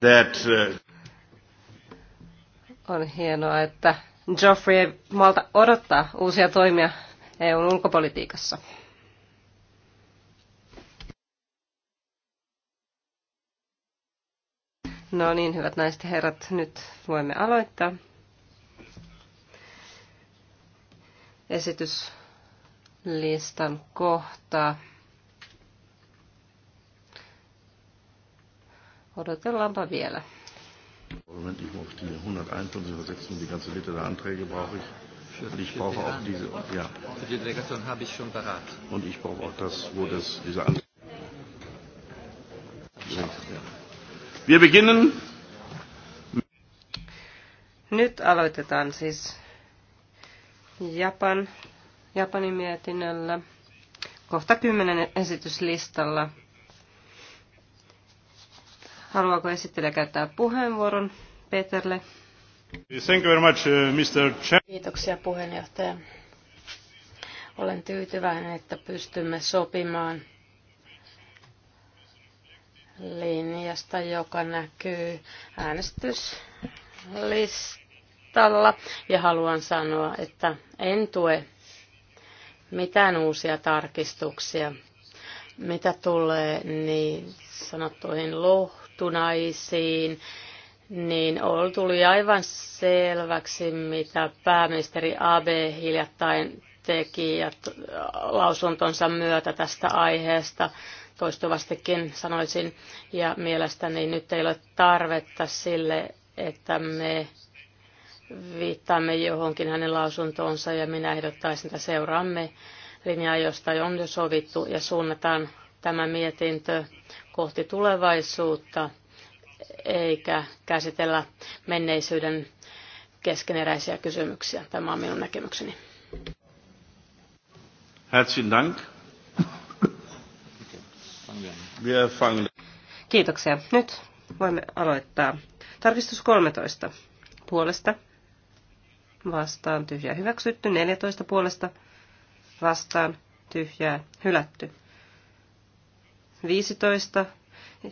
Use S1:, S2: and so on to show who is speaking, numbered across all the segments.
S1: that, uh...
S2: On hienoa, että Geoffrey ei malta odottaa uusia toimia EUn ulkopolitiikassa. No niin, hyvät naiset ja herrat, nyt voimme aloittaa. Esityslistan kohtaa. Odotellaanpa vielä.
S1: Moment, ich muss die 151 die ganze Liste der Anträge brauche ich. Und ich brauche auch diese, ja. Für die Delegation habe ich schon parat. Und ich brauche auch das, wo das, diese Anträge. Wir beginnen.
S2: Nyt aloitetaan siis Japan, Japanin mietinnöllä. Kohta kymmenen esityslistalla. Haluaako esittelijä käyttää puheenvuoron Peterle?
S1: Thank you very much, uh, Mr. Chair. Kiitoksia
S3: puheenjohtaja. Olen tyytyväinen, että pystymme sopimaan linjasta, joka näkyy äänestyslistalla. Ja haluan sanoa, että en tue mitään uusia tarkistuksia, mitä tulee niin sanottuihin lohkoihin naisiin, niin tuli aivan selväksi, mitä pääministeri Abe hiljattain teki ja lausuntonsa myötä tästä aiheesta toistuvastikin sanoisin. Ja mielestäni nyt ei ole tarvetta sille, että me viittaamme johonkin hänen lausuntoonsa ja minä ehdottaisin, että seuraamme linjaa, josta on jo sovittu ja suunnataan tämä mietintö kohti tulevaisuutta, eikä käsitellä menneisyyden keskeneräisiä kysymyksiä. Tämä on
S2: minun näkemykseni.
S1: Herzlichen Dank.
S2: Kiitoksia. Nyt voimme aloittaa. Tarkistus 13. Puolesta. Vastaan tyhjää hyväksytty. 14 puolesta. Vastaan tyhjää hylätty. 15.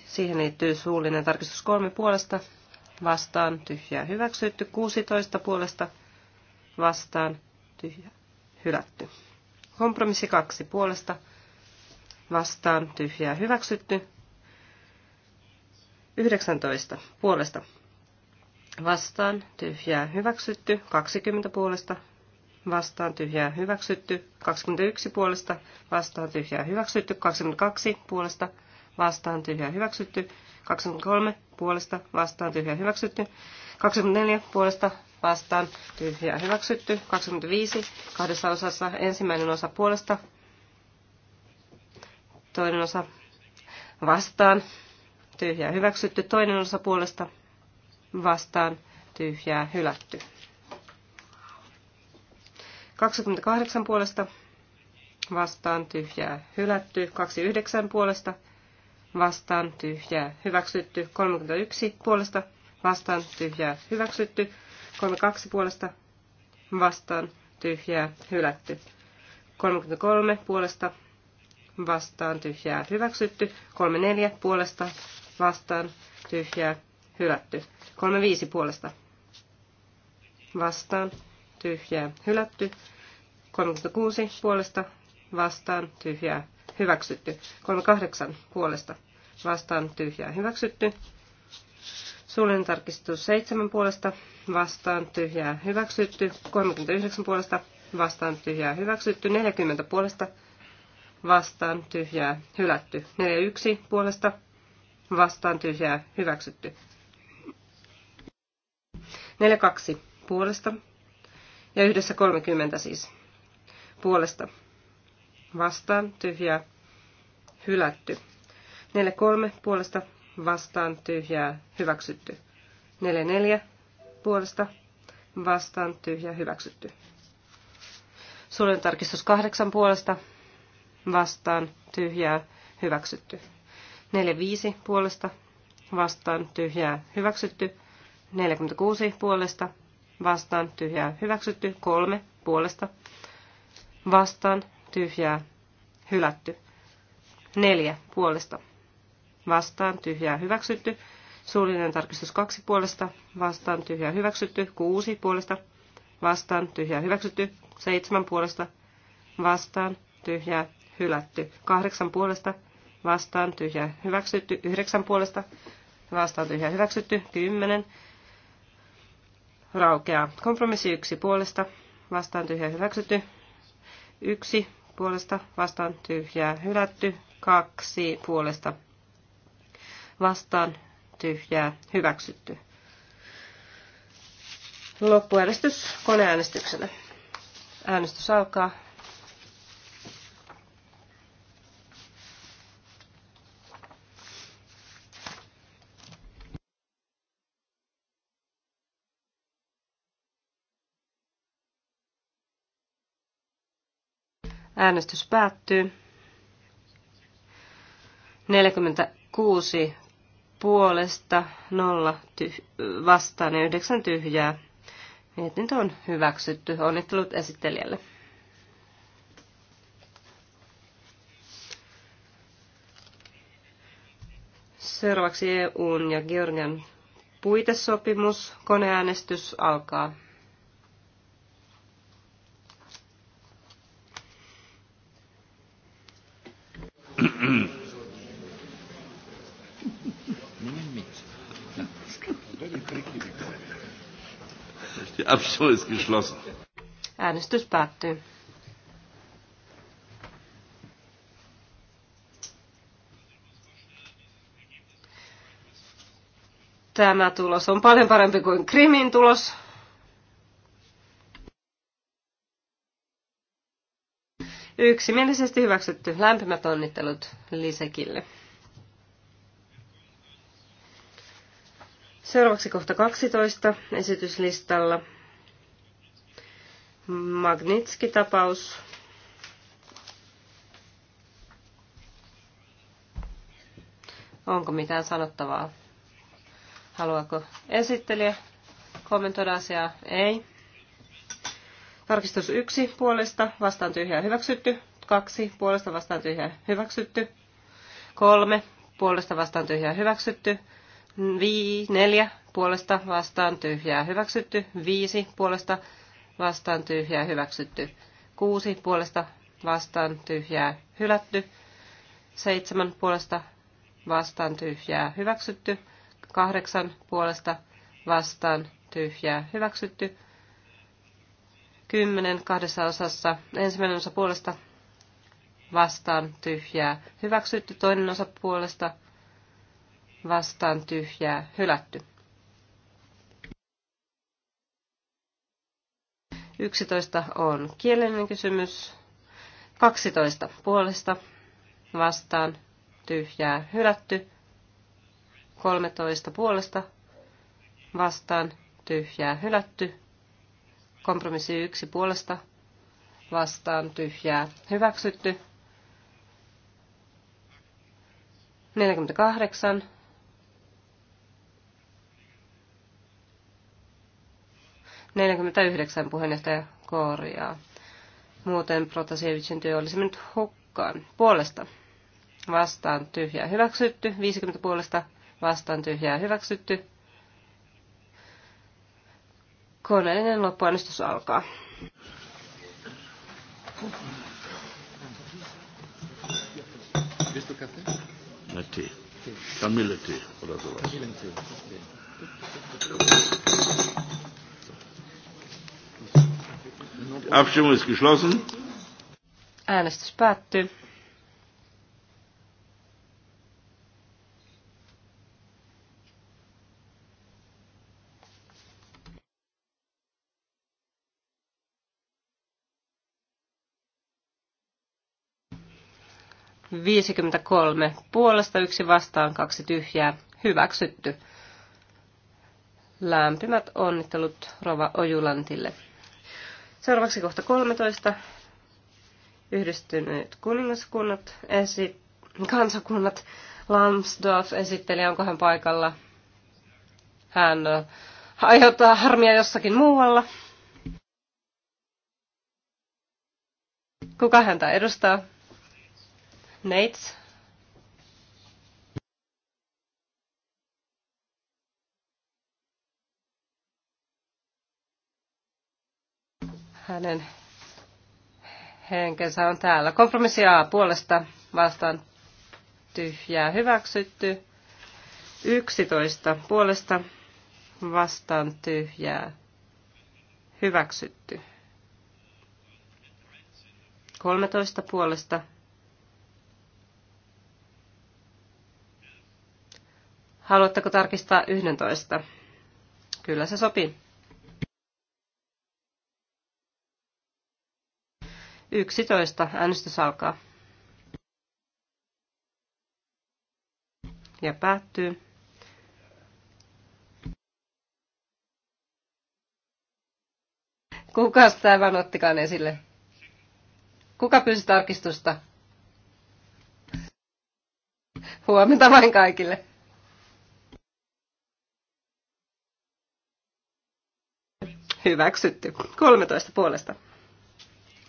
S2: Siihen liittyy suullinen tarkistus 3 puolesta vastaan tyhjää hyväksytty. 16 puolesta vastaan tyhjää hylätty. Kompromissi 2 puolesta vastaan tyhjää hyväksytty. 19 puolesta vastaan tyhjää hyväksytty. 20 puolesta vastaan tyhjää hyväksytty, 21 puolesta vastaan tyhjää hyväksytty, 22 puolesta vastaan tyhjää hyväksytty, 23 puolesta vastaan tyhjää hyväksytty, 24 puolesta vastaan tyhjää hyväksytty, 25 kahdessa osassa ensimmäinen osa puolesta, toinen osa vastaan tyhjää hyväksytty, toinen osa puolesta vastaan tyhjää hylätty. 28 puolesta vastaan tyhjää hylätty, 29 puolesta vastaan tyhjää hyväksytty, 31 puolesta vastaan tyhjää hyväksytty, 32 puolesta vastaan tyhjää hylätty, 33 puolesta vastaan tyhjää hyväksytty, 34 puolesta vastaan tyhjää hylätty, 35 puolesta vastaan tyhjää hylätty. 36 puolesta vastaan tyhjää hyväksytty. 38 puolesta vastaan tyhjää hyväksytty. Suullinen tarkistus 7 puolesta vastaan tyhjää hyväksytty. 39 puolesta vastaan tyhjää hyväksytty. 40 puolesta vastaan tyhjää hylätty. 41 puolesta vastaan tyhjää hyväksytty. 42 puolesta ja yhdessä 30 siis puolesta vastaan tyhjää hylätty. 4.3 puolesta vastaan tyhjää hyväksytty. 4.4 puolesta vastaan tyhjää hyväksytty. Suljen tarkistus 8 puolesta vastaan tyhjää hyväksytty. 4.5 puolesta vastaan tyhjää hyväksytty. 46 puolesta vastaan tyhjää hyväksytty, kolme puolesta vastaan tyhjää hylätty, neljä puolesta vastaan tyhjää hyväksytty, suullinen tarkistus kaksi puolesta vastaan tyhjää hyväksytty, kuusi puolesta vastaan tyhjää hyväksytty, seitsemän puolesta vastaan tyhjää hylätty, kahdeksan puolesta vastaan tyhjää hyväksytty, yhdeksän puolesta vastaan tyhjää hyväksytty, kymmenen raukeaa. Kompromissi yksi puolesta vastaan tyhjä hyväksytty. Yksi puolesta vastaan tyhjää hylätty. Kaksi puolesta vastaan tyhjää hyväksytty. Loppuäänestys koneäänestyksellä. Äänestys alkaa. Äänestys päättyy. 46 puolesta, 0 tyh- vastaan ja 9 tyhjää. Mietintö on hyväksytty. Onnittelut esittelijälle. Seuraavaksi EUn ja Georgian puitesopimus. Koneäänestys alkaa. Abstimmung ist geschlossen. Äänestys päättyy. Tämä tulos on paljon parempi kuin Krimin tulos. Yksimielisesti hyväksytty. Lämpimät onnittelut Lisekille. Seuraavaksi kohta 12 esityslistalla – Magnitski-tapaus. Onko mitään sanottavaa? Haluaako esittelijä kommentoida asiaa? Ei. Tarkistus yksi puolesta vastaan tyhjää hyväksytty. kaksi puolesta vastaan tyhjää hyväksytty. kolme puolesta vastaan tyhjää hyväksytty. 5, 4 puolesta vastaan tyhjää hyväksytty. viisi puolesta vastaan tyhjää hyväksytty. 6 puolesta vastaan tyhjää hylätty. 7 puolesta vastaan tyhjää hyväksytty. 8 puolesta vastaan tyhjää hyväksytty. 10 kahdessa osassa ensimmäinen osa puolesta vastaan tyhjää hyväksytty. Toinen osa puolesta vastaan tyhjää hylätty. 11 on kielellinen kysymys. 12 puolesta vastaan tyhjää hylätty. 13 puolesta vastaan tyhjää hylätty. Kompromissi 1 puolesta vastaan tyhjää hyväksytty. 48 49 puheenjohtaja korjaa. Muuten Protasevicin työ olisi mennyt hukkaan. Puolesta vastaan tyhjää hyväksytty. 50 puolesta vastaan tyhjää hyväksytty. Koneellinen loppuäänestys alkaa.
S3: Willst du Kaffee? Na, Tee. Kamilletee oder
S1: Abstimmung ist geschlossen.
S2: Äänestys päättyy. Viisikymmentäkolme puolesta yksi vastaan kaksi tyhjää hyväksytty. Lämpimät onnittelut Rova Ojulantille. Seuraavaksi kohta 13. Yhdistyneet kuningaskunnat, esi- kansakunnat. Lamsdorf esitteli, onko hän paikalla. Hän aiheuttaa harmia jossakin muualla. Kuka häntä edustaa? Nates. hänen henkensä on täällä. Kompromissi A puolesta vastaan tyhjää hyväksytty. 11 puolesta vastaan tyhjää hyväksytty. 13 puolesta Haluatteko tarkistaa 11? Kyllä se sopii. 11. Äänestys alkaa. Ja päättyy. Kukas tämän ottikaan esille? Kuka pyysi tarkistusta? Huomenta vain kaikille. Hyväksytty. 13 puolesta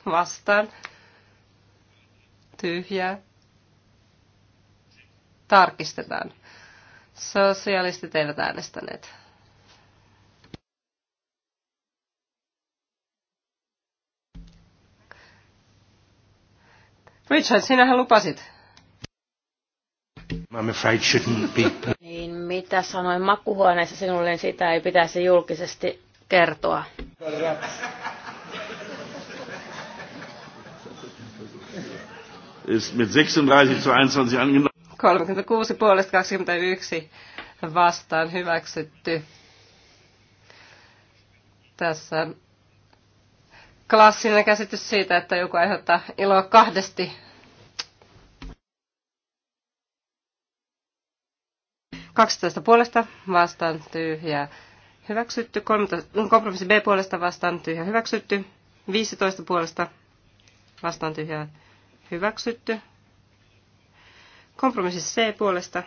S2: vastaan, tyhjää, tarkistetaan. Sosialistit eivät äänestäneet. Richard, sinähän lupasit.
S1: I'm afraid shouldn't be.
S3: Niin, mitä sanoin makuhuoneessa sinulle, niin sitä ei pitäisi julkisesti kertoa. ist mit 36 zu 21
S2: angenommen. 36 puolesta 21 vastaan hyväksytty. Tässä klassinen käsitys siitä, että joku aiheuttaa iloa kahdesti. Kaksitoista puolesta vastaan tyhjä hyväksytty. kompromissi B puolesta vastaan tyhjä hyväksytty. 15 puolesta vastaan tyhjä Hyväksytty. Kompromissi C puolesta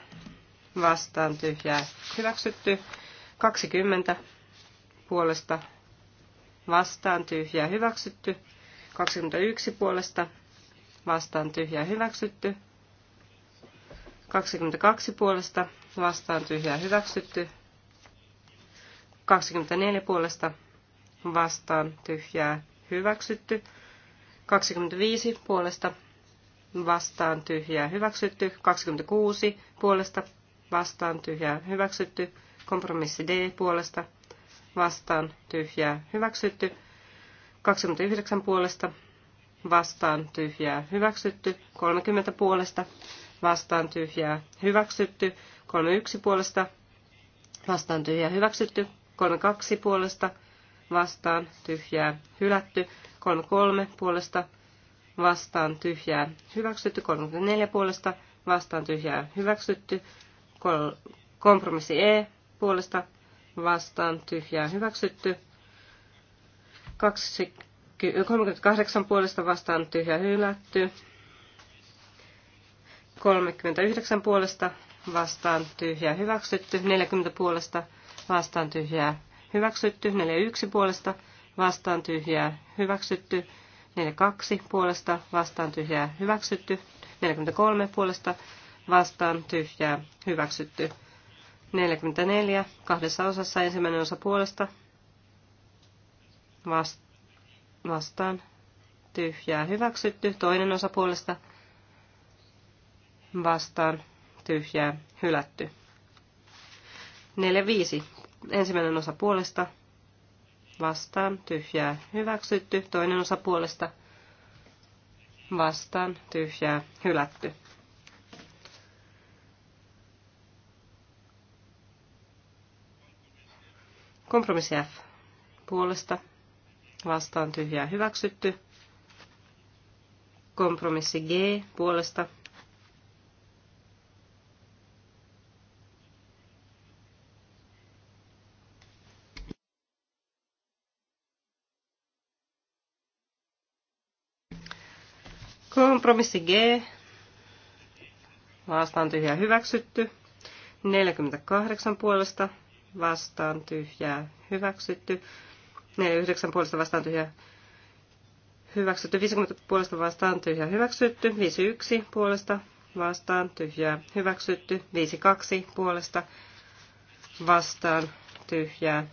S2: vastaan tyhjää. Hyväksytty. 20 puolesta vastaan tyhjää. Hyväksytty. 21 puolesta vastaan tyhjää. Hyväksytty. 22 puolesta vastaan tyhjää. Hyväksytty. 24 puolesta vastaan tyhjää. Hyväksytty. 25 puolesta vastaan tyhjää hyväksytty, 26 puolesta vastaan tyhjää hyväksytty, kompromissi D puolesta vastaan tyhjää hyväksytty, 29 puolesta vastaan tyhjää hyväksytty, 30 puolesta vastaan tyhjää hyväksytty, 31 puolesta vastaan tyhjää hyväksytty, 32 puolesta vastaan tyhjää hylätty, 33 puolesta vastaan tyhjää hyväksytty, 34 puolesta vastaan tyhjää hyväksytty, Kol- kompromissi E puolesta vastaan tyhjää hyväksytty, 38 puolesta vastaan tyhjää hylätty, 39 puolesta vastaan tyhjää hyväksytty, 40 puolesta vastaan tyhjää hyväksytty, 41 puolesta vastaan tyhjää hyväksytty, 42 puolesta vastaan tyhjää hyväksytty. 43 puolesta vastaan tyhjää hyväksytty. 44 kahdessa osassa ensimmäinen osa puolesta vastaan tyhjää hyväksytty. Toinen osa puolesta vastaan tyhjää hylätty. 45 ensimmäinen osa puolesta vastaan tyhjää hyväksytty, toinen osa puolesta vastaan tyhjää hylätty. Kompromissi F puolesta vastaan tyhjää hyväksytty. Kompromissi G puolesta Kompromissi G. Vastaan tyhjää hyväksytty. 48 puolesta vastaan tyhjää hyväksytty. 49 puolesta vastaan tyhjää hyväksytty. 50 puolesta vastaan tyhjää hyväksytty. 51 puolesta vastaan tyhjää hyväksytty. 52 puolesta vastaan tyhjää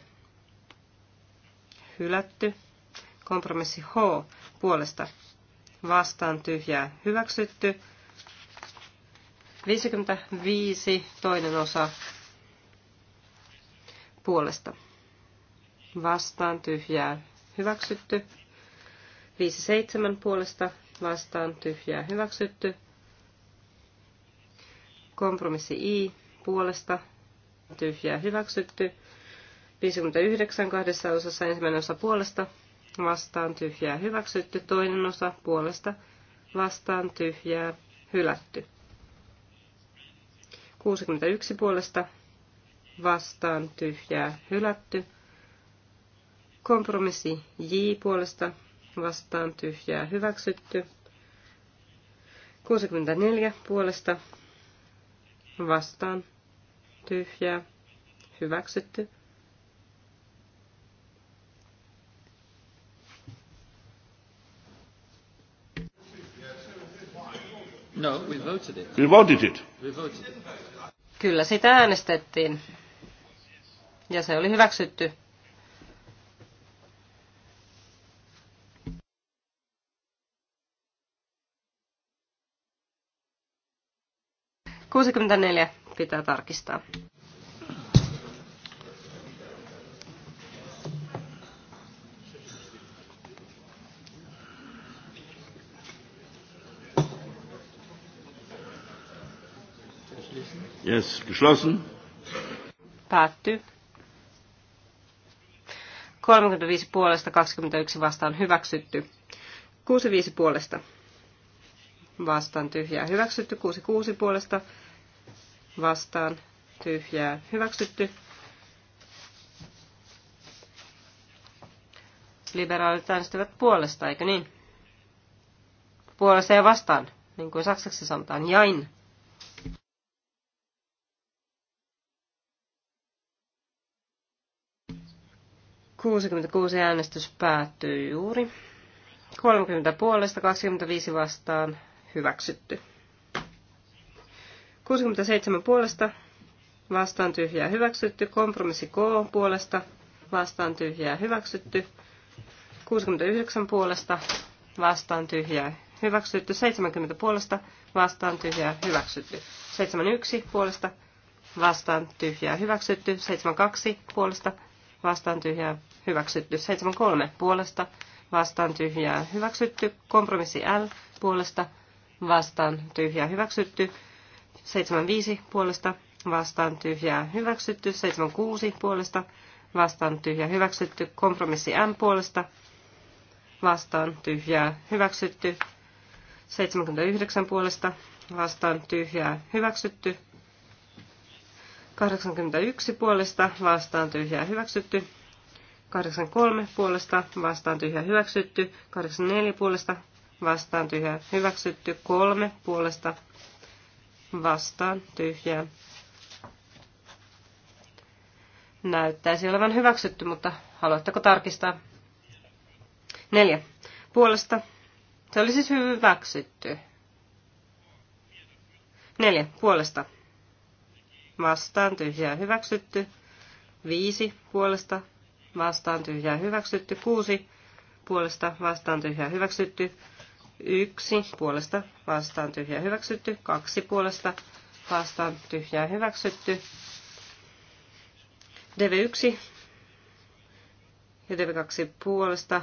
S2: hylätty. Kompromissi H puolesta vastaan tyhjää hyväksytty. 55 toinen osa puolesta vastaan tyhjää hyväksytty. 57 puolesta vastaan tyhjää hyväksytty. Kompromissi I puolesta tyhjää hyväksytty. 59 kahdessa osassa ensimmäinen osa puolesta vastaan tyhjää hyväksytty, toinen osa puolesta vastaan tyhjää hylätty. 61 puolesta vastaan tyhjää hylätty. Kompromissi J puolesta vastaan tyhjää hyväksytty. 64 puolesta vastaan tyhjää hyväksytty.
S1: No, we voted it. We voted it. We voted it.
S2: Kyllä sitä äänestettiin. Ja se oli hyväksytty. Kuusikymmentäneljä pitää tarkistaa.
S1: Yes, geschlossen.
S2: Päätty. 35 puolesta, 21 vastaan hyväksytty. 65 puolesta. Vastaan tyhjää hyväksytty. 66 puolesta. Vastaan tyhjää hyväksytty. Liberaalit äänestivät puolesta, eikö niin? Puolesta ja vastaan, niin kuin saksaksi sanotaan, jain. 66 äänestys päättyy juuri. 30 puolesta, 25 vastaan hyväksytty. 67 puolesta, vastaan tyhjää hyväksytty. Kompromissi K puolesta, vastaan tyhjää hyväksytty. 69 puolesta, vastaan tyhjää hyväksytty. 70 puolesta, vastaan tyhjää hyväksytty. 71 puolesta, vastaan tyhjää hyväksytty. 72 puolesta, vastaan tyhjää hyväksytty. 73 puolesta vastaan tyhjää hyväksytty. Kompromissi L puolesta vastaan tyhjää hyväksytty. 75 puolesta vastaan tyhjää hyväksytty. 76 puolesta vastaan tyhjää hyväksytty. Kompromissi M puolesta vastaan tyhjää hyväksytty. 79 puolesta vastaan tyhjää hyväksytty. 81 puolesta vastaan tyhjää hyväksytty. 83 puolesta vastaan tyhjä hyväksytty, 84 puolesta vastaan tyhjä hyväksytty, 3 puolesta vastaan tyhjä. Näyttäisi olevan hyväksytty, mutta haluatteko tarkistaa? 4 puolesta. Se oli siis hyväksytty. 4 puolesta vastaan tyhjää hyväksytty. 5 puolesta vastaan tyhjää hyväksytty. 6 puolesta vastaan tyhjää hyväksytty. 1 puolesta vastaan tyhjää hyväksytty. 2 puolesta vastaan tyhjää hyväksytty. DV1 ja DV2 puolesta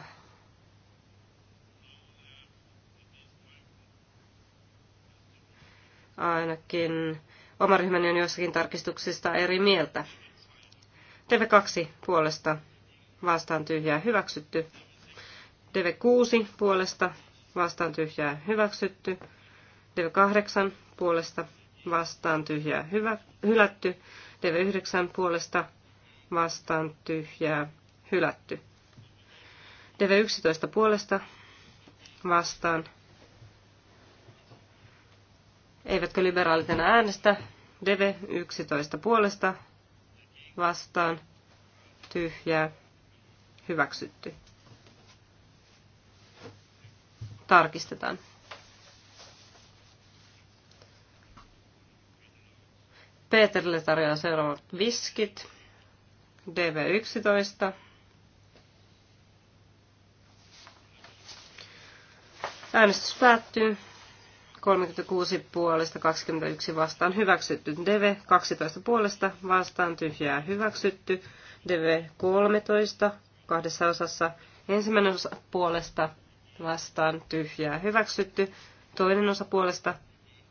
S2: ainakin oma ryhmäni on joissakin tarkistuksista eri mieltä. TV2 puolesta vastaan tyhjää hyväksytty. deve 6 puolesta vastaan tyhjää hyväksytty. deve 8 puolesta vastaan tyhjää hyvä, hylätty. Deve 9 puolesta vastaan tyhjää hylätty. Deve 11 puolesta vastaan. Eivätkö liberaalit enää äänestä? Deve 11 puolesta vastaan tyhjää hyväksytty. Tarkistetaan. Peterille tarjoaa seuraavat viskit. DV11. Äänestys päättyy. 36 puolesta 21 vastaan hyväksytty. DV 12 puolesta vastaan tyhjää hyväksytty. DV 13 kahdessa osassa. Ensimmäinen osa puolesta vastaan tyhjää hyväksytty, toinen osa puolesta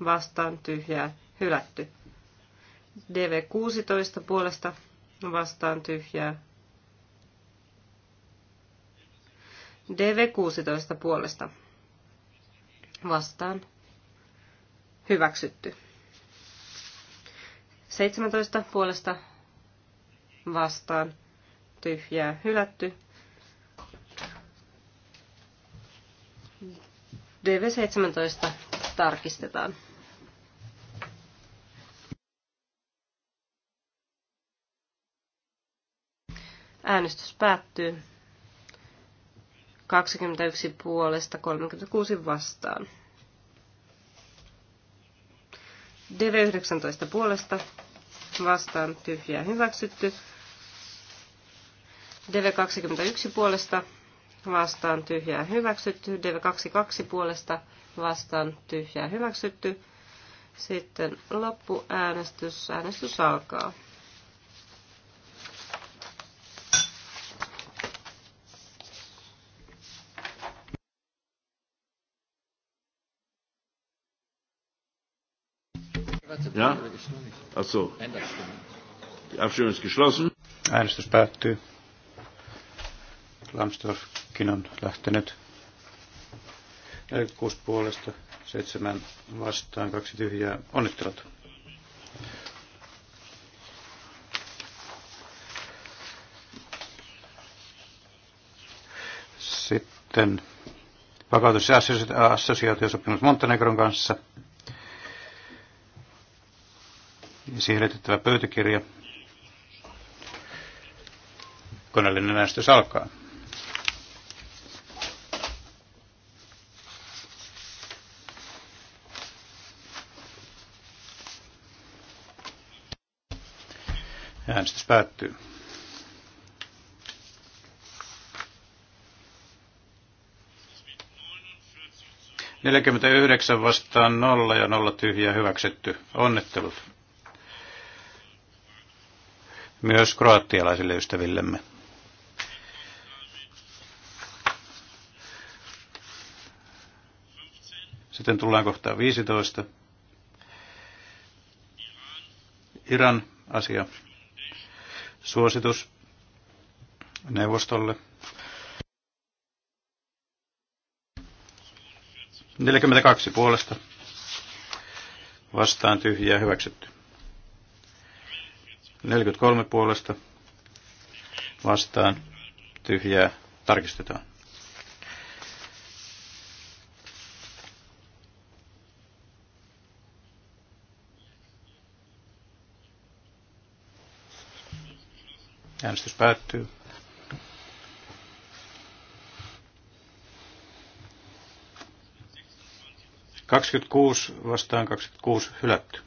S2: vastaan tyhjää hylätty. DV16 puolesta vastaan tyhjää. DV16 puolesta vastaan hyväksytty. 17 puolesta vastaan tyhjää hylätty. DV17 tarkistetaan. Äänestys päättyy. 21 puolesta 36 vastaan. DV19 puolesta vastaan tyhjää hyväksytty. DV21 puolesta vastaan tyhjää hyväksytty, DV22 puolesta vastaan tyhjää hyväksytty. Sitten loppuäänestys, äänestys alkaa.
S1: Ja? Ach Die Abstimmung ist geschlossen. Äänestys päättyy. Lambsdorffkin on lähtenyt 46 puolesta, 7 vastaan, kaksi tyhjää. Onnittelut. Sitten vakautus- ja assosiaatiosopimus Montenegron kanssa. Siihen liitettävä pöytäkirja. Koneellinen äänestys alkaa. Päättyy. Neljäkymmentäyhdeksän vastaan nolla ja nolla tyhjää hyväksytty. Onnittelut myös kroattialaisille ystävillemme. Sitten tullaan kohtaan 15. Iran asia suositus neuvostolle. 42 puolesta vastaan tyhjää hyväksytty. 43 puolesta vastaan tyhjää tarkistetaan. Äänestys päättyy. Kaksikymmentäkuusi vastaan 26 hylätty.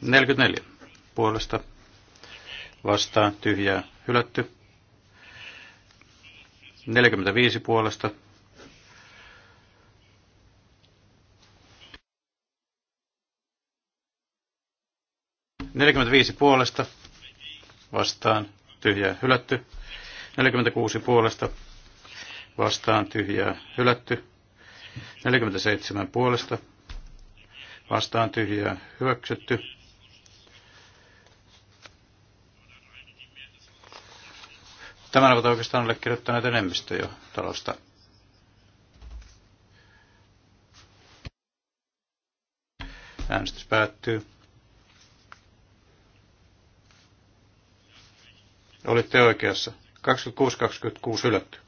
S1: 44 puolesta vastaan tyhjää hylätty. 45 puolesta 45 puolesta vastaan tyhjää hylätty. 46 puolesta vastaan tyhjää hylätty. 47 puolesta vastaan tyhjää hyväksytty. Tämän ovat oikeastaan allekirjoittaneet enemmistö jo talosta. Äänestys päättyy. Olitte oikeassa. 26-26 hylätty.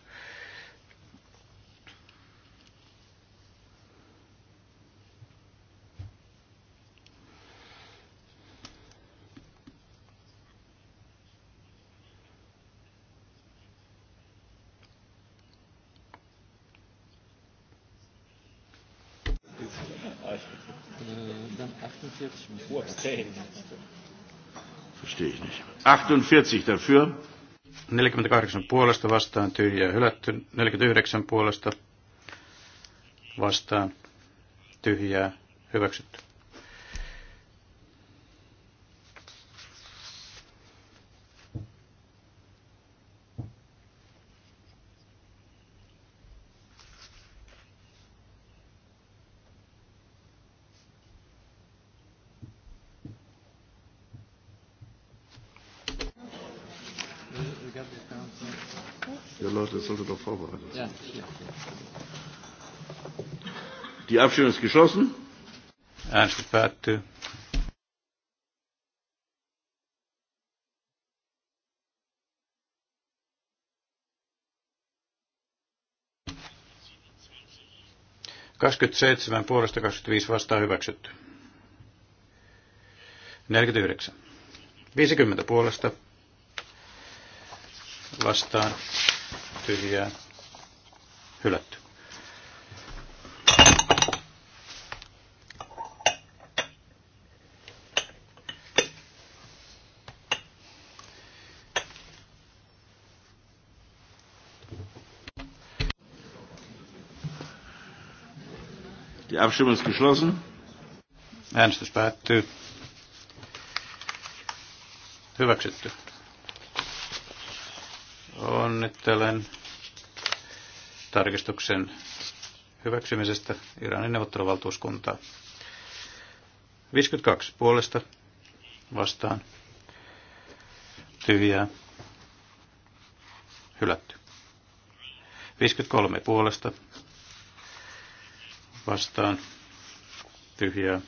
S1: 48 dafür. 48 puolesta vastaan tyhjää hylätty. 49 puolesta vastaan tyhjää hyväksytty. Die Abstimmung ist geschlossen. Kaksikymmentäseitsemän puolesta 25 vastaan hyväksytty. 49. 50 puolesta vastaan tyhjää Hylätty. Die Abstimmung ist geschlossen. Äänestys päättyy. Hyväksytty. Onnittelen tarkistuksen hyväksymisestä Iranin neuvotteluvaltuuskuntaa. 52 puolesta vastaan tyhjää hylätty. 53 puolesta vastaan tyhjää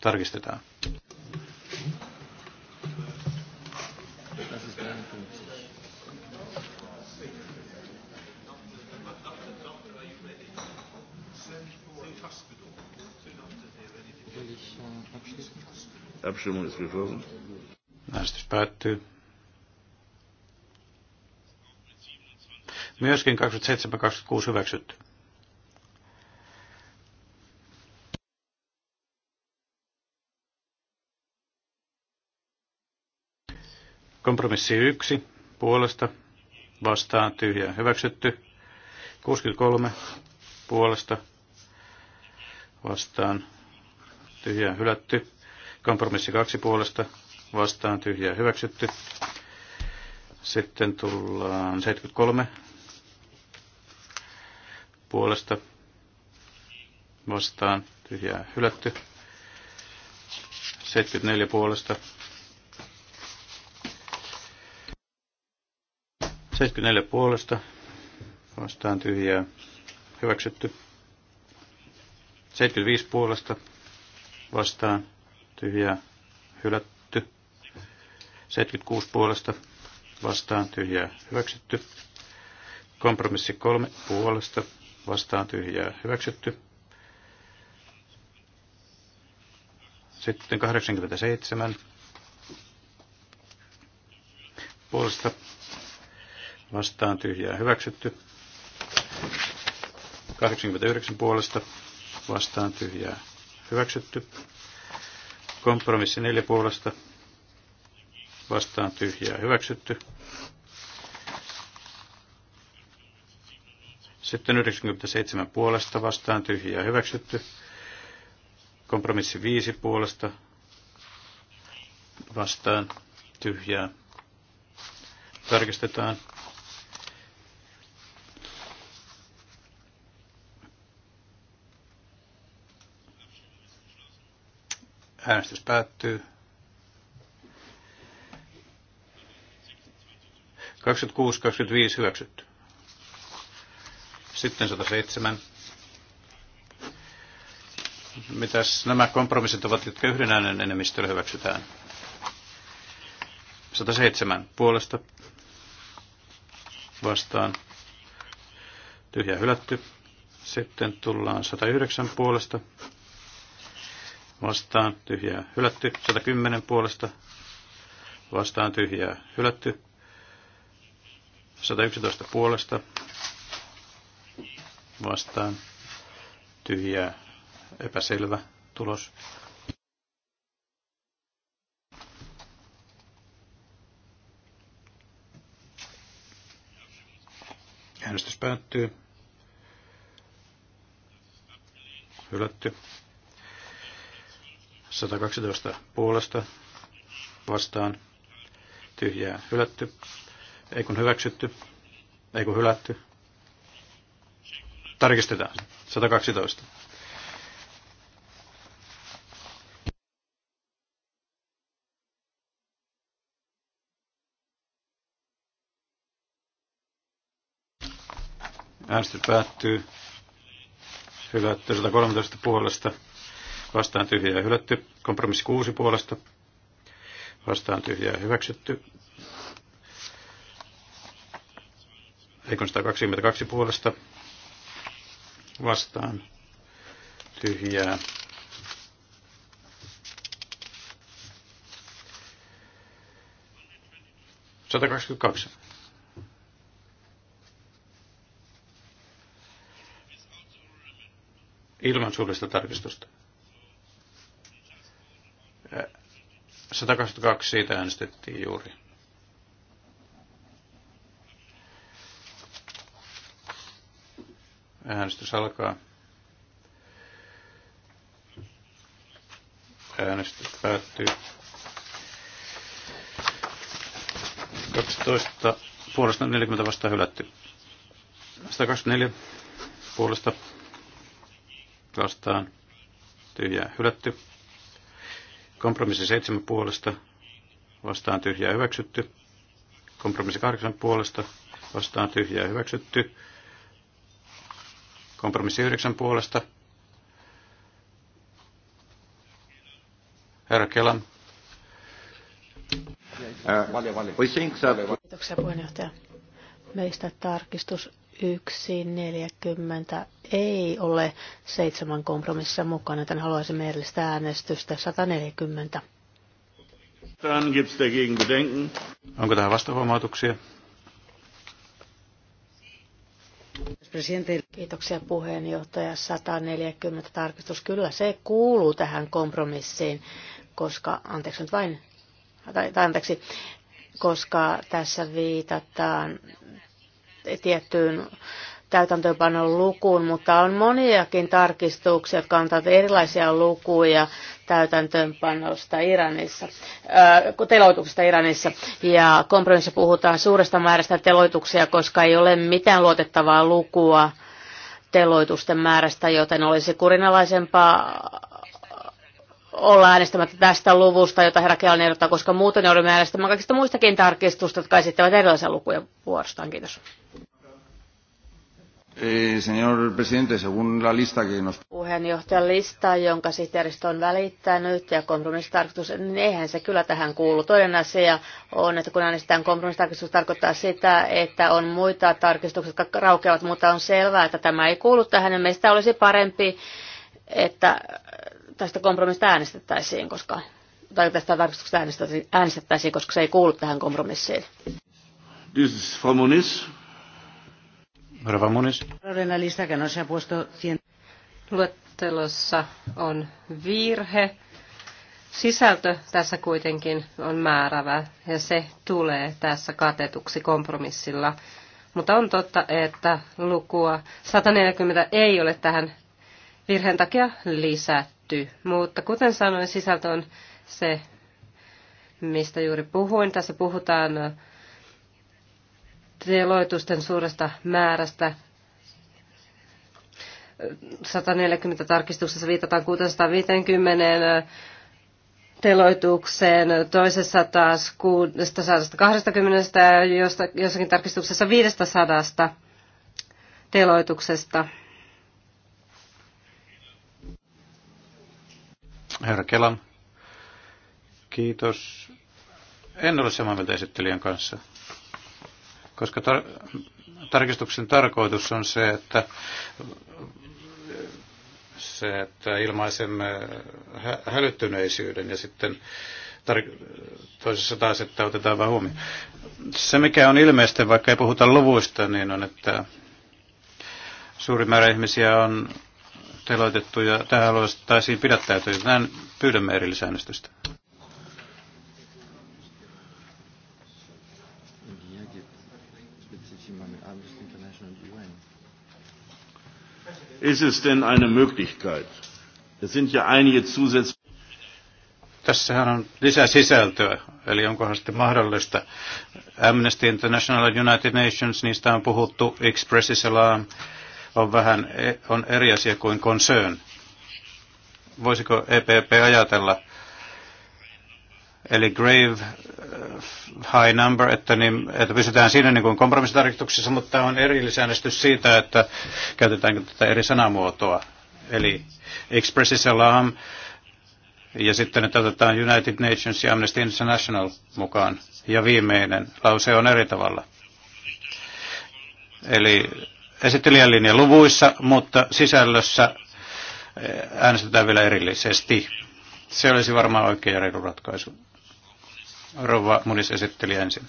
S1: tarkistetaan. Abstimmung ist geschlossen. Äänestys päättyy. Myöskin 27-26 hyväksytty. Kompromissi 1 puolesta vastaan tyhjää hyväksytty. 63 puolesta vastaan tyhjää hylätty. Kompromissi kaksi puolesta vastaan tyhjää hyväksytty. Sitten tullaan 73 puolesta vastaan tyhjää hylätty. 74 puolesta 74 puolesta vastaan tyhjää hyväksytty. 75 puolesta vastaan tyhjää hylätty. 76 puolesta vastaan tyhjää hyväksytty. Kompromissi 3 puolesta vastaan tyhjää hyväksytty. Sitten 87 puolesta vastaan tyhjää hyväksytty. 89 puolesta vastaan tyhjää hyväksytty. Kompromissi neljä puolesta vastaan tyhjää hyväksytty. Sitten 97 puolesta vastaan tyhjää hyväksytty. Kompromissi 5 puolesta vastaan tyhjää. Tarkistetaan Äänestys päättyy. 26-25 hyväksytty. Sitten 107. Mitäs nämä kompromissit ovat, jotka yhden äänen enemmistöllä hyväksytään? 107 puolesta vastaan tyhjä hylätty. Sitten tullaan 109 puolesta vastaan tyhjää hylätty. 110 puolesta vastaan tyhjää hylätty. 111 puolesta vastaan tyhjää epäselvä tulos. Äänestys päättyy. Hylätty. 112 puolesta vastaan tyhjää hylätty, ei kun hyväksytty, ei kun hylätty. Tarkistetaan. 112. Äänestys päättyy. Hylätty 113 puolesta vastaan tyhjää hylätty. Kompromissi kuusi puolesta vastaan tyhjää hyväksytty. Eikon 122 puolesta vastaan tyhjää kaksi. Ilman suullista tarkistusta. 122 siitä äänestettiin juuri. Äänestys alkaa. Äänestys päättyy. 12 puolesta 40 vasta hylätty. 124 puolesta vastaan tyhjää hylätty. Kompromissi 7 puolesta vastaan tyhjää hyväksytty. Kompromissi 8 puolesta vastaan tyhjää hyväksytty. Kompromissi 9 puolesta. Herra Kelan. Äh, Kiitoksia
S3: puheenjohtaja. Meistä tarkistus Yksi neljäkymmentä ei ole seitsemän kompromississa mukana, joten haluaisin merellistä äänestystä 140.
S1: Dann gibt's dagegen Bedenken. Onko tähän vastahuomautuksia?
S3: Kiitoksia puheenjohtaja. 140 tarkistus. Kyllä se kuuluu tähän kompromissiin, koska, anteeksi nyt vain, tai, tai anteeksi, koska tässä viitataan tiettyyn täytäntöönpanon lukuun, mutta on moniakin tarkistuksia, jotka antavat erilaisia lukuja täytäntöönpanosta Iranissa, äh, teloituksesta Iranissa. Ja kompromississa puhutaan suuresta määrästä teloituksia, koska ei ole mitään luotettavaa lukua teloitusten määrästä, joten olisi kurinalaisempaa olla äänestämättä tästä luvusta, jota herra Kelan ehdottaa, koska muuten joudumme äänestämään kaikista muistakin tarkistusta, jotka esittävät erilaisia lukuja vuorostaan. Kiitos.
S1: Eh, señor presidente, según la lista que nos...
S3: Puheenjohtajan lista, jonka sihteeristö on välittänyt ja kompromissitarkistus, niin eihän se kyllä tähän kuulu. Toinen asia on, että kun äänestetään kompromissitarkistus, tarkoittaa sitä, että on muita tarkistuksia, jotka raukeavat, mutta on selvää, että tämä ei kuulu tähän. Ja meistä olisi parempi, että tästä kompromissista äänestettäisiin, koska, tai tästä tarkistuksesta äänestettäisiin, äänestettäisiin, koska se ei kuulu tähän kompromissiin.
S1: This is Frau Moniz. Rova Moniz.
S2: No Luettelossa on virhe. Sisältö tässä kuitenkin on määrävä ja se tulee tässä katetuksi kompromissilla. Mutta on totta, että lukua 140 ei ole tähän virheen takia lisätty tehty, mutta kuten sanoin, sisältö on se, mistä juuri puhuin. Tässä puhutaan teloitusten suuresta määrästä. 140 tarkistuksessa viitataan 650 teloitukseen, toisessa taas 620 ja jossakin tarkistuksessa 500 teloituksesta.
S1: Herra Kela, kiitos. En ole samaa mieltä esittelijän kanssa, koska tar- tarkistuksen tarkoitus on se, että se, että ilmaisemme hä- hälyttyneisyyden ja sitten tar- toisessa taas, että otetaan vähän huomioon. Se, mikä on ilmeistä, vaikka ei puhuta luvuista, niin on, että suuri määrä ihmisiä on teloitettu ja tähän aloittaisiin pidättäytyä. Näin pyydämme erillisäännöstöstä. Ist es denn eine Möglichkeit? Es sind ja einige zusätzliche tässähän on lisää sisältöä, eli onkohan sitten mahdollista. Amnesty International United Nations, niistä on puhuttu, Expressissa on vähän on eri asia kuin concern. Voisiko EPP ajatella, eli grave eh, high number, että, niin, että pysytään siinä niin kuin kompromissitarkoituksessa, mutta on erillisäännöstys siitä, että käytetäänkö tätä eri sanamuotoa. Eli expresses alarm, ja sitten että otetaan United Nations ja Amnesty International mukaan. Ja viimeinen lause on eri tavalla. Eli esittelijän linja luvuissa, mutta sisällössä eh, äänestetään vielä erillisesti. Se olisi varmaan oikea reilu ratkaisu. Rova Munis esitteli ensin.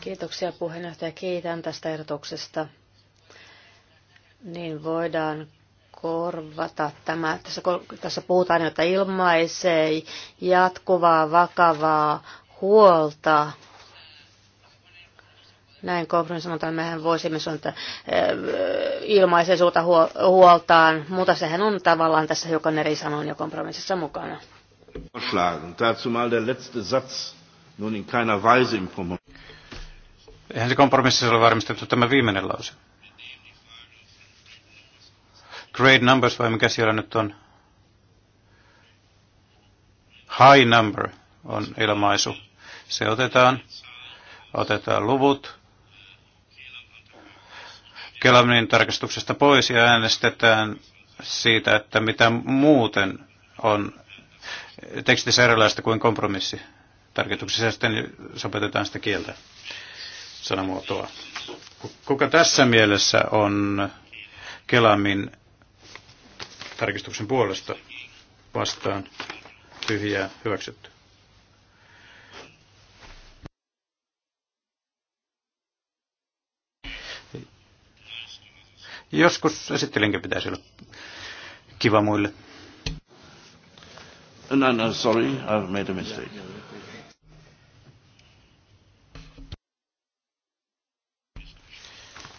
S3: Kiitoksia puheenjohtaja. Kiitän tästä ehdotuksesta. Niin voidaan korvata tämä. Tässä, tässä puhutaan, että ilmaisee jatkuvaa vakavaa huolta näin kompromissi sanotaan, mehän voisimme sanoa, eh, ilmaisen suuta huoltaan, mutta sehän on tavallaan tässä hiukan eri sanon jo kompromississa mukana.
S1: Eihän se kompromississa ole varmistettu tämä viimeinen lause. Great numbers vai mikä siellä nyt on? High number on ilmaisu. Se otetaan, otetaan luvut, Kelamin tarkastuksesta pois ja äänestetään siitä, että mitä muuten on tekstissä erilaista kuin kompromissi. Tarkoituksessa sitten sopetetaan sitä kieltä sanamuotoa. Kuka tässä mielessä on Kelamin tarkistuksen puolesta vastaan tyhjää hyväksytty? Joskus esittelinkin pitäisi olla kiva muille. No, no, sorry, I've made a mistake.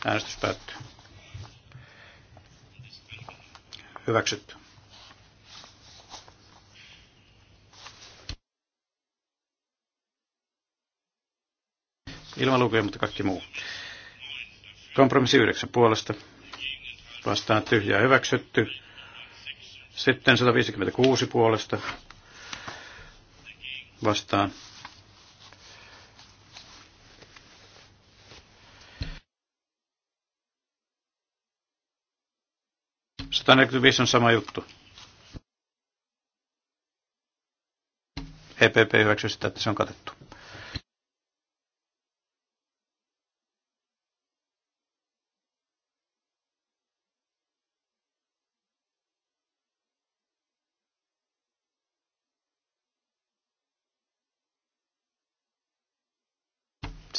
S1: Äänestys päättyy. Hyväksytty. Ilman lukuja, mutta kaikki muu. Kompromissi yhdeksän puolesta vastaan tyhjää hyväksytty. Sitten 156 puolesta vastaan Sataneljäkymmentäviisi on sama juttu. EPP hyväksyy sitä, että se on katettu.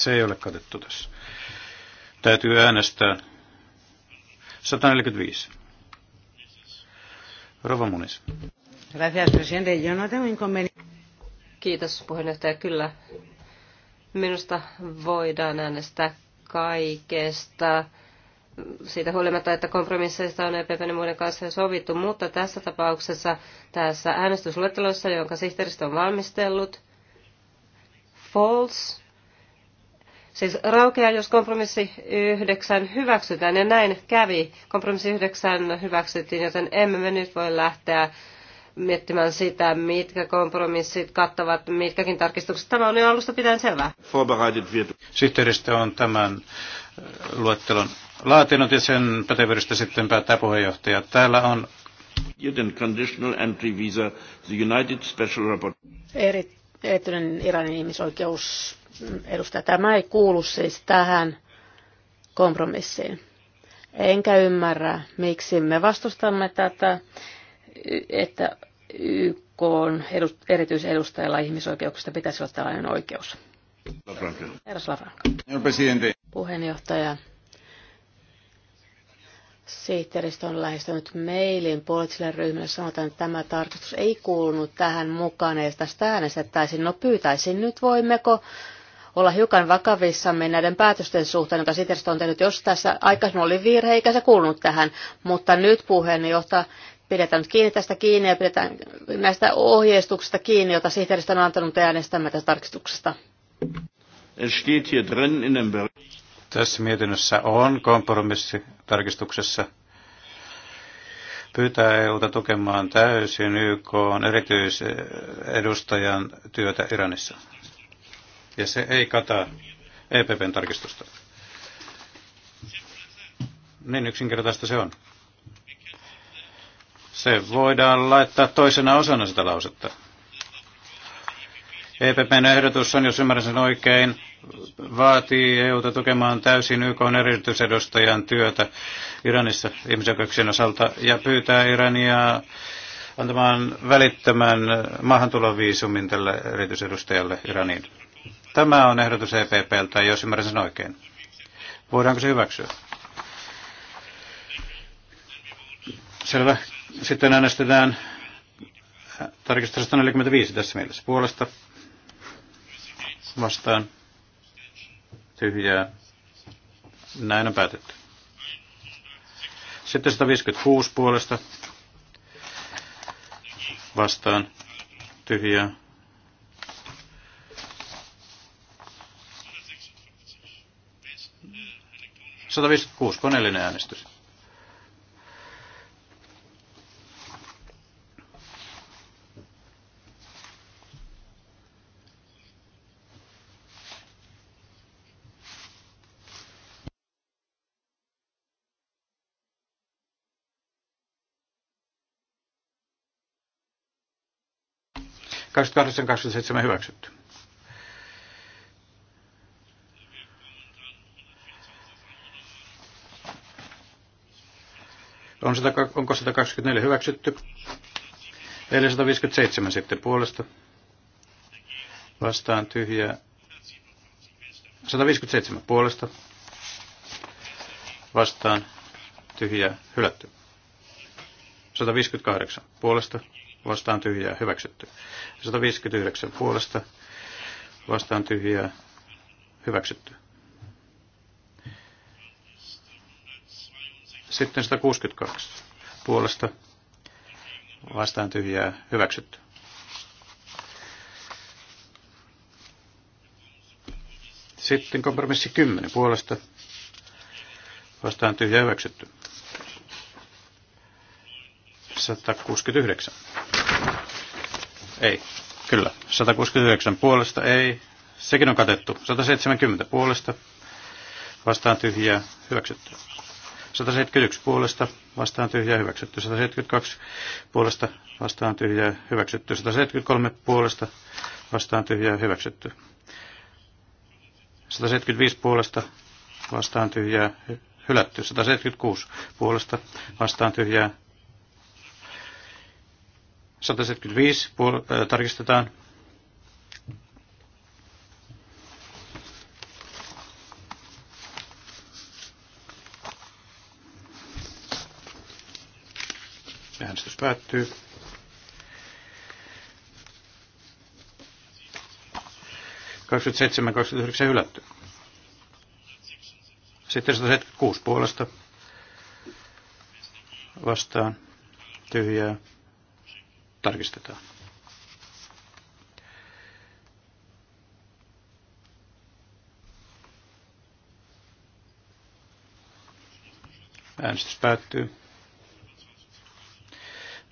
S1: Se ei ole katettu tässä. Täytyy äänestää. 145. Rova Munis.
S2: Gracias, presidente. Yo no tengo inconveniente. Kiitos puheenjohtaja. Kyllä minusta voidaan äänestää kaikesta siitä huolimatta, että kompromisseista on EPPn ja muiden kanssa jo sovittu, mutta tässä tapauksessa tässä äänestysluettelossa, jonka sihteeristö on valmistellut, false siis raukeaa, jos kompromissi yhdeksän hyväksytään, ja näin kävi. Kompromissi yhdeksän hyväksyttiin, joten emme me nyt voi lähteä miettimään sitä, mitkä kompromissit kattavat mitkäkin tarkistukset. Tämä on jo alusta pitäen selvää.
S1: Sihteeristö on tämän äh, luettelon laatinut ja sen pätevyydestä sitten päättää puheenjohtaja. Täällä on conditional entry visa, the United Special
S3: Erityinen Iranin ihmisoikeus edustaja. Tämä ei kuulu siis tähän kompromissiin. Enkä ymmärrä, miksi me vastustamme tätä, että YK on erityisedustajalla ihmisoikeuksista pitäisi olla tällainen oikeus. Herra Slafranka. Puheenjohtaja. Sihteeristö on lähestynyt mailin poliittiselle ryhmälle. Sanotaan, että tämä tarkastus ei kuulunut tähän mukaan, ja tästä äänestettäisiin. No pyytäisin nyt, voimmeko olla hiukan vakavissamme näiden päätösten suhteen, joita Sitersto on tehnyt. Jos tässä aikaisemmin oli virhe, eikä se kuulunut tähän, mutta nyt puheenjohtaja pidetään nyt kiinni tästä kiinni ja pidetään näistä ohjeistuksista kiinni, joita sihteeristö on antanut äänestämään tästä tarkistuksesta.
S1: Tässä mietinnössä on kompromissi tarkistuksessa pyytää EUta tukemaan täysin YK on erityisedustajan työtä Iranissa. Ja se ei kata EPPn tarkistusta. Niin yksinkertaista se on. Se voidaan laittaa toisena osana sitä lausetta. EPPn ehdotus on, jos ymmärrän sen oikein, vaatii EUta tukemaan täysin YK erityisedustajan työtä Iranissa ihmisoikeuksien osalta ja pyytää Irania antamaan välittömän maahantuloviisumin tälle erityisedustajalle Iraniin. Tämä on ehdotus EPPltä, jos ymmärrän sen oikein. Voidaanko se hyväksyä? Selvä. Sitten äänestetään äh, tarkistus 145 tässä mielessä puolesta. Vastaan. Tyhjää. Näin on päätetty. Sitten 156 puolesta. Vastaan. Tyhjää 156, koneellinen äänestys. Kaksi kahdeksan, kaksi seitsemän hyväksytty. On sitä, onko 124 hyväksytty? 457 sitten puolesta. Vastaan tyhjää. 157 puolesta. Vastaan tyhjää hylätty. 158 puolesta. Vastaan tyhjää hyväksytty. 159 puolesta. Vastaan tyhjää hyväksytty. Sitten 162 puolesta vastaan tyhjää hyväksytty. Sitten kompromissi 10 puolesta vastaan tyhjää hyväksytty. 169. Ei, kyllä. 169 puolesta ei. Sekin on katettu. 170 puolesta vastaan tyhjää hyväksytty. 171 puolesta vastaan tyhjää hyväksytty. 172 puolesta vastaan tyhjää hyväksytty. 173 puolesta vastaan tyhjää hyväksytty. 175 puolesta vastaan tyhjää hylätty. 176 puolesta vastaan tyhjää 175 puol- äh, tarkistetaan. Äänestys päättyy. Kaksikymmentäseitsemän, kaksikymmentäyhdeksän hylätty. Sitten 176 puolesta vastaan tyhjää tarkistetaan. Äänestys päättyy.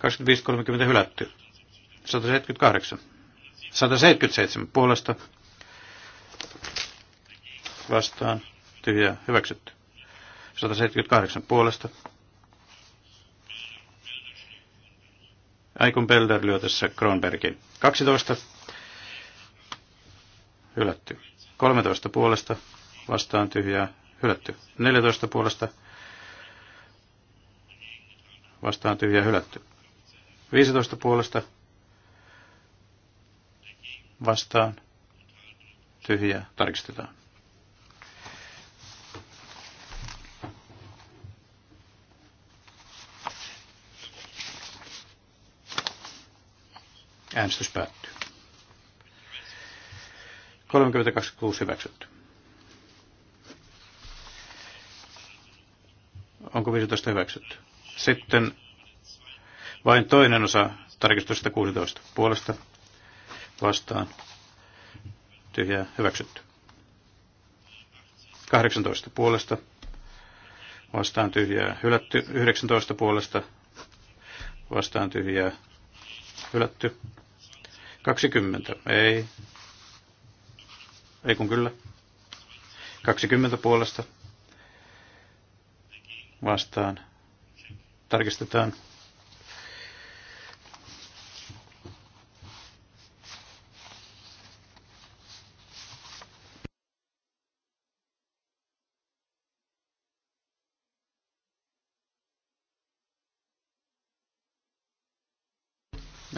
S1: 25.30 hylätty. 178. 177 puolesta vastaan tyhjää hyväksytty. 178 puolesta. Aikon Belder lyö tässä Kronbergin. 12 hylätty. 13 puolesta vastaan tyhjää hylätty. 14 puolesta vastaan tyhjää hylätty. 15 puolesta vastaan tyhjä tarkistetaan. Äänestys päättyy. 326 hyväksytty. Onko 15 hyväksytty? Sitten vain toinen osa tarkistusta 16 puolesta vastaan tyhjää hyväksytty. 18 puolesta vastaan tyhjää hylätty. 19 puolesta vastaan tyhjää hylätty. 20 ei. Ei kun kyllä. 20 puolesta vastaan. Tarkistetaan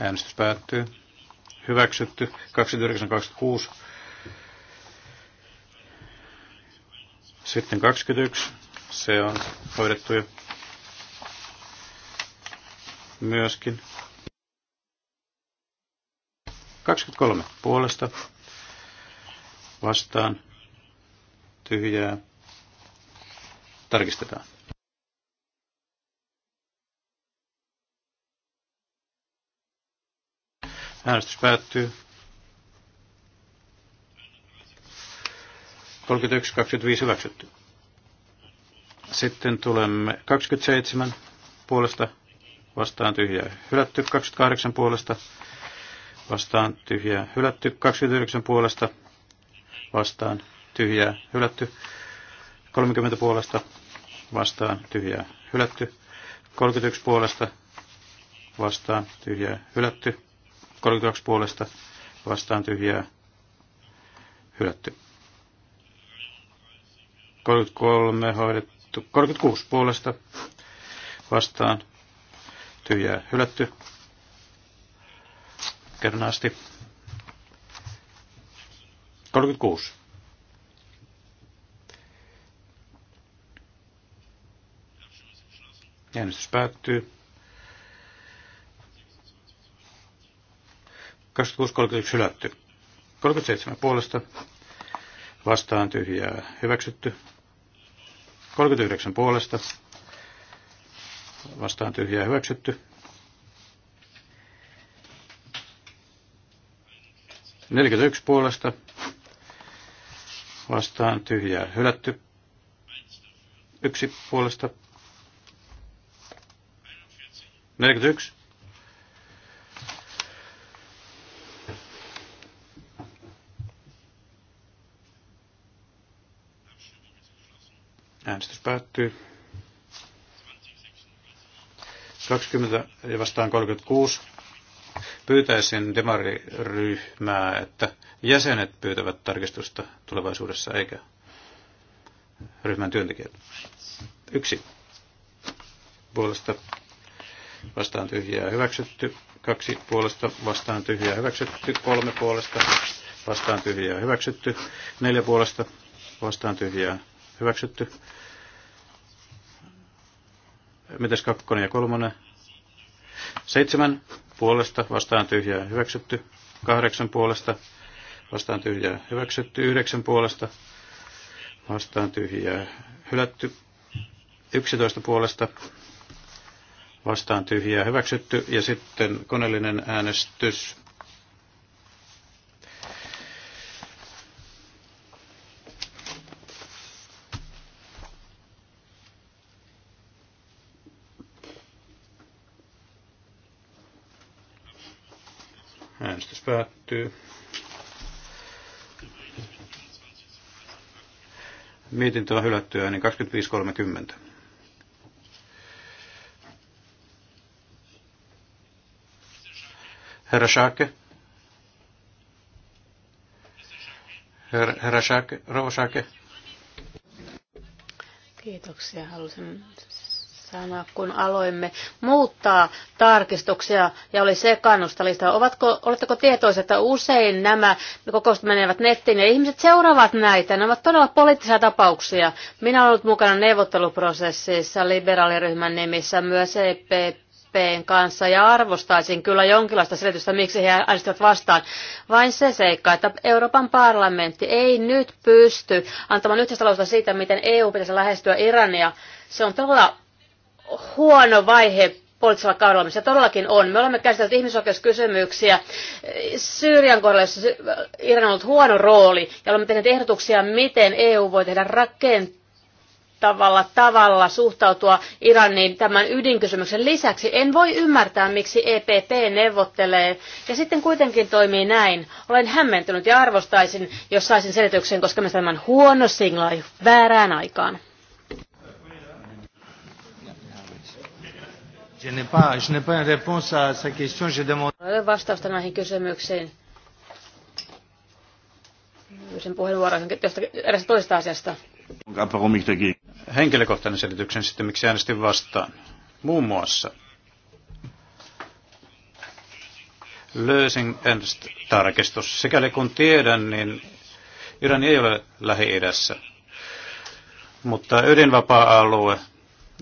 S1: Äänestys päättyy. Hyväksytty. 2926. Sitten 21. Se on hoidettu jo myöskin. 23 puolesta vastaan tyhjää tarkistetaan. Äänestys päättyy. 31-25 hyväksytty. Sitten tulemme 27 puolesta vastaan tyhjää hylätty, 28 puolesta vastaan tyhjää hylätty, 29 puolesta vastaan tyhjää hylätty, 30 puolesta vastaan tyhjää hylätty, 31 puolesta vastaan tyhjää hylätty, 32 puolesta vastaan tyhjää hylätty. 33 hoidettu. 36 puolesta vastaan tyhjää hylätty. kerran asti. 36. Äänestys päättyy. 26.31 hylätty. 37 puolesta vastaan tyhjää hyväksytty. 39 puolesta vastaan tyhjää hyväksytty. 41 puolesta vastaan tyhjää hylätty. Yksi puolesta. 41 Äänestys päättyy. 20 ja vastaan 36. Pyytäisin demariryhmää, että jäsenet pyytävät tarkistusta tulevaisuudessa, eikä ryhmän työntekijät. Yksi. Puolesta vastaan tyhjää hyväksytty. Kaksi puolesta vastaan tyhjää hyväksytty. Kolme puolesta vastaan tyhjää hyväksytty. Neljä puolesta vastaan tyhjää hyväksytty. Mites kakkonen ja kolmonen? Seitsemän puolesta vastaan tyhjää hyväksytty. Kahdeksan puolesta vastaan tyhjää hyväksytty. Yhdeksän puolesta vastaan tyhjää hylätty. Yksitoista puolesta vastaan tyhjää hyväksytty. Ja sitten koneellinen äänestys Mietintö on hylätty niin 25.30. Herra Schake. Herra, herra Schake, rouva Schake.
S3: Kiitoksia. Halusin sana, kun aloimme muuttaa tarkistuksia ja oli sekannusta listalla. Ovatko, oletteko tietoisia, että usein nämä kokoukset menevät nettiin ja ihmiset seuraavat näitä? Ne ovat todella poliittisia tapauksia. Minä olen ollut mukana neuvotteluprosessissa liberaaliryhmän nimissä myös EP kanssa ja arvostaisin kyllä jonkinlaista selitystä, miksi he äänestivät vastaan. Vain se seikka, että Euroopan parlamentti ei nyt pysty antamaan yhteistä siitä, miten EU pitäisi lähestyä Irania. Se on todella huono vaihe poliittisella kaudella, missä todellakin on. Me olemme käsitelleet ihmisoikeuskysymyksiä. Syyrian kohdalla, jossa Iran on ollut huono rooli, ja olemme tehneet ehdotuksia, miten EU voi tehdä rakentavalla tavalla suhtautua Iraniin tämän ydinkysymyksen lisäksi. En voi ymmärtää, miksi EPP neuvottelee ja sitten kuitenkin toimii näin. Olen hämmentynyt ja arvostaisin, jos saisin selityksen, koska me tämän huono signaali väärään aikaan. Olen vastausta näihin kysymyksiin. Sen puheenvuoron josta toisesta toista asiasta.
S1: Henkilökohtainen selityksen sitten, miksi äänestin vastaan. Muun muassa Lösing Ernst tarkistus. Sikäli kun tiedän, niin Iran ei ole Lähi-idässä. Mutta ydinvapaa-alue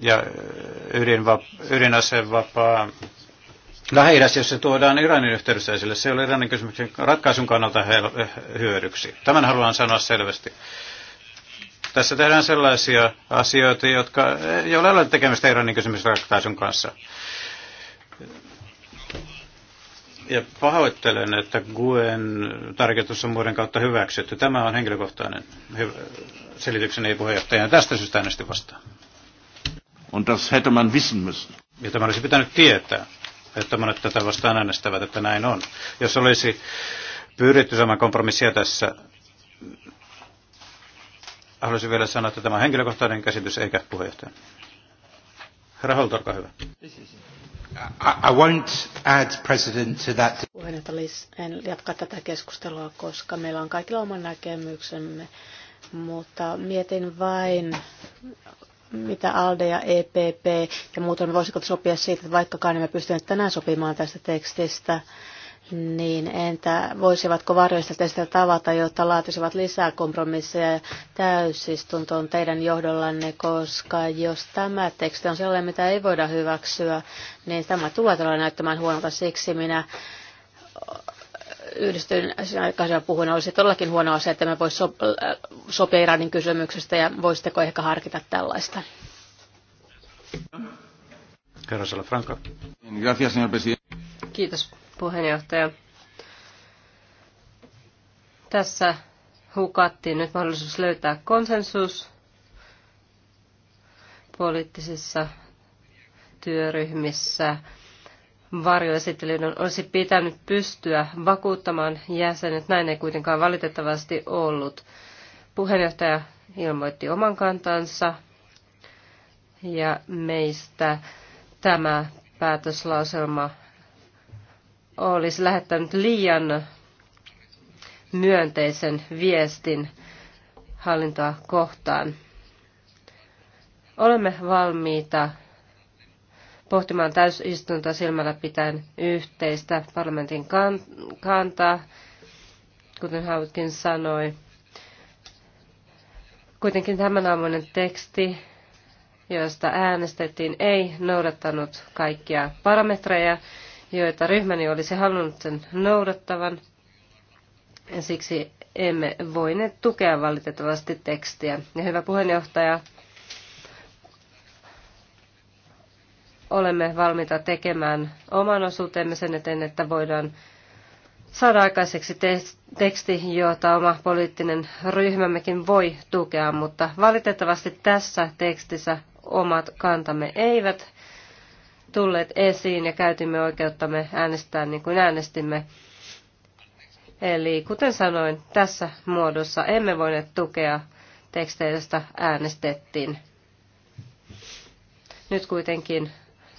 S1: ja ydinva- ydinasevapaa lähi jos se tuodaan Iranin yhteydessä esille, se ei ole Iranin kysymyksen ratkaisun kannalta hyödyksi. Tämän haluan sanoa selvästi. Tässä tehdään sellaisia asioita, jotka ei ole tekemistä Iranin kysymyksen ratkaisun kanssa. Ja pahoittelen, että Guen tarkoitus on muiden kautta hyväksytty. Tämä on henkilökohtainen selityksen ei puheenjohtaja. Tästä syystä äänestin vastaan. Und das hätte man wissen müssen. Ja tämä olisi pitänyt tietää, että monet tätä vastaan äänestävät, että näin on. Jos olisi pyritty saamaan kompromissia tässä, haluaisin vielä sanoa, että tämä on henkilökohtainen käsitys eikä puheenjohtaja. Herra Holt, olkaa hyvä. I won't add president to that. En
S3: jatka tätä keskustelua, koska meillä on kaikilla oman näkemyksemme, mutta mietin vain, mitä ALDE ja EPP ja muut on, voisiko sopia siitä, että vaikkakaan emme pystyneet tänään sopimaan tästä tekstistä, niin entä voisivatko varjoista teistä tavata, jotta laatisivat lisää kompromisseja täysistuntoon teidän johdollanne, koska jos tämä teksti on sellainen, mitä ei voida hyväksyä, niin tämä tulee tällä näyttämään huonolta. Siksi minä yhdistyn aikaisella puhuna olisi todellakin huono asia, että me voisi äh, sopia Iranin kysymyksestä ja voisitteko ehkä harkita tällaista?
S2: Kiitos, puheenjohtaja. Tässä hukattiin nyt mahdollisuus löytää konsensus poliittisissa työryhmissä varjoesittelyiden olisi pitänyt pystyä vakuuttamaan jäsenet. Näin ei kuitenkaan valitettavasti ollut. Puheenjohtaja ilmoitti oman kantansa ja meistä tämä päätöslauselma olisi lähettänyt liian myönteisen viestin hallintoa kohtaan. Olemme valmiita pohtimaan täysistuntoa silmällä pitäen yhteistä parlamentin kantaa, kuten Hautkin sanoi. Kuitenkin tämän aamuinen teksti, josta äänestettiin, ei noudattanut kaikkia parametreja, joita ryhmäni olisi halunnut sen noudattavan. Siksi emme voineet tukea valitettavasti tekstiä. Ja hyvä puheenjohtaja, olemme valmiita tekemään oman osuutemme sen eteen, että voidaan saada aikaiseksi teksti, jota oma poliittinen ryhmämmekin voi tukea, mutta valitettavasti tässä tekstissä omat kantamme eivät tulleet esiin ja käytimme oikeuttamme äänestää niin kuin äänestimme. Eli kuten sanoin, tässä muodossa emme voineet tukea teksteistä äänestettiin. Nyt kuitenkin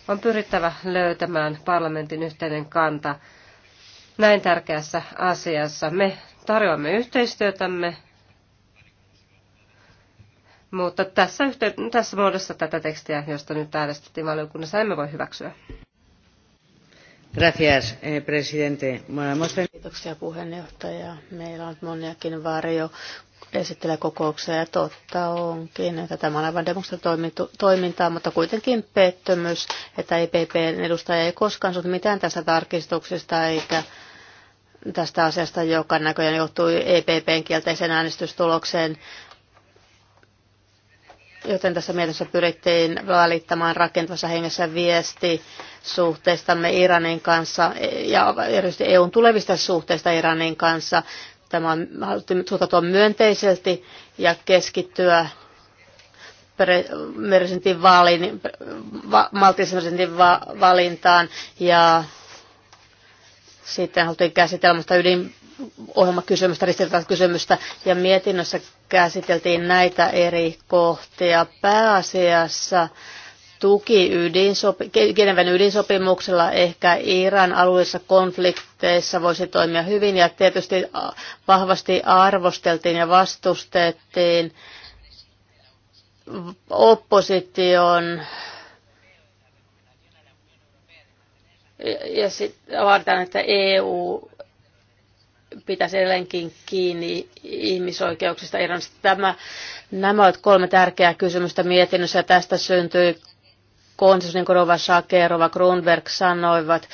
S2: on pyrittävä löytämään parlamentin yhteinen kanta näin tärkeässä asiassa. Me tarjoamme yhteistyötämme, mutta tässä, yhtey- tässä muodossa tätä tekstiä, josta nyt äänestettiin valiokunnassa, emme voi hyväksyä.
S3: Gracias, eh, presidente. Kiitoksia puheenjohtaja. Meillä on moniakin varjo esittelee kokouksia ja totta onkin, että tämä on aivan demokraattista toimintaa, mutta kuitenkin pettymys, että EPPn edustaja ei koskaan sanonut mitään tästä tarkistuksesta eikä tästä asiasta, joka näköjään johtui EPPn kielteiseen äänestystulokseen. Joten tässä mielessä pyrittiin välittämään rakentavassa hengessä viesti suhteistamme Iranin kanssa ja erityisesti EUn tulevista suhteista Iranin kanssa Tämä on haluttiin suhtautua myönteisesti ja keskittyä presidentin vaalin, va, presidentin va, valintaan ja sitten haluttiin käsitellä musta ydin ohjelmakysymystä, kysymystä ja mietinnössä käsiteltiin näitä eri kohtia pääasiassa tuki ydinsopi- Geneven ydinsopimuksella ehkä Iran alueessa konflikteissa voisi toimia hyvin ja tietysti vahvasti arvosteltiin ja vastustettiin opposition ja sitten vaaditaan, että EU pitäisi edelleenkin kiinni ihmisoikeuksista Iranista. Tämä, nämä ovat kolme tärkeää kysymystä mietinnössä ja tästä syntyi konsensus, niin kuin Rova Shake, Rova Grundberg sanoivat,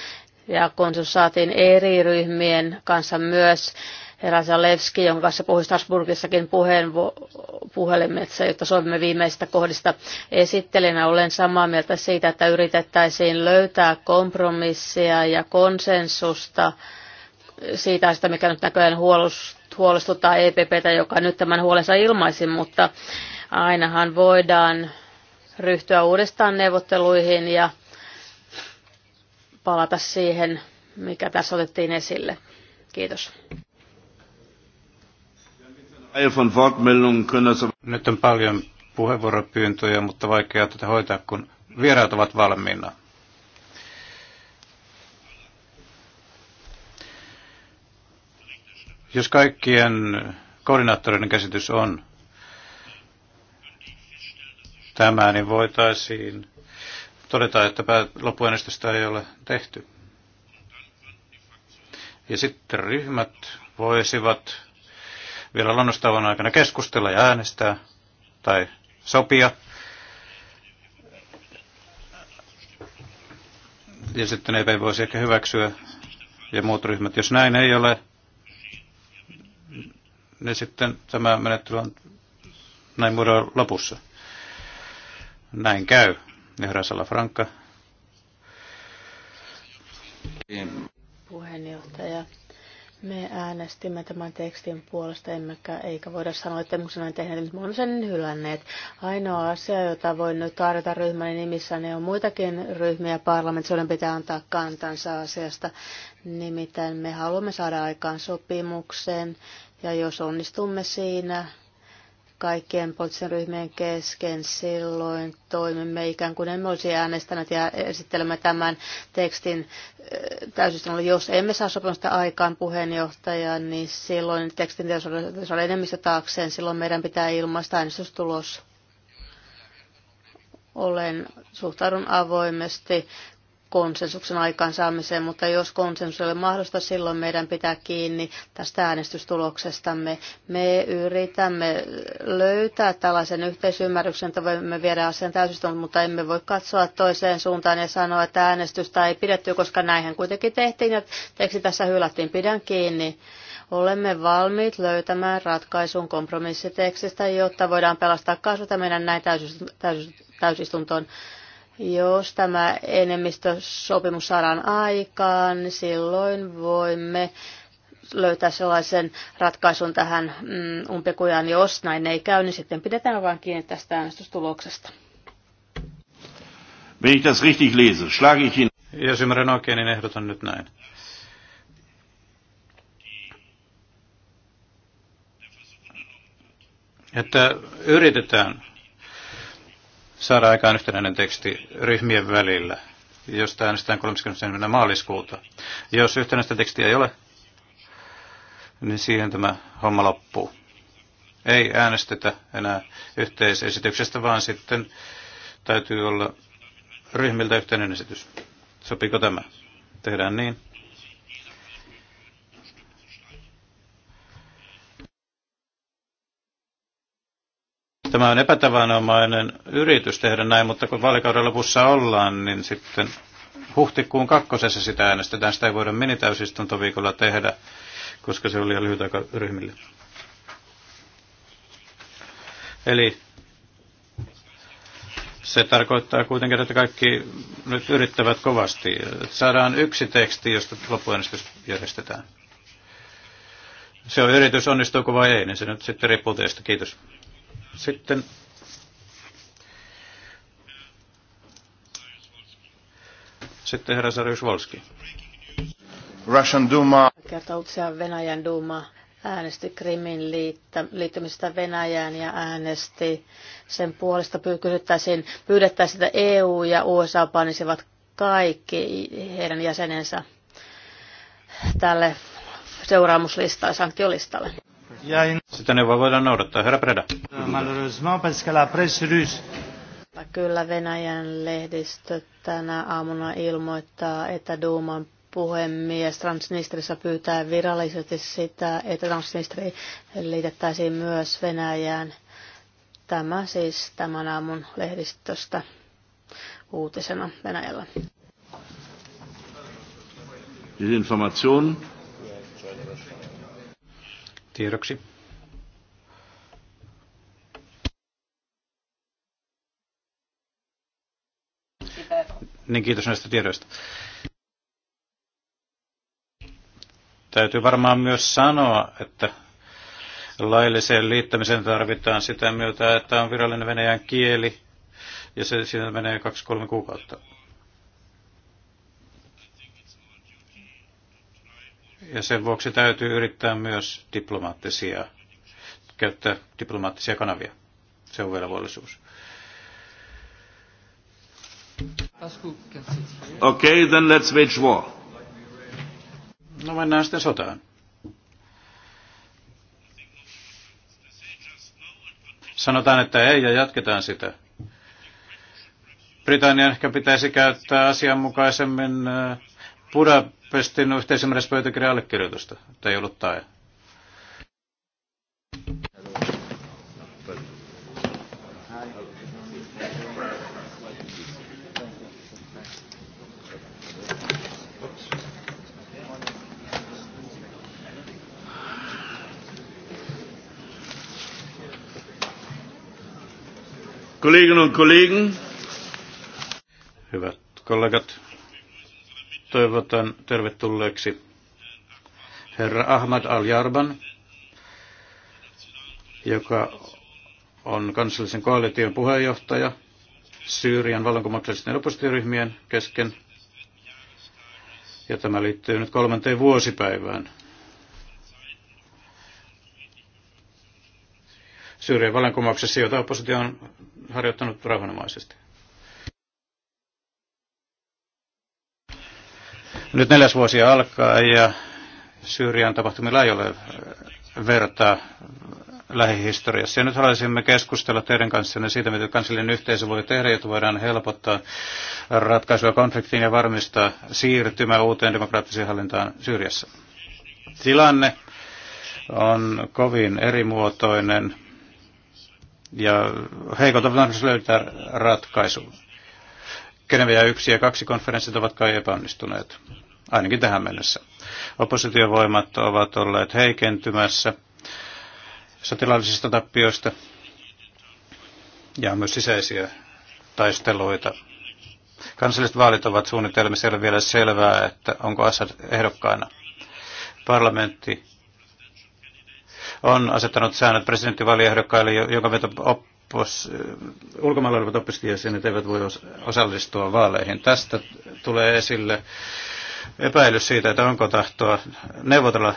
S3: ja konsensus saatiin eri ryhmien kanssa myös. Herra Levski, jonka kanssa puhui Strasburgissakin puheen, puhelimessa, jotta Suomen viimeistä kohdista esittelinä. Olen samaa mieltä siitä, että yritettäisiin löytää kompromissia ja konsensusta siitä, sitä, mikä nyt näköjään huolestuttaa EPPtä, joka nyt tämän huolensa ilmaisi, mutta ainahan voidaan ryhtyä uudestaan neuvotteluihin ja palata siihen, mikä tässä otettiin esille. Kiitos.
S1: Nyt on paljon puheenvuoropyyntöjä, mutta vaikea tätä hoitaa, kun vieraat ovat valmiina. Jos kaikkien koordinaattoreiden käsitys on, tämä, niin voitaisiin todeta, että loppuäänestystä ei ole tehty. Ja sitten ryhmät voisivat vielä lannustavan aikana keskustella ja äänestää tai sopia. Ja sitten EP voisi ehkä hyväksyä ja muut ryhmät. Jos näin ei ole, niin sitten tämä menettely on näin muodon lopussa. Näin käy. Johda Salafranca.
S3: Puheenjohtaja. Me äänestimme tämän tekstin puolesta, emmekä, eikä voida sanoa, että miksi näin tehneet, mutta olemme sen hylänneet. Ainoa asia, jota voin nyt tarjota ryhmäni nimissä, ne on muitakin ryhmiä parlamentissa, joiden pitää antaa kantansa asiasta. Nimittäin me haluamme saada aikaan sopimuksen, ja jos onnistumme siinä, kaikkien poliittisen ryhmien kesken. Silloin toimimme ikään kuin emme olisi äänestäneet ja esittelemme tämän tekstin äh, täysistunnolla. Jos emme saa sopimusta aikaan puheenjohtajaa, niin silloin tekstin pitäisi olla enemmistö taakseen. Silloin meidän pitää ilmaista äänestystulos. Olen, suhtaudun avoimesti konsensuksen aikaansaamiseen, mutta jos konsensus ei ole mahdollista, silloin meidän pitää kiinni tästä äänestystuloksestamme. Me yritämme löytää tällaisen yhteisymmärryksen, että voimme viedä asian täysistuntoon, mutta emme voi katsoa toiseen suuntaan ja sanoa, että äänestystä ei pidetty, koska näinhän kuitenkin tehtiin ja teksti tässä hylättiin. Pidän kiinni. Olemme valmiit löytämään ratkaisun kompromissitekstistä, jotta voidaan pelastaa kasvata meidän näin täysistuntoon. Jos tämä enemmistösopimus saadaan aikaan, niin silloin voimme löytää sellaisen ratkaisun tähän mm, umpikujaan. Jos näin ei käy, niin sitten pidetään vain kiinni tästä äänestystuloksesta.
S1: Wenn ich das richtig lese, schlage ich Ihnen... Jos ymmärrän oikein, niin ehdotan nyt näin. Että yritetään saada aikaan yhtenäinen teksti ryhmien välillä, josta äänestetään 30. maaliskuuta. Jos yhtenäistä tekstiä ei ole, niin siihen tämä homma loppuu. Ei äänestetä enää yhteisesityksestä, vaan sitten täytyy olla ryhmiltä yhteinen esitys. Sopiiko tämä? Tehdään niin. Tämä on epätavanomainen yritys tehdä näin, mutta kun vaalikauden lopussa ollaan, niin sitten huhtikuun kakkosessa sitä äänestetään. Sitä ei voida minitäysistuntoviikolla tehdä, koska se oli liian lyhyt aika ryhmille. Eli se tarkoittaa kuitenkin, että kaikki nyt yrittävät kovasti. Saadaan yksi teksti, josta loppuäänestys järjestetään. Se on yritys, onnistuuko vai ei, niin se nyt sitten riippuu teistä. Kiitos. Sitten Sitten herra Sarjusvalski. Russian Duma.
S3: Kertauksia Venäjän Duma äänesti Krimin liittymistä Venäjään ja äänesti sen puolesta. Pyydettäisiin, pyydettäisiin, että EU ja USA panisivat kaikki heidän jäsenensä tälle seuraamuslistalle, sanktiolistalle.
S1: Sitä neuvoa voidaan noudattaa. Herra Preda.
S3: Kyllä Venäjän lehdistö tänä aamuna ilmoittaa, että Duuman puhemies Transnistrissa pyytää virallisesti sitä, että Transnistri liitettäisiin myös Venäjään. Tämä siis tämän aamun lehdistöstä uutisena Venäjällä.
S1: Information tiedoksi. Niin kiitos näistä tiedoista. Täytyy varmaan myös sanoa, että lailliseen liittämiseen tarvitaan sitä myötä, että on virallinen venäjän kieli ja se, siinä menee kaksi-kolme kuukautta. Ja sen vuoksi täytyy yrittää myös diplomaattisia, käyttää diplomaattisia kanavia. Se on velvollisuus. Okay, then let's wage war. No mennään sitten sotaan. Sanotaan, että ei ja jatketaan sitä. Britannia ehkä pitäisi käyttää asianmukaisemmin äh, Buda, Pestin pöytäkirjan allekirjoitusta. että ei ollut tae. Kolleginnen und Kollegen, hyvät kollegat, toivotan tervetulleeksi herra Ahmad Al-Jarban, joka on kansallisen koalition puheenjohtaja Syyrian vallankumouksellisten oppositioryhmien kesken. Ja tämä liittyy nyt kolmanteen vuosipäivään. Syyrian vallankumouksessa, jota oppositio on harjoittanut rauhanomaisesti. Nyt neljäs vuosi alkaa ja Syyrian tapahtumilla ei ole vertaa lähihistoriassa. Ja nyt haluaisimme keskustella teidän kanssanne siitä, mitä kansallinen yhteisö voi tehdä, jotta voidaan helpottaa ratkaisua konfliktiin ja varmistaa siirtymä uuteen demokraattiseen hallintaan Syyriassa. Tilanne on kovin erimuotoinen ja heikot on mahdollisuus löytää ratkaisu. Geneve ja 1 ja 2 konferenssit ovat kai epäonnistuneet ainakin tähän mennessä. Oppositiovoimat ovat olleet heikentymässä sotilaallisista tappioista ja myös sisäisiä taisteluita. Kansalliset vaalit ovat suunnitelmissa, ei ole vielä selvää, että onko Assad ehdokkaana. Parlamentti on asettanut säännöt presidenttivaaliehdokkaille, jonka veto oppos, ulkomailla olevat oppositiojäsenet eivät voi osallistua vaaleihin. Tästä tulee esille epäilys siitä, että onko tahtoa neuvotella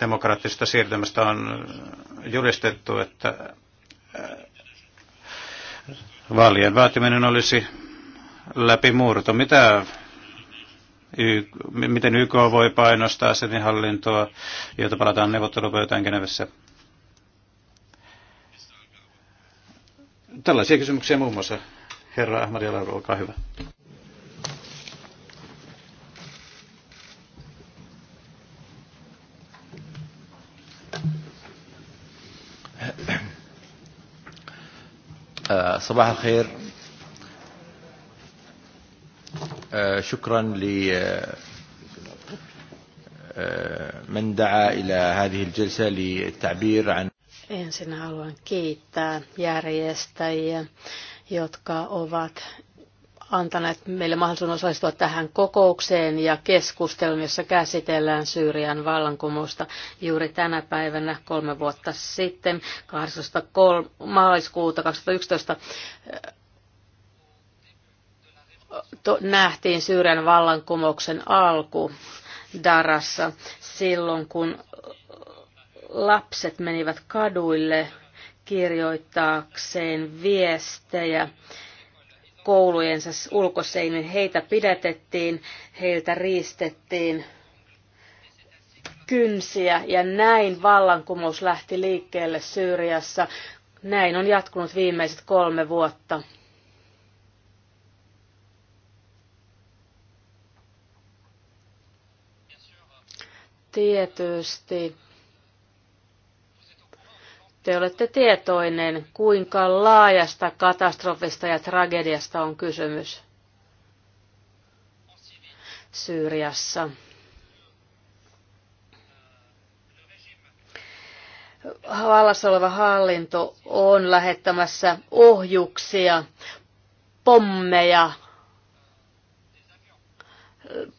S1: demokraattisesta siirtymästä on julistettu, että äh, vaalien vaatiminen olisi läpimurto. Mitä y, miten YK voi painostaa sen hallintoa, jota palataan neuvottelupöytään Genevessä? Tällaisia kysymyksiä muun muassa. Herra Ahmadi Alaru, olkaa hyvä. صباح الخير شكرا لمن دعا إلى هذه الجلسة للتعبير عن
S3: Ensin haluan kiittää järjestäjiä, jotka ovat antaneet meille mahdollisuuden osallistua tähän kokoukseen ja keskusteluun, jossa käsitellään Syyrian vallankumousta juuri tänä päivänä kolme vuotta sitten, 23, maaliskuuta 2011 eh, to, nähtiin Syyrian vallankumouksen alku Darassa silloin, kun lapset menivät kaduille kirjoittaakseen viestejä koulujensa ulkoseinin. Heitä pidätettiin, heiltä riistettiin kynsiä ja näin vallankumous lähti liikkeelle Syyriassa. Näin on jatkunut viimeiset kolme vuotta. Tietysti te olette tietoinen, kuinka laajasta katastrofista ja tragediasta on kysymys Syyriassa. vallassa oleva hallinto on lähettämässä ohjuksia, pommeja,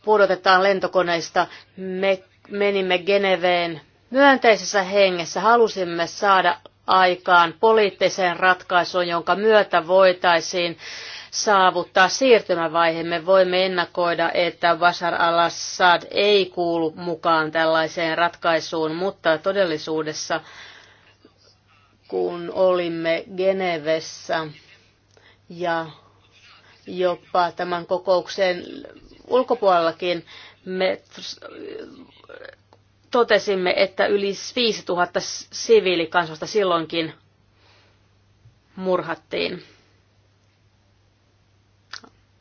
S3: pudotetaan lentokoneista. Me menimme Geneveen myönteisessä hengessä halusimme saada aikaan poliittiseen ratkaisuun, jonka myötä voitaisiin saavuttaa siirtymävaihe. Me voimme ennakoida, että Bashar al-Assad ei kuulu mukaan tällaiseen ratkaisuun, mutta todellisuudessa kun olimme Genevessä ja jopa tämän kokouksen ulkopuolellakin me totesimme, että yli 5000 siviilikansasta silloinkin murhattiin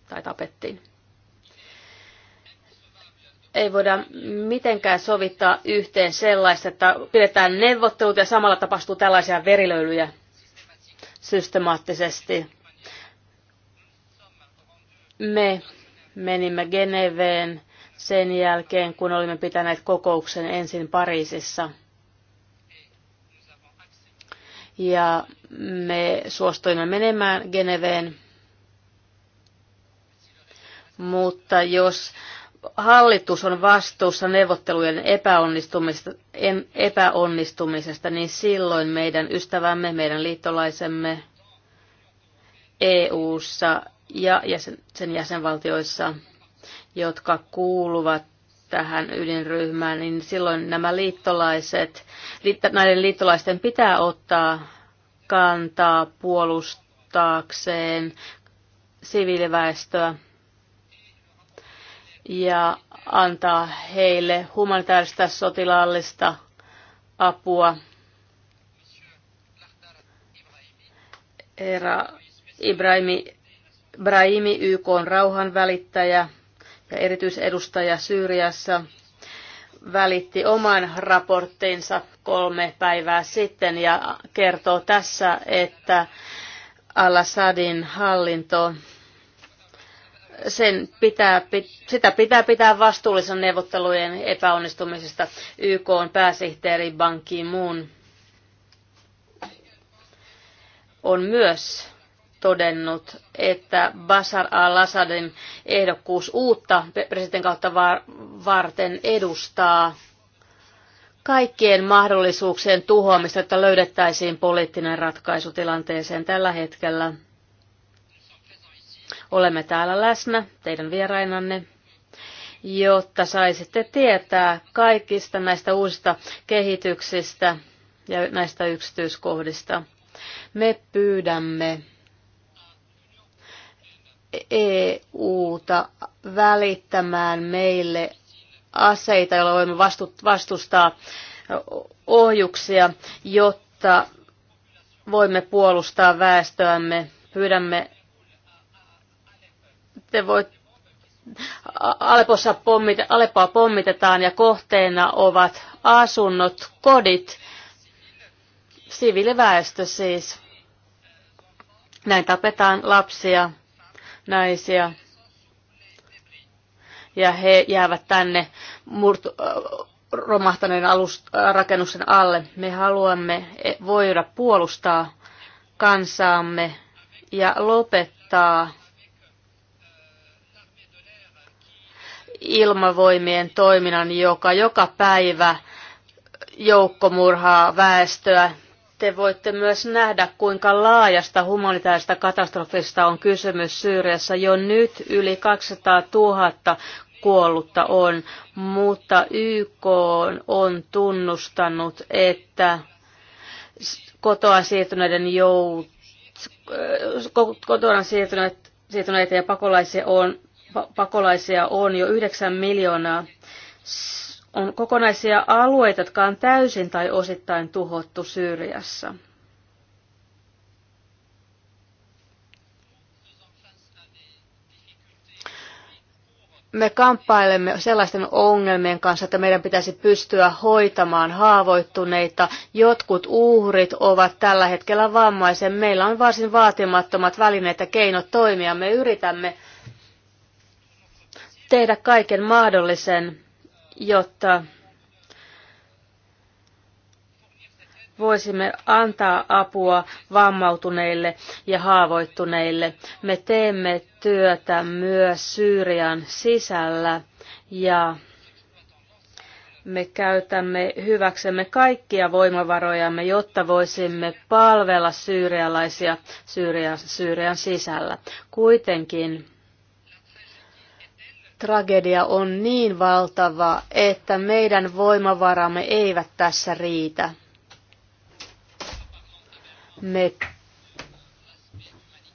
S3: tai tapettiin. Ei voida mitenkään sovittaa yhteen sellaista, että pidetään neuvottelut ja samalla tapahtuu tällaisia verilöylyjä systemaattisesti. Me menimme Geneveen sen jälkeen, kun olimme pitäneet kokouksen ensin Pariisissa. Ja me suostuimme menemään Geneveen. Mutta jos hallitus on vastuussa neuvottelujen epäonnistumisesta, epäonnistumisesta, niin silloin meidän ystävämme, meidän liittolaisemme EU-ssa ja sen jäsenvaltioissa – jotka kuuluvat tähän ydinryhmään, niin silloin nämä liittolaiset, näiden liittolaisten pitää ottaa kantaa puolustaakseen siviiliväestöä ja antaa heille humanitaarista sotilaallista apua. Era Ibrahimi, Ibrahimi YK on rauhanvälittäjä erityisedustaja Syyriassa välitti oman raporttinsa kolme päivää sitten ja kertoo tässä, että al-Assadin hallinto sen pitää, sitä pitää pitää vastuullisen neuvottelujen epäonnistumisesta YK on pääsihteeri Ban Ki-moon on myös todennut, että Bashar al-Assadin ehdokkuus uutta presidentin kautta varten edustaa kaikkien mahdollisuuksien tuhoamista, että löydettäisiin poliittinen ratkaisu tilanteeseen tällä hetkellä. Olemme täällä läsnä teidän vierainanne, jotta saisitte tietää kaikista näistä uusista kehityksistä ja näistä yksityiskohdista. Me pyydämme EUta välittämään meille aseita, joilla voimme vastustaa ohjuksia, jotta voimme puolustaa väestöämme. Pyydämme, te voit, Alepossa pommit, Aleppoa pommitetaan ja kohteena ovat asunnot, kodit, siviiliväestö siis. Näin tapetaan lapsia naisia. Ja he jäävät tänne murt- romahtaneen alust- rakennuksen alle. Me haluamme e, voida puolustaa kansaamme ja lopettaa ilmavoimien toiminnan, joka joka päivä joukkomurhaa väestöä te voitte myös nähdä, kuinka laajasta humanitaarista katastrofista on kysymys Syyriassa. Jo nyt yli 200 000 kuollutta on, mutta YK on tunnustanut, että kotoa siirtyneiden jout, kotona siirtyneet, siirtyneitä ja pakolaisia on, pakolaisia on jo 9 miljoonaa. On kokonaisia alueita, jotka on täysin tai osittain tuhottu Syyriassa. me kamppailemme sellaisten ongelmien kanssa, että meidän pitäisi pystyä hoitamaan haavoittuneita. Jotkut uhrit ovat tällä hetkellä vammaisen. Meillä on varsin vaatimattomat välineet ja keinot toimia. Me yritämme tehdä kaiken mahdollisen jotta voisimme antaa apua vammautuneille ja haavoittuneille. Me teemme työtä myös Syyrian sisällä ja me käytämme hyväksemme kaikkia voimavarojamme, jotta voisimme palvella syyrialaisia Syyrian, sisällä. Kuitenkin tragedia on niin valtava, että meidän voimavaramme eivät tässä riitä. Me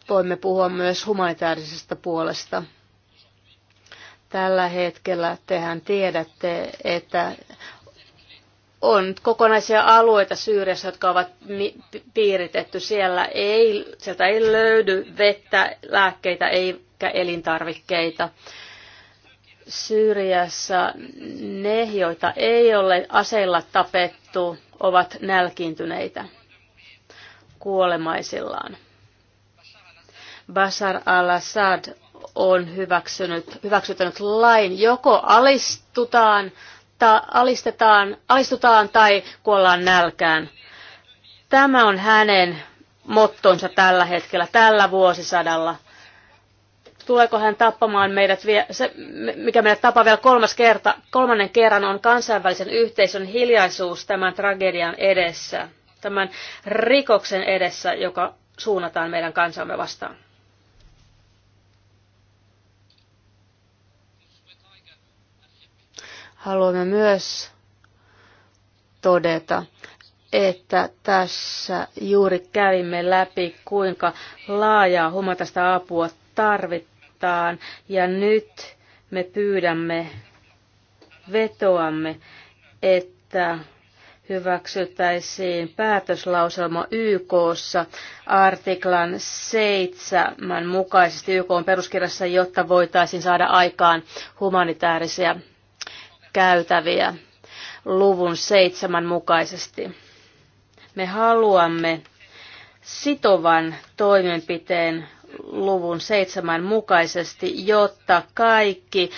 S3: voimme puhua myös humanitaarisesta puolesta. Tällä hetkellä tehän tiedätte, että on kokonaisia alueita Syyriassa, jotka ovat piiritetty. Siellä ei, sieltä ei löydy vettä, lääkkeitä eikä elintarvikkeita. Syyriassa ne, joita ei ole aseilla tapettu, ovat nälkiintyneitä kuolemaisillaan. Basar al-Assad on hyväksynyt, hyväksytänyt lain, joko alistutaan, ta, alistetaan, alistutaan tai kuollaan nälkään. Tämä on hänen mottonsa tällä hetkellä, tällä vuosisadalla tuleeko hän tappamaan meidät, vielä, se, mikä meidät tapaa vielä kolmas kerta, kolmannen kerran, on kansainvälisen yhteisön hiljaisuus tämän tragedian edessä, tämän rikoksen edessä, joka suunnataan meidän kansamme vastaan. Haluamme myös todeta, että tässä juuri kävimme läpi, kuinka laajaa humanitaista apua tarvitaan vastaan. Ja nyt me pyydämme, vetoamme, että hyväksyttäisiin päätöslauselma YKssa artiklan 7 mukaisesti YK on peruskirjassa, jotta voitaisiin saada aikaan humanitaarisia käytäviä luvun seitsemän mukaisesti. Me haluamme sitovan toimenpiteen luvun seitsemän mukaisesti, jotta kaikki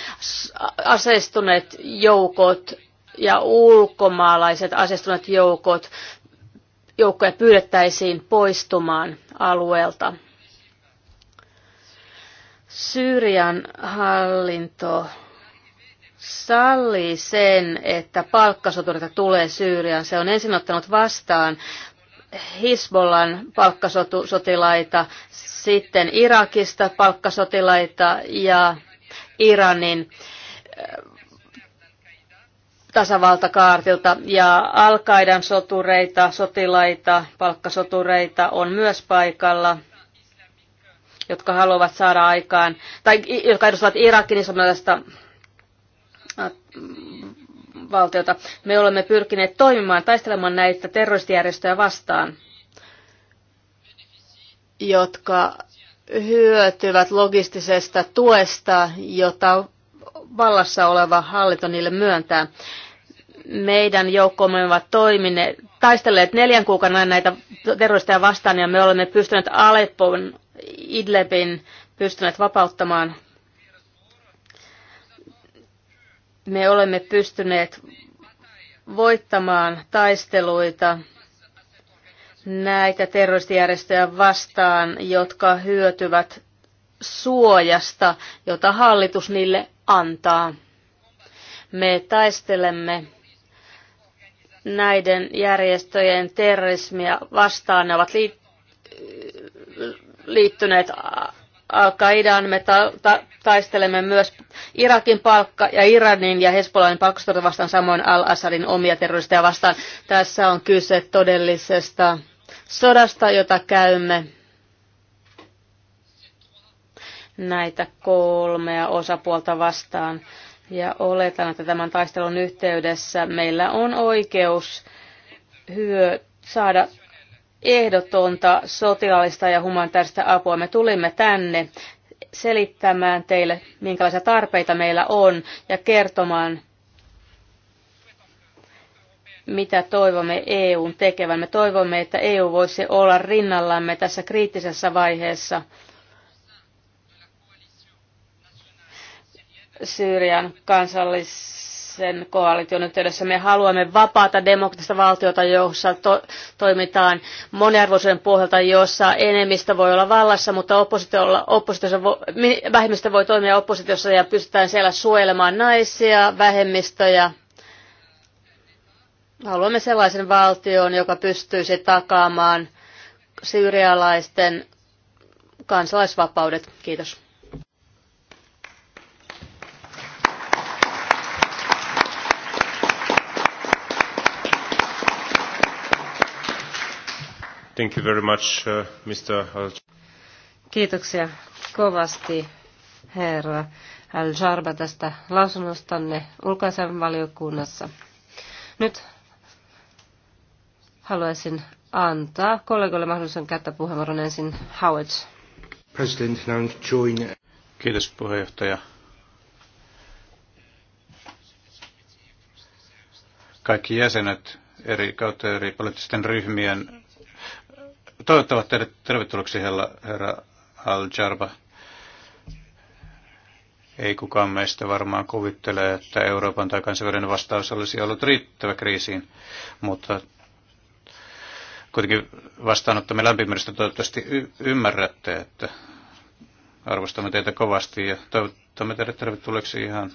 S3: aseistuneet joukot ja ulkomaalaiset aseistuneet joukot, joukkoja pyydettäisiin poistumaan alueelta. Syyrian hallinto sallii sen, että palkkasoturita tulee Syyriaan. Se on ensin ottanut vastaan Hisbollan palkkasotilaita, sitten Irakista palkkasotilaita ja Iranin eh, tasavaltakaartilta ja al sotureita, sotilaita, palkkasotureita on myös paikalla, jotka haluavat saada aikaan, tai jotka edustavat Irakin islamilaista niin valtiota. Me olemme pyrkineet toimimaan, taistelemaan näitä terroristijärjestöjä vastaan, jotka hyötyvät logistisesta tuesta, jota vallassa oleva hallinto niille myöntää. Meidän joukkomme ovat toimineet, taistelleet neljän kuukauden näitä terroristeja vastaan ja me olemme pystyneet Aleppon, Idlebin pystyneet vapauttamaan me olemme pystyneet voittamaan taisteluita näitä terroristijärjestöjä vastaan, jotka hyötyvät suojasta, jota hallitus niille antaa. Me taistelemme näiden järjestöjen terrorismia vastaan. Ne ovat liittyneet Al-Qaidaan. Me ta- ta- taistelemme myös Irakin palkka ja Iranin ja Hezbollahin palkkasota vastaan, samoin Al-Assadin omia terroristeja vastaan. Tässä on kyse todellisesta sodasta, jota käymme näitä kolmea osapuolta vastaan. Ja oletan, että tämän taistelun yhteydessä meillä on oikeus hyö saada ehdotonta sotilaallista ja humanitaarista apua. Me tulimme tänne selittämään teille, minkälaisia tarpeita meillä on ja kertomaan, mitä toivomme EUn tekevän. Me toivomme, että EU voisi olla rinnallamme tässä kriittisessä vaiheessa Syyrian kansallis sen koalition yhteydessä. Me haluamme vapaata demokraattista valtiota, jossa to- toimitaan moniarvoisuuden pohjalta, jossa enemmistö voi olla vallassa, mutta oppositiolla, oppositiossa vo- vähemmistö voi toimia oppositiossa ja pystytään siellä suojelemaan naisia, vähemmistöjä. Haluamme sellaisen valtion, joka pystyisi takaamaan syyrialaisten kansalaisvapaudet. Kiitos.
S1: Thank you very much, uh, Mr.
S2: Kiitoksia kovasti, herra Al-Jarba, tästä lausunnostanne ulkoasianvaliokunnassa. Nyt haluaisin antaa kollegoille mahdollisuuden käyttää puheenvuoron ensin Howard.
S1: President, now join. Kiitos puheenjohtaja. Kaikki jäsenet eri kautta eri poliittisten ryhmien toivottavat teidät tervetulleeksi herra, herra Al-Jarba. Ei kukaan meistä varmaan kuvittele, että Euroopan tai kansainvälinen vastaus olisi ollut riittävä kriisiin, mutta kuitenkin vastaanottamme lämpimmästä toivottavasti y- ymmärrätte, että arvostamme teitä kovasti ja toivottamme teidät tervetulleeksi ihan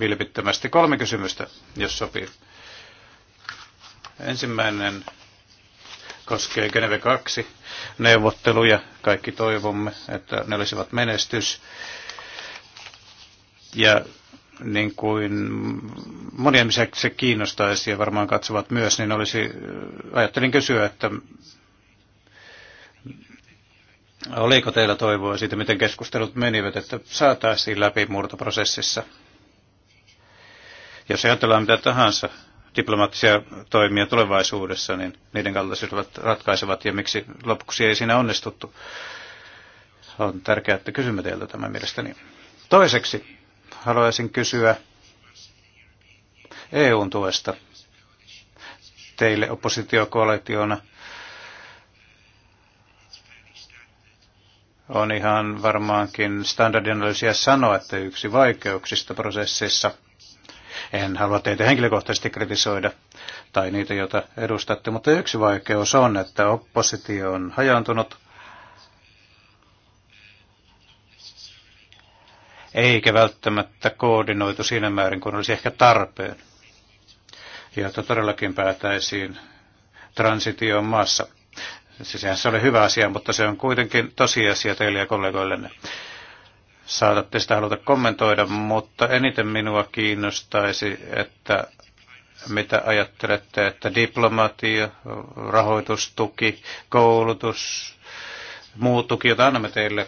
S1: vilpittömästi. Kolme kysymystä, jos sopii. Ensimmäinen koskee Geneve 2 neuvotteluja. Kaikki toivomme, että ne olisivat menestys. Ja niin kuin monia ihmisiä se kiinnostaisi ja varmaan katsovat myös, niin olisi, ajattelin kysyä, että oliko teillä toivoa siitä, miten keskustelut menivät, että saataisiin läpimurtoprosessissa? Jos ajatellaan mitä tahansa diplomaattisia toimia tulevaisuudessa, niin niiden kaltaiset ratkaisevat ja miksi lopuksi ei siinä onnistuttu. On tärkeää, että kysymme teiltä tämä mielestäni. Toiseksi haluaisin kysyä EUn tuesta teille oppositiokoalitiona. On ihan varmaankin standardinalyysiä sanoa, että yksi vaikeuksista prosessissa – en halua teitä henkilökohtaisesti kritisoida tai niitä, joita edustatte, mutta yksi vaikeus on, että oppositio on hajantunut eikä välttämättä koordinoitu siinä määrin, kun olisi ehkä tarpeen, että todellakin päätäisiin transitioon maassa. Sehän se oli hyvä asia, mutta se on kuitenkin tosiasia teille ja kollegoillenne saatatte sitä haluta kommentoida, mutta eniten minua kiinnostaisi, että mitä ajattelette, että diplomatia, rahoitustuki, koulutus, muut tuki, jota annamme teille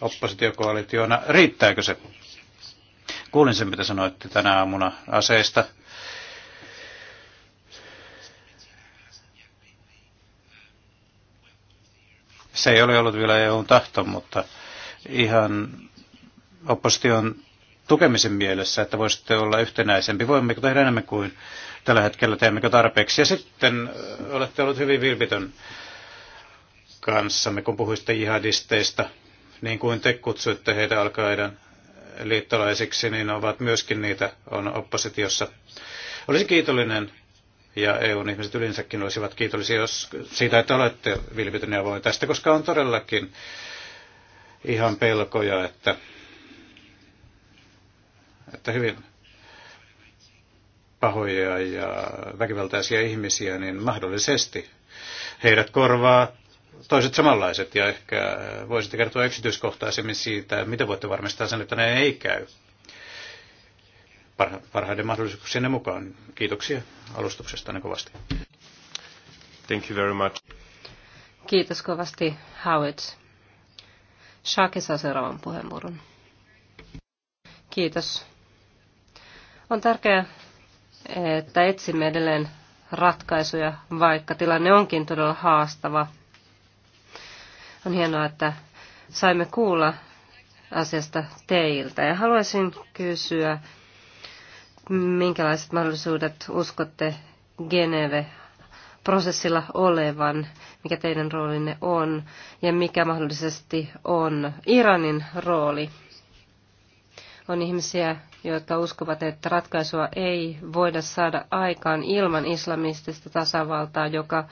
S1: oppositiokoalitiona, riittääkö se? Kuulin sen, mitä sanoitte tänä aamuna aseista. Se ei ole ollut vielä EUn tahto, mutta ihan opposition tukemisen mielessä, että voisitte olla yhtenäisempi. Voimmeko tehdä enemmän kuin tällä hetkellä, teemmekö tarpeeksi? Ja sitten äh, olette ollut hyvin vilpitön kanssamme, kun puhuitte jihadisteista, niin kuin te kutsuitte heitä alkaiden liittolaisiksi, niin ovat myöskin niitä on oppositiossa. Olisi kiitollinen, ja EUn ihmiset yleensäkin olisivat kiitollisia jos, siitä, että olette vilpitön ja avoin tästä, koska on todellakin ihan pelkoja, että, että hyvin pahoja ja väkivaltaisia ihmisiä, niin mahdollisesti heidät korvaa toiset samanlaiset. Ja ehkä voisitte kertoa yksityiskohtaisemmin siitä, mitä voitte varmistaa sen, että ne ei käy parhaiden mahdollisuuksien mukaan. Kiitoksia alustuksesta kovasti. Thank you very much.
S2: Kiitos kovasti, Howard. Shake saa seuraavan puheenvuoron. Kiitos. On tärkeää, että etsimme edelleen ratkaisuja, vaikka tilanne onkin todella haastava. On hienoa, että saimme kuulla asiasta teiltä. Ja haluaisin kysyä, minkälaiset mahdollisuudet uskotte Geneve prosessilla olevan, mikä teidän roolinne on ja mikä mahdollisesti on Iranin rooli. On ihmisiä, jotka uskovat, että ratkaisua ei voida saada aikaan ilman islamistista tasavaltaa, joka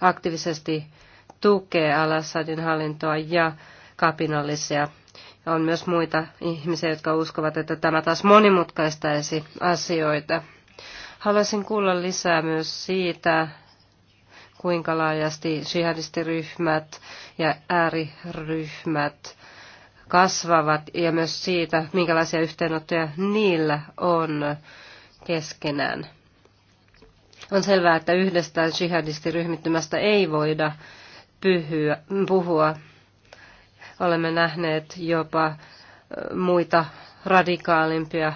S2: aktiivisesti tukee Al-Assadin hallintoa ja kapinallisia. On myös muita ihmisiä, jotka uskovat, että tämä taas monimutkaistaisi asioita. Haluaisin kuulla lisää myös siitä, kuinka laajasti jihadistiryhmät ja ääriryhmät kasvavat ja myös siitä, minkälaisia yhteenottoja niillä on keskenään. On selvää, että yhdestä jihadistiryhmittymästä ei voida pyhyä, puhua. Olemme nähneet jopa muita radikaalimpia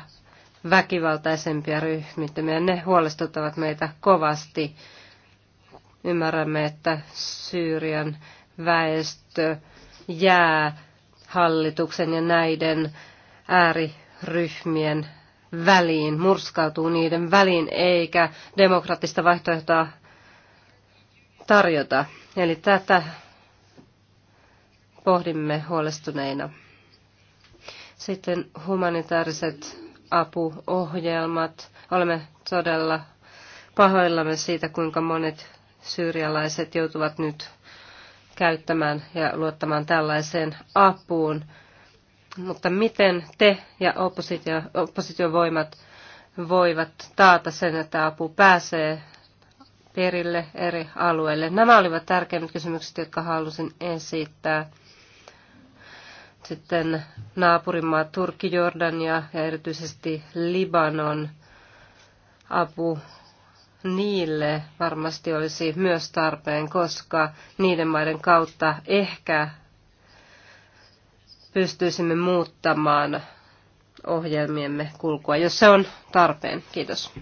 S2: väkivaltaisempia ryhmittymiä. Ne huolestuttavat meitä kovasti. Ymmärrämme, että Syyrian väestö jää hallituksen ja näiden ääriryhmien väliin, murskautuu niiden väliin, eikä demokraattista vaihtoehtoa tarjota. Eli tätä pohdimme huolestuneina. Sitten humanitaariset apuohjelmat. Olemme todella pahoillamme siitä, kuinka monet syyrialaiset joutuvat nyt käyttämään ja luottamaan tällaiseen apuun. Mutta miten te ja oppositio, oppositiovoimat voivat taata sen, että apu pääsee perille eri alueille? Nämä olivat tärkeimmät kysymykset, jotka halusin esittää sitten naapurimaa Turkki, Jordania ja erityisesti Libanon apu niille varmasti olisi myös tarpeen, koska niiden maiden kautta ehkä pystyisimme muuttamaan ohjelmiemme kulkua, jos se on tarpeen. Kiitos.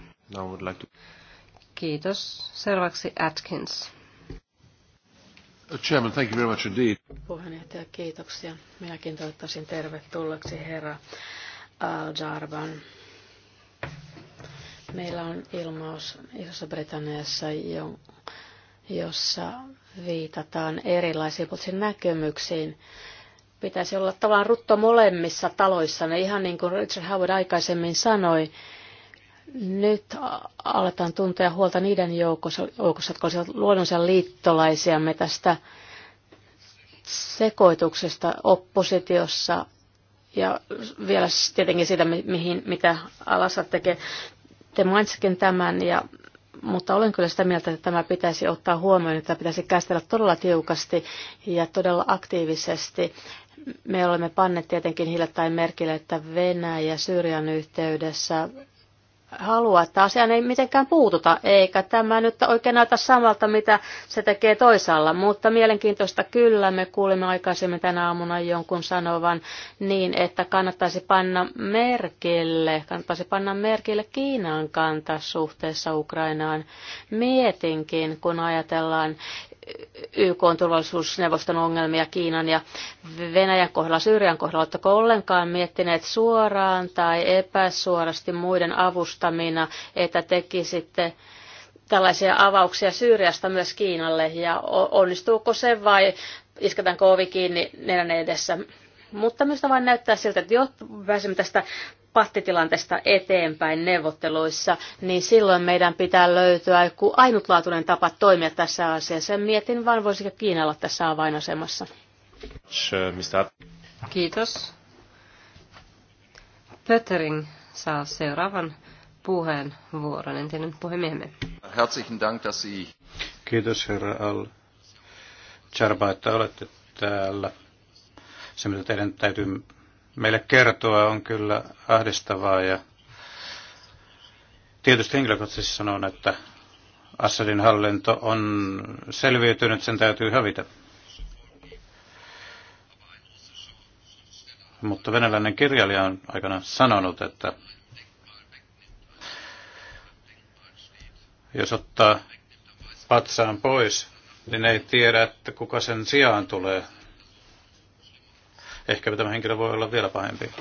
S2: Kiitos. Seuraavaksi Atkins.
S1: Chairman, thank you very much indeed.
S3: Puheenjohtaja, kiitoksia. Minäkin toivottaisin tervetulleeksi herra Al-Jarban. Meillä on ilmaus Isossa Britanniassa, jossa viitataan erilaisiin poliittisiin näkemyksiin. Pitäisi olla tavallaan rutto molemmissa taloissa, ne ihan niin kuin Richard Howard aikaisemmin sanoi nyt aletaan tuntea huolta niiden joukossa, joukossa jotka olisivat luonnollisia liittolaisiamme tästä sekoituksesta oppositiossa ja vielä tietenkin siitä, mihin, mitä Alassa tekee. Te mainitsikin tämän, ja, mutta olen kyllä sitä mieltä, että tämä pitäisi ottaa huomioon, että pitäisi käsitellä todella tiukasti ja todella aktiivisesti. Me olemme panneet tietenkin hiljattain merkille, että Venäjä Syyrian yhteydessä halua, että asiaan ei mitenkään puututa, eikä tämä nyt oikein näytä samalta, mitä se tekee toisaalla. Mutta mielenkiintoista kyllä, me kuulimme aikaisemmin tänä aamuna jonkun sanovan niin, että kannattaisi panna merkille, kannattaisi panna merkille Kiinan kanta suhteessa Ukrainaan. Mietinkin, kun ajatellaan YK on turvallisuusneuvoston ongelmia Kiinan ja Venäjän kohdalla, Syyrian kohdalla, oletteko ollenkaan miettineet suoraan tai epäsuorasti muiden avustamina, että tekisitte tällaisia avauksia Syyriasta myös Kiinalle ja onnistuuko se vai isketään ovi kiinni nenän edessä? Mutta minusta vain näyttää siltä, että jo pääsemme tästä pattitilanteesta eteenpäin neuvotteluissa, niin silloin meidän pitää löytyä joku ainutlaatuinen tapa toimia tässä asiassa. Mietin vain, voisiko Kiina olla
S2: tässä avainasemassa. Kiitos. Pöttering saa seuraavan puheenvuoron, entinen puhemiehemme.
S1: Herzlichen Dank, dass Sie... Kiitos herra Al. Charba, että olette täällä. Se, mitä teidän täytyy meille kertoa, on kyllä ahdistavaa. Ja tietysti henkilökohtaisesti sanon, että Assadin hallinto on selviytynyt, sen täytyy hävitä. Mutta venäläinen kirjailija on aikana sanonut, että jos ottaa patsaan pois, niin ei tiedä, että kuka sen sijaan tulee. Ehkä tämä henkilö voi olla vielä pahempi.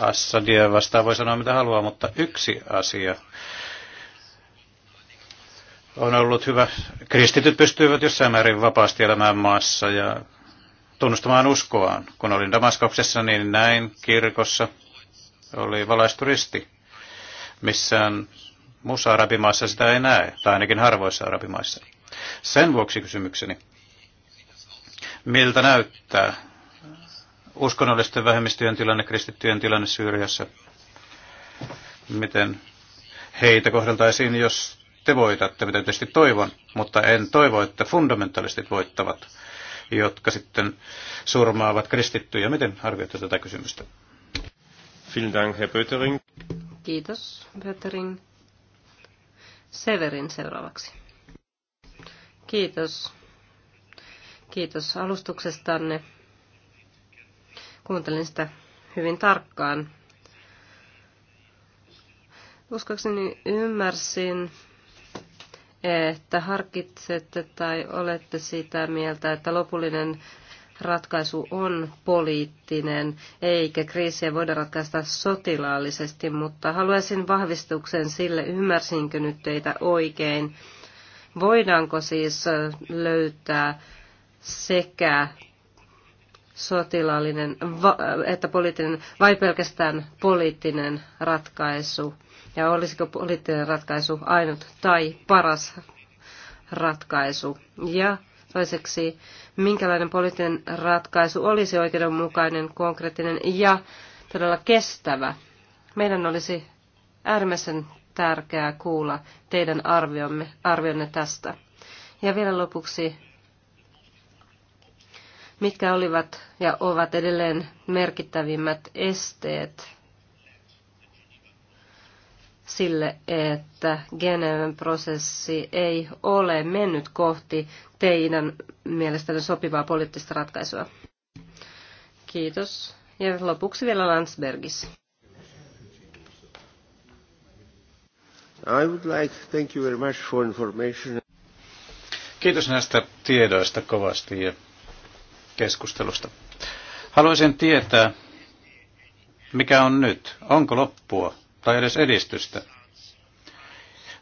S1: Assadia vastaan voi sanoa mitä haluaa, mutta yksi asia on ollut hyvä. Kristityt pystyivät jossain määrin vapaasti elämään maassa ja tunnustamaan uskoaan. Kun olin Damaskoksessa, niin näin kirkossa oli valaisturisti. Missään muussa arabimaassa sitä ei näe, tai ainakin harvoissa arabimaissa. Sen vuoksi kysymykseni, miltä näyttää uskonnollisten vähemmistöjen tilanne, kristittyjen tilanne Syyriassa, miten heitä kohdeltaisiin, jos te voitatte, mitä tietysti toivon, mutta en toivo, että fundamentalistit voittavat, jotka sitten surmaavat kristittyjä. Miten arvioitte tätä kysymystä? Dank, Herr
S2: Kiitos, Pötering. Severin seuraavaksi. Kiitos. Kiitos alustuksestanne. Kuuntelin sitä hyvin tarkkaan. Uskoakseni ymmärsin, että harkitsette tai olette sitä mieltä, että lopullinen ratkaisu on poliittinen, eikä kriisiä voida ratkaista sotilaallisesti, mutta haluaisin vahvistuksen sille, ymmärsinkö nyt teitä oikein. Voidaanko siis löytää sekä sotilaallinen, että poliittinen vai pelkästään poliittinen ratkaisu? Ja olisiko poliittinen ratkaisu ainut tai paras ratkaisu? Ja toiseksi, minkälainen poliittinen ratkaisu olisi oikeudenmukainen, konkreettinen ja todella kestävä? Meidän olisi äärimmäisen tärkeää kuulla teidän arvionne tästä. Ja vielä lopuksi mitkä olivat ja ovat edelleen merkittävimmät esteet sille, että Geneven prosessi ei ole mennyt kohti teidän mielestänne sopivaa poliittista ratkaisua. Kiitos. Ja lopuksi vielä Landsbergis.
S1: I would like, thank you very much for information. Kiitos näistä tiedoista kovasti ja keskustelusta. Haluaisin tietää, mikä on nyt? Onko loppua tai edes edistystä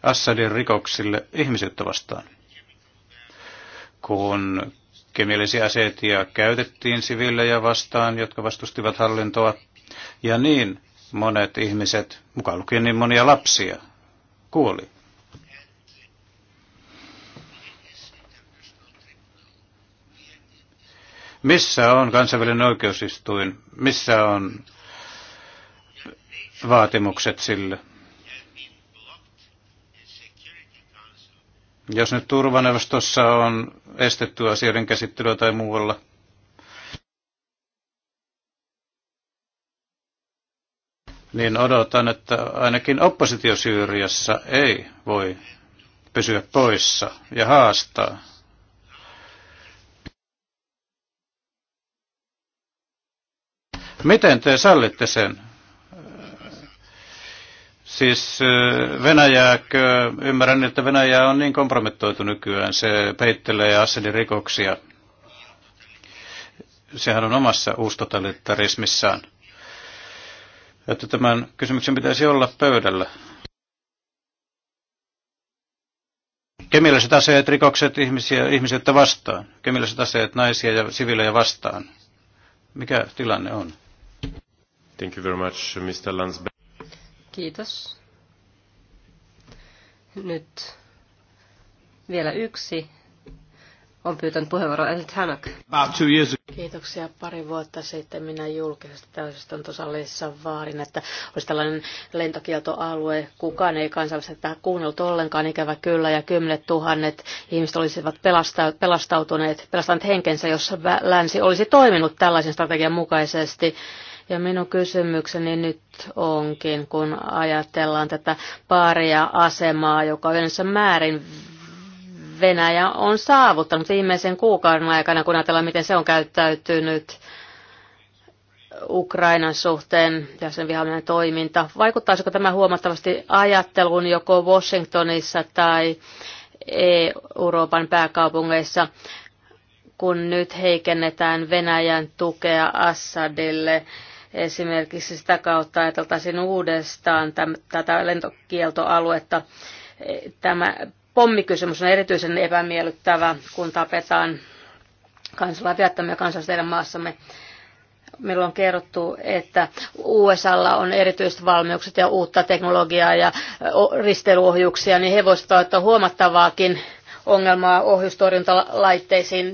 S1: Assadin rikoksille ihmisyyttä vastaan? Kun kemiallisia aseetia käytettiin siviilejä vastaan, jotka vastustivat hallintoa, ja niin monet ihmiset, mukaan lukien niin monia lapsia, kuoli. Missä on kansainvälinen oikeusistuin? Missä on vaatimukset sille? Jos nyt turvaneuvostossa on estetty asioiden käsittelyä tai muualla, niin odotan, että ainakin oppositio Syyriassa ei voi pysyä poissa ja haastaa Miten te sallitte sen? Siis Venäjääkö, ymmärrän, että Venäjä on niin kompromittoitu nykyään, se peittelee Assadin rikoksia. Sehän on omassa uustotalitarismissaan. Että tämän kysymyksen pitäisi olla pöydällä. Kemialliset aseet, rikokset ihmisiä, ihmisiä vastaan. Kemialliset aseet naisia ja siviilejä vastaan. Mikä tilanne on? Thank you very much, Mr. Landsberg.
S2: Kiitos. Nyt vielä yksi on pyytänyt puheenvuoron Elit Hanak.
S3: Kiitoksia. Pari vuotta sitten minä julkisesti täysistuntosalissa vaarin, että olisi tällainen lentokieltoalue. Kukaan ei kansallisesti tätä kuunnellut ollenkaan, ikävä kyllä, ja kymmenet tuhannet ihmiset olisivat pelastautuneet, pelastaneet henkensä, jos länsi olisi toiminut tällaisen strategian mukaisesti. Ja minun kysymykseni nyt onkin, kun ajatellaan tätä paria asemaa, joka yleensä määrin Venäjä on saavuttanut viimeisen kuukauden aikana, kun ajatellaan, miten se on käyttäytynyt Ukrainan suhteen ja sen vihollinen toiminta. Vaikuttaisiko tämä huomattavasti ajatteluun joko Washingtonissa tai Euroopan pääkaupungeissa, kun nyt heikennetään Venäjän tukea Assadille Esimerkiksi sitä kautta ajateltaisiin uudestaan tätä lentokieltoaluetta. Tämä pommikysymys on erityisen epämiellyttävä, kun tapetaan viattomia kansalaisia maassamme. Meillä on kerrottu, että USAlla on erityiset valmiukset ja uutta teknologiaa ja risteilyohjuksia, niin he voisivat ottaa huomattavaakin ongelmaa ohjustorjuntalaitteisiin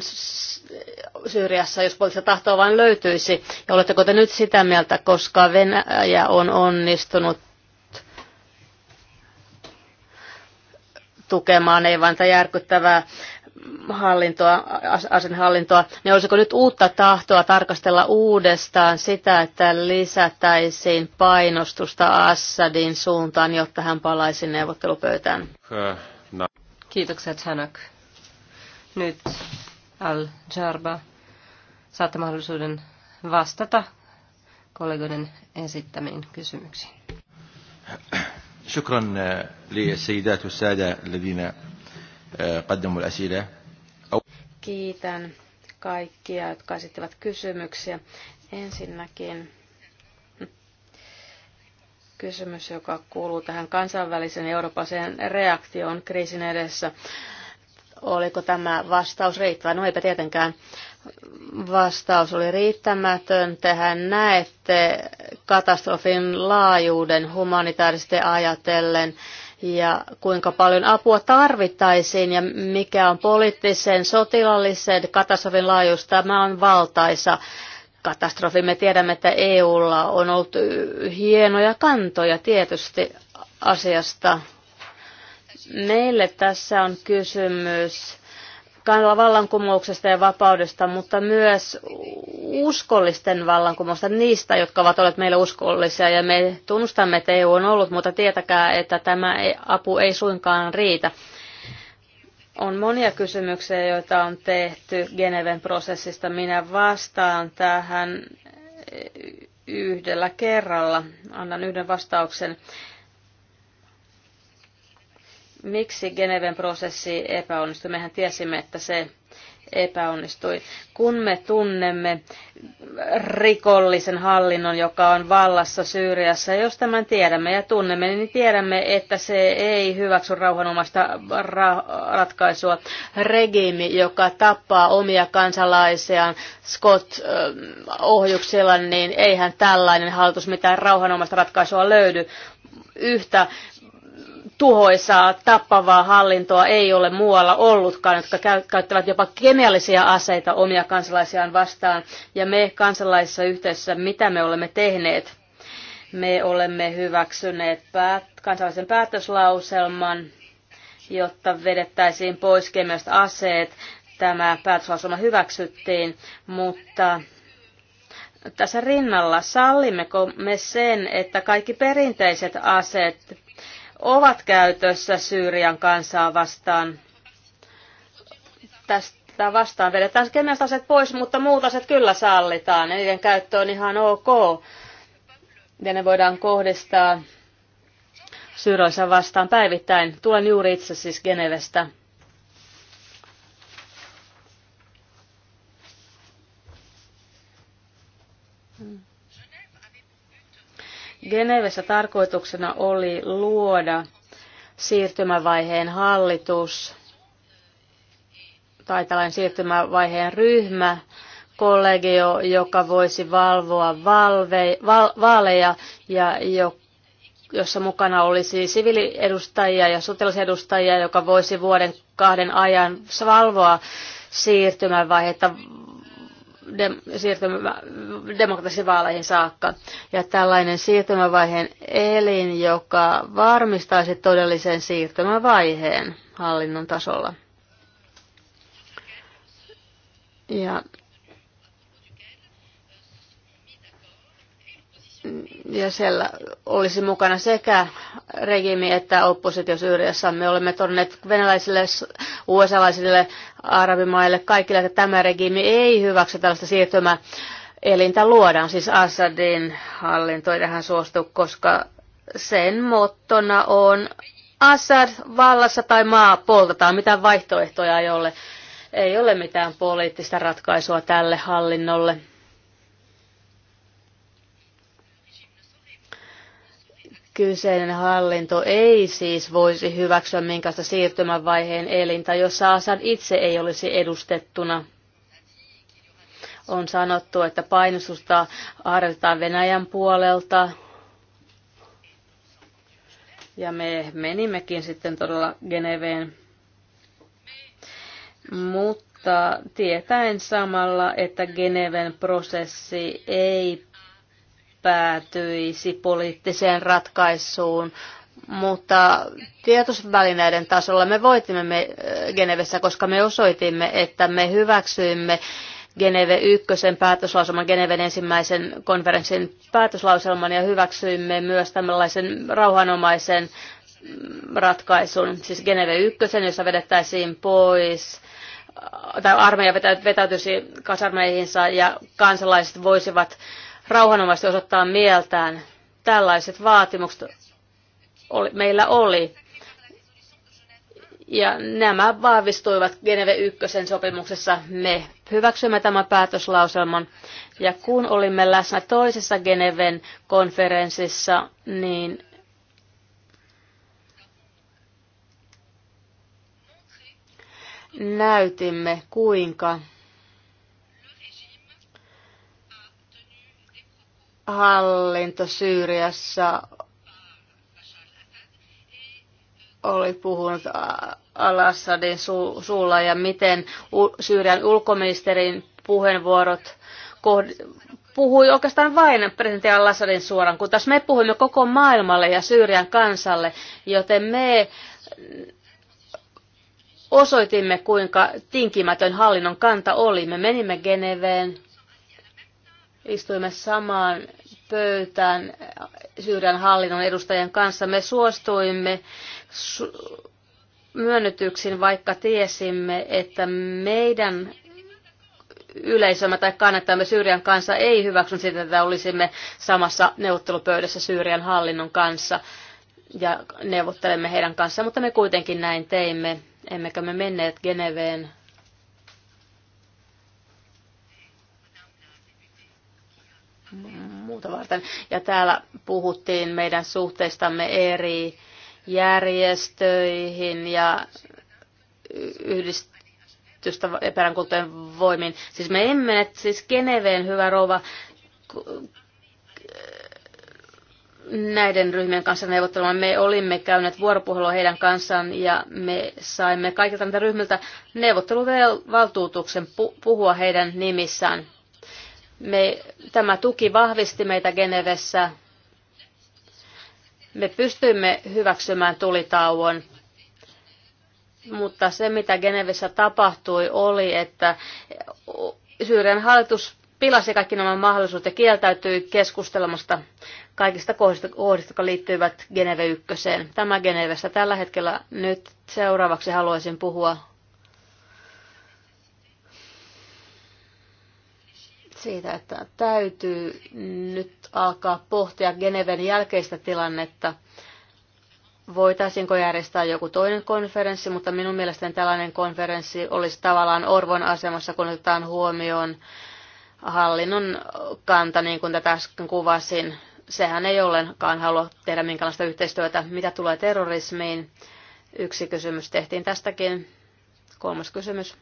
S3: Syyriassa, jos poliisia tahtoa vain löytyisi. Ja oletteko te nyt sitä mieltä, koska Venäjä on onnistunut tukemaan ei vain tätä järkyttävää hallintoa, asenhallintoa, niin olisiko nyt uutta tahtoa tarkastella uudestaan sitä, että lisätäisiin painostusta Assadin suuntaan, jotta hän palaisi
S2: neuvottelupöytään? No. Kiitokset, Hanak. Nyt Al-Jarba, saatte mahdollisuuden vastata kollegoiden esittämiin kysymyksiin.
S1: شكرا
S3: للسيدات والسادة الذين قدموا الأسئلة. Kiitän kaikkia, jotka esittivät kysymyksiä. Ensinnäkin kysymys, joka kuuluu tähän kansainvälisen eurooppalaisen reaktioon kriisin edessä. Oliko tämä vastaus riittävä? No eipä tietenkään. Vastaus oli riittämätön. Tehän näette katastrofin laajuuden humanitaarisesti ajatellen ja kuinka paljon apua tarvittaisiin ja mikä on poliittisen, sotilallisen katastrofin laajuus. Tämä on valtaisa katastrofi. Me tiedämme, että EUlla on ollut hienoja kantoja tietysti asiasta. Meille tässä on kysymys vallankumouksesta ja vapaudesta, mutta myös uskollisten vallankumousta, niistä, jotka ovat olleet meille uskollisia. Ja me tunnustamme, että EU on ollut, mutta tietäkää, että tämä apu ei suinkaan riitä. On monia kysymyksiä, joita on tehty Geneven prosessista. Minä vastaan tähän yhdellä kerralla. Annan yhden vastauksen. Miksi Geneven prosessi epäonnistui? Mehän tiesimme, että se epäonnistui. Kun me tunnemme rikollisen hallinnon, joka on vallassa Syyriassa, jos tämän tiedämme ja tunnemme, niin tiedämme, että se ei hyväksy rauhanomaista ra- ratkaisua. Regimi, joka tappaa omia kansalaisiaan Scott-ohjuksilla, niin eihän tällainen hallitus mitään rauhanomaista ratkaisua löydy. Yhtä tuhoisaa, tappavaa hallintoa ei ole muualla ollutkaan, jotka käyttävät jopa kemiallisia aseita omia kansalaisiaan vastaan. Ja me kansalaisissa yhteisössä, mitä me olemme tehneet? Me olemme hyväksyneet päät- kansallisen päätöslauselman, jotta vedettäisiin pois kemialliset aseet. Tämä päätöslauselma hyväksyttiin, mutta tässä rinnalla sallimmeko me sen, että kaikki perinteiset aseet ovat käytössä Syyrian kansaa vastaan. Tästä vastaan vedetään kemiasta aset pois, mutta muut aset kyllä sallitaan. niiden käyttö on ihan ok. Ja ne voidaan kohdistaa Syyroissa vastaan päivittäin. Tulen juuri itse siis Genevestä. Genevessä tarkoituksena oli luoda siirtymävaiheen hallitus tai tällainen siirtymävaiheen ryhmä, kollegio, joka voisi valvoa valve, val, vaaleja ja jo, jossa mukana olisi siviiliedustajia ja sotilasedustajia, joka voisi vuoden kahden ajan valvoa siirtymävaihetta dem- siirtymä- saakka. Ja tällainen siirtymävaiheen elin, joka varmistaisi todellisen siirtymävaiheen hallinnon tasolla. Ja ja siellä olisi mukana sekä regimi että oppositio Syyriassa. Me olemme todenneet venäläisille, USA-laisille, arabimaille, kaikille, että tämä regimi ei hyväksy tällaista siirtymää. Elintä luodaan, siis Assadin hallinto ei tähän suostu, koska sen mottona on Assad vallassa tai maa poltetaan, mitään vaihtoehtoja ei ole. Ei ole mitään poliittista ratkaisua tälle hallinnolle. Kyseinen hallinto ei siis voisi hyväksyä minkästä siirtymävaiheen elintä, jossa Assad itse ei olisi edustettuna. On sanottu, että painostusta harjoitetaan Venäjän puolelta. Ja me menimmekin sitten todella Geneveen. Mutta tietäen samalla, että Geneven prosessi ei päätyisi poliittiseen ratkaisuun, mutta tietosvälineiden tasolla me voitimme me äh, Genevessä, koska me osoitimme, että me hyväksyimme Geneve 1 päätöslauselman, Geneven ensimmäisen konferenssin päätöslauselman ja hyväksyimme myös tällaisen rauhanomaisen ratkaisun, siis Geneve 1, jossa vedettäisiin pois äh, tai armeija vetäytyisi kasarmeihinsa ja kansalaiset voisivat rauhanomaisesti osoittaa mieltään. Tällaiset vaatimukset oli, meillä oli. Ja nämä vahvistuivat Geneve 1 sopimuksessa. Me hyväksymme tämän päätöslauselman. Ja kun olimme läsnä toisessa Geneven konferenssissa, niin näytimme kuinka hallinto Syyriassa oli puhunut Al-Assadin su- suulla ja miten u- Syyrian ulkoministerin puheenvuorot puhui oikeastaan vain presidentti Al-Assadin suoraan, kun taas me puhuimme koko maailmalle ja Syyrian kansalle, joten me osoitimme, kuinka tinkimätön hallinnon kanta oli. Me menimme Geneveen istuimme samaan pöytään Syyrian hallinnon edustajien kanssa. Me suostuimme su- myönnytyksiin, vaikka tiesimme, että meidän yleisömme tai kannattamme Syyrian kanssa ei hyväksynyt sitä, että olisimme samassa neuvottelupöydässä Syyrian hallinnon kanssa ja neuvottelemme heidän kanssaan, mutta me kuitenkin näin teimme, emmekä me menneet Geneveen muuta varten. Ja täällä puhuttiin meidän suhteistamme eri järjestöihin ja yhdistystä peräänkulttujen voimin. Siis me emme että siis Geneveen, hyvä rouva, näiden ryhmien kanssa neuvottelemaan. Me olimme käyneet vuoropuhelua heidän kanssaan ja me saimme kaikilta näiltä ryhmiltä neuvotteluvaltuutuksen puhua heidän nimissään me, tämä tuki vahvisti meitä Genevessä. Me pystyimme hyväksymään tulitauon, mutta se mitä Genevessä tapahtui oli, että Syyrian hallitus pilasi kaikki nämä mahdollisuudet ja kieltäytyi keskustelemasta kaikista kohdista, kohdista jotka liittyivät Geneve 1. Tämä Genevessä tällä hetkellä nyt seuraavaksi haluaisin puhua siitä, että täytyy nyt alkaa pohtia Geneven jälkeistä tilannetta. Voitaisiinko järjestää joku toinen konferenssi, mutta minun mielestäni tällainen konferenssi olisi tavallaan Orvon asemassa, kun otetaan huomioon hallinnon kanta, niin kuin tätä äsken kuvasin. Sehän ei ollenkaan halua tehdä minkälaista yhteistyötä, mitä tulee terrorismiin. Yksi kysymys tehtiin tästäkin. Kolmas kysymys.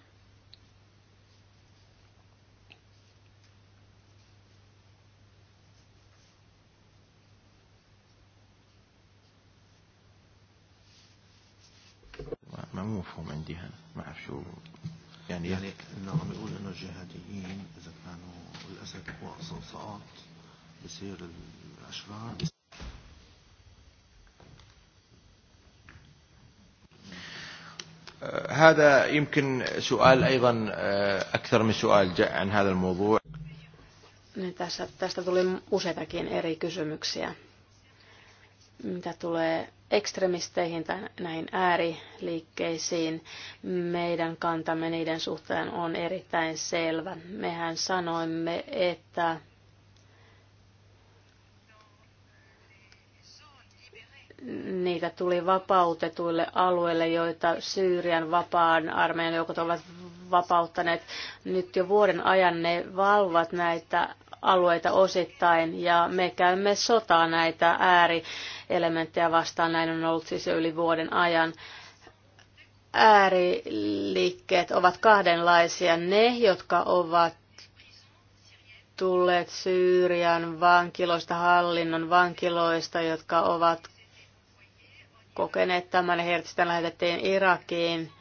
S1: مفهوم عندي هنا ما أعرف شو يعني يعني انه عم يقول انه الجهاديين اذا كانوا الاسد هو صلصات بصير الاشرار هذا يمكن سؤال ايضا اكثر من سؤال جاء عن هذا الموضوع
S3: niin tästä tuli useitakin eri kysymyksiä, mitä tulee ekstremisteihin tai näihin ääriliikkeisiin meidän kantamme niiden suhteen on erittäin selvä. Mehän sanoimme, että niitä tuli vapautetuille alueille, joita Syyrian vapaan armeijan joukot ovat vapauttaneet. Nyt jo vuoden ajan ne valvat näitä alueita osittain ja me käymme sotaa näitä äärielementtejä vastaan. Näin on ollut siis jo yli vuoden ajan. Ääriliikkeet ovat kahdenlaisia. Ne, jotka ovat tulleet Syyrian vankiloista, hallinnon vankiloista, jotka ovat kokeneet tämän. Heidät sitten lähetettiin Irakiin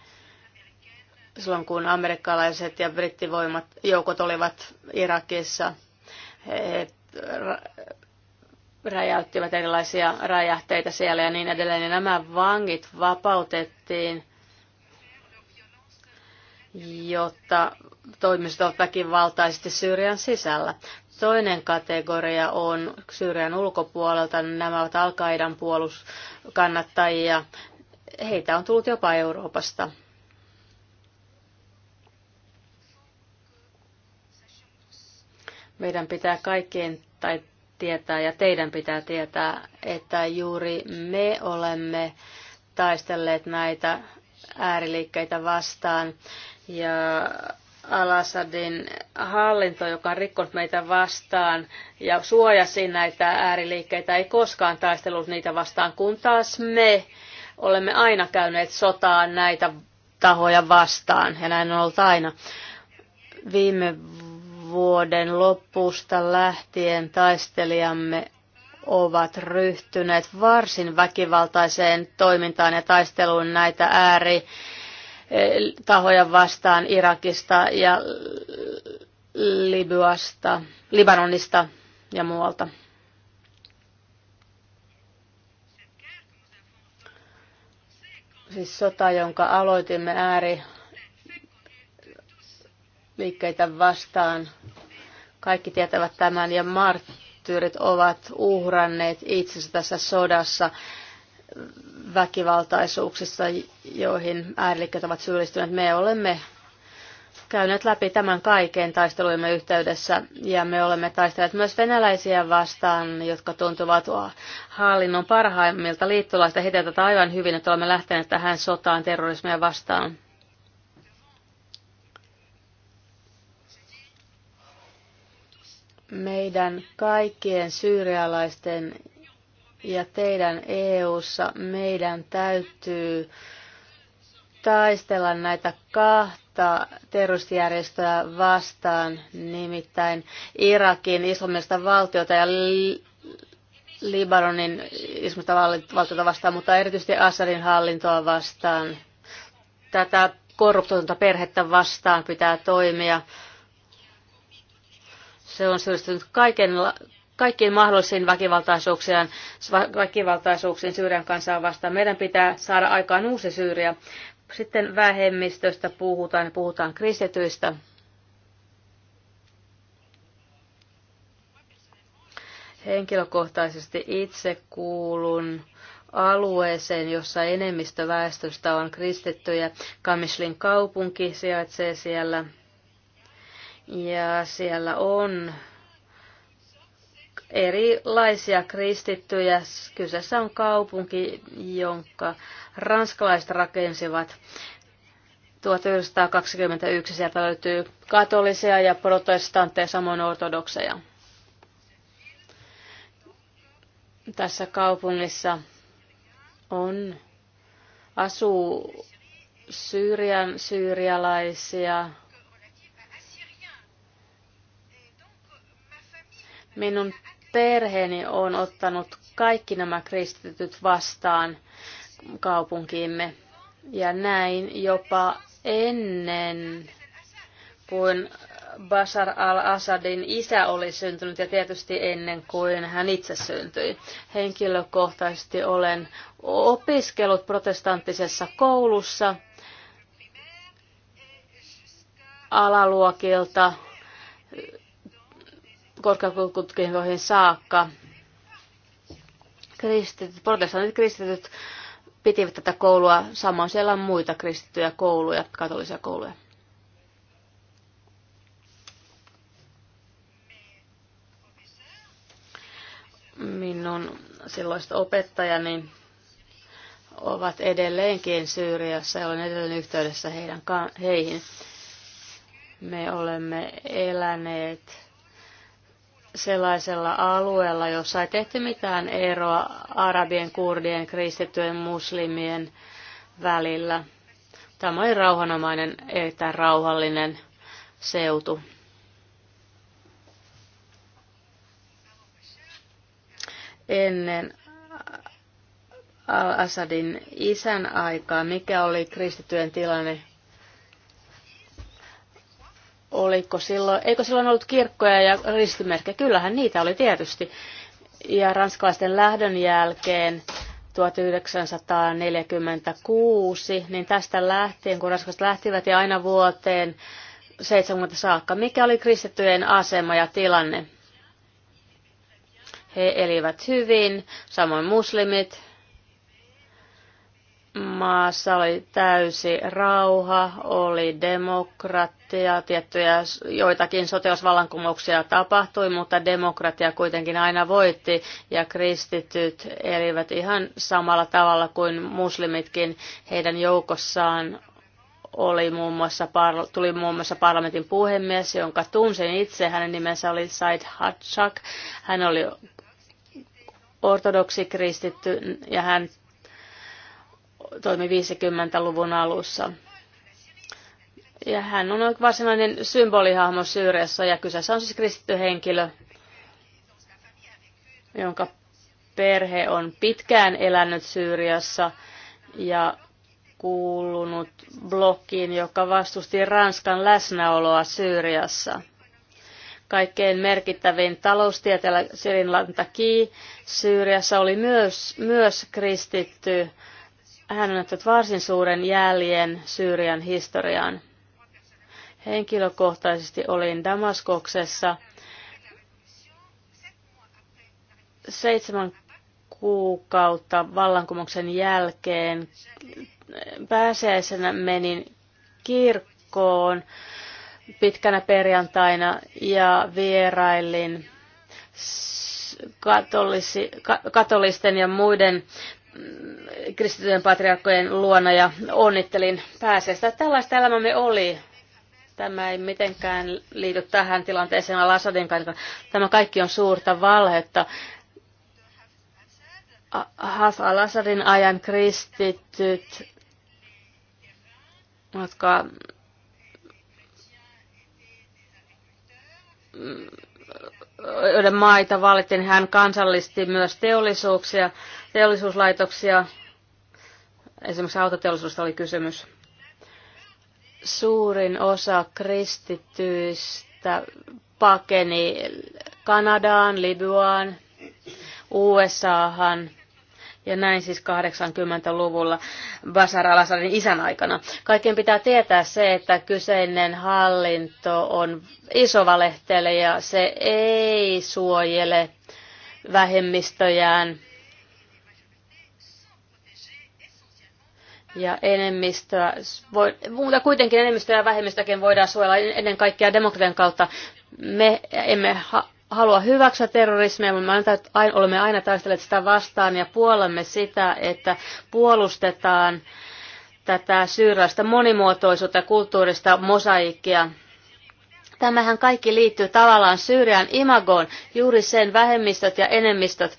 S3: silloin, kun amerikkalaiset ja brittivoimat joukot olivat Irakissa he räjäyttivät erilaisia räjähteitä siellä ja niin edelleen. Ja nämä vangit vapautettiin, jotta toimisivat väkivaltaisesti Syyrian sisällä. Toinen kategoria on Syyrian ulkopuolelta. Nämä ovat Al-Qaidan puoluskannattajia. Heitä on tullut jopa Euroopasta. Meidän pitää kaikkien tai tietää ja teidän pitää tietää, että juuri me olemme taistelleet näitä ääriliikkeitä vastaan ja Al-Assadin hallinto, joka on rikkonut meitä vastaan ja suojasi näitä ääriliikkeitä, ei koskaan taistellut niitä vastaan, kun taas me olemme aina käyneet sotaan näitä tahoja vastaan, ja näin on ollut aina. Viime vuoden lopusta lähtien taistelijamme ovat ryhtyneet varsin väkivaltaiseen toimintaan ja taisteluun näitä ääri e, tahoja vastaan Irakista ja Libyasta, Libanonista ja muualta. Siis sota, jonka aloitimme ääri liikkeitä vastaan. Kaikki tietävät tämän ja marttyyrit ovat uhranneet itsensä tässä sodassa väkivaltaisuuksissa, joihin ääriliikkeet ovat syyllistyneet. Me olemme käyneet läpi tämän kaiken taistelujemme yhteydessä ja me olemme taistelleet myös venäläisiä vastaan, jotka tuntuvat hallinnon parhaimmilta liittolaista. He aivan hyvin, että olemme lähteneet tähän sotaan terrorismia vastaan. meidän kaikkien syyrialaisten ja teidän EU:ssa meidän täytyy taistella näitä kahta terroristijärjestöä vastaan, nimittäin Irakin islamista valtiota ja Libanonin islamista valtiota vastaan, mutta erityisesti Assadin hallintoa vastaan. Tätä korruptoitunta perhettä vastaan pitää toimia. Se on syyllistynyt kaiken, kaikkiin mahdollisiin väkivaltaisuuksiin, väkivaltaisuuksiin Syyrian kansaa vastaan. Meidän pitää saada aikaan uusi Syyria. Sitten vähemmistöstä puhutaan, puhutaan kristityistä. Henkilökohtaisesti itse kuulun alueeseen, jossa enemmistö väestöstä on kristittyjä. Kamislin kaupunki sijaitsee siellä ja siellä on erilaisia kristittyjä. Kyseessä on kaupunki, jonka ranskalaiset rakensivat 1921. Sieltä löytyy katolisia ja protestantteja, samoin ortodokseja. Tässä kaupungissa on, asuu syyrian syyrialaisia, Minun perheeni on ottanut kaikki nämä kristityt vastaan kaupunkiimme. Ja näin jopa ennen kuin Basar al-Assadin isä oli syntynyt ja tietysti ennen kuin hän itse syntyi. Henkilökohtaisesti olen opiskellut protestanttisessa koulussa alaluokilta korkeakoulututkintoihin saakka. Kristityt, protestantit kristityt pitivät tätä koulua, samoin siellä on muita kristittyjä kouluja, katolisia kouluja. Minun silloiset opettajani ovat edelleenkin Syyriassa ja olen edelleen yhteydessä heidän, heihin. Me olemme eläneet sellaisella alueella, jossa ei tehty mitään eroa arabien, kurdien, kristittyjen, muslimien välillä. Tämä oli rauhanomainen, erittäin rauhallinen seutu. Ennen Al-Assadin isän aikaa, mikä oli kristittyjen tilanne Oliko silloin, eikö silloin ollut kirkkoja ja ristimerkkejä? Kyllähän niitä oli tietysti. Ja ranskalaisten lähdön jälkeen 1946, niin tästä lähtien, kun ranskalaiset lähtivät ja aina vuoteen 70 saakka, mikä oli kristittyjen asema ja tilanne? He elivät hyvin, samoin muslimit, maassa oli täysi rauha, oli demokratia, tiettyjä joitakin sotilasvallankumouksia tapahtui, mutta demokratia kuitenkin aina voitti ja kristityt elivät ihan samalla tavalla kuin muslimitkin. Heidän joukossaan oli muun muassa, tuli muun muassa parlamentin puhemies, jonka tunsin itse. Hänen nimensä oli Said Hatsak Hän oli ortodoksi kristitty ja hän toimi 50-luvun alussa. Ja hän on varsinainen symbolihahmo Syyriassa ja kyseessä on siis kristitty henkilö, jonka perhe on pitkään elänyt Syyriassa ja kuulunut blokkiin, joka vastusti Ranskan läsnäoloa Syyriassa. Kaikkein merkittävin taloustieteilijä Sirin Lantaki Syyriassa oli myös, myös kristitty hän on ottanut varsin suuren jäljen Syyrian historiaan. Henkilökohtaisesti olin Damaskoksessa seitsemän kuukautta vallankumouksen jälkeen. Pääsiäisenä menin kirkkoon pitkänä perjantaina ja vierailin katolisi, katolisten ja muiden Kristityjen patriarkkojen luona ja onnittelin pääsestä Tällaista elämämme oli. Tämä ei mitenkään liity tähän tilanteeseen Al-Assadin kanssa. Tämä kaikki on suurta valhetta. Haf al-Assadin ajan kristityt, jotka joiden maita valittiin. Niin hän kansallisti myös teollisuuksia, teollisuuslaitoksia. Esimerkiksi autoteollisuudesta oli kysymys. Suurin osa kristityistä pakeni Kanadaan, Libyaan, USAhan – ja näin siis 80-luvulla Basar al isän aikana. kaiken pitää tietää se, että kyseinen hallinto on iso ja se ei suojele vähemmistöjään ja enemmistöä, voi, muuta kuitenkin enemmistöä ja vähemmistöäkin voidaan suojella ennen kaikkea demokratian kautta. Me emme ha, halua hyväksyä terrorismia, mutta me olemme aina taistelleet sitä vastaan ja puolemme sitä, että puolustetaan tätä syyräistä monimuotoisuutta ja kulttuurista mosaikkia. Tämähän kaikki liittyy tavallaan Syyrian imagoon, juuri sen vähemmistöt ja enemmistöt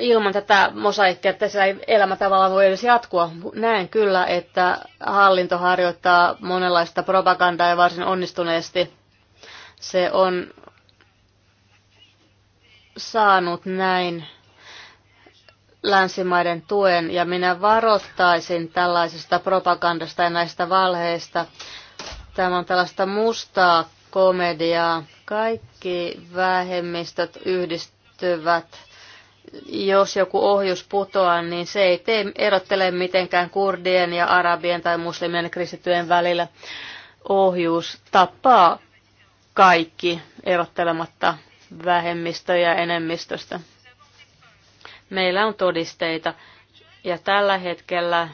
S3: ilman tätä mosaikkia, että se elämä tavallaan voi edes jatkua. Näen kyllä, että hallinto harjoittaa monenlaista propagandaa ja varsin onnistuneesti se on saanut näin länsimaiden tuen ja minä varoittaisin tällaisesta propagandasta ja näistä valheista. Tämä on tällaista mustaa komediaa. Kaikki vähemmistöt yhdistyvät. Jos joku ohjus putoaa, niin se ei tee, erottele mitenkään kurdien ja arabien tai muslimien ja kristittyjen välillä. Ohjuus tappaa kaikki erottelematta vähemmistö ja enemmistöstä. Meillä on todisteita ja tällä hetkellä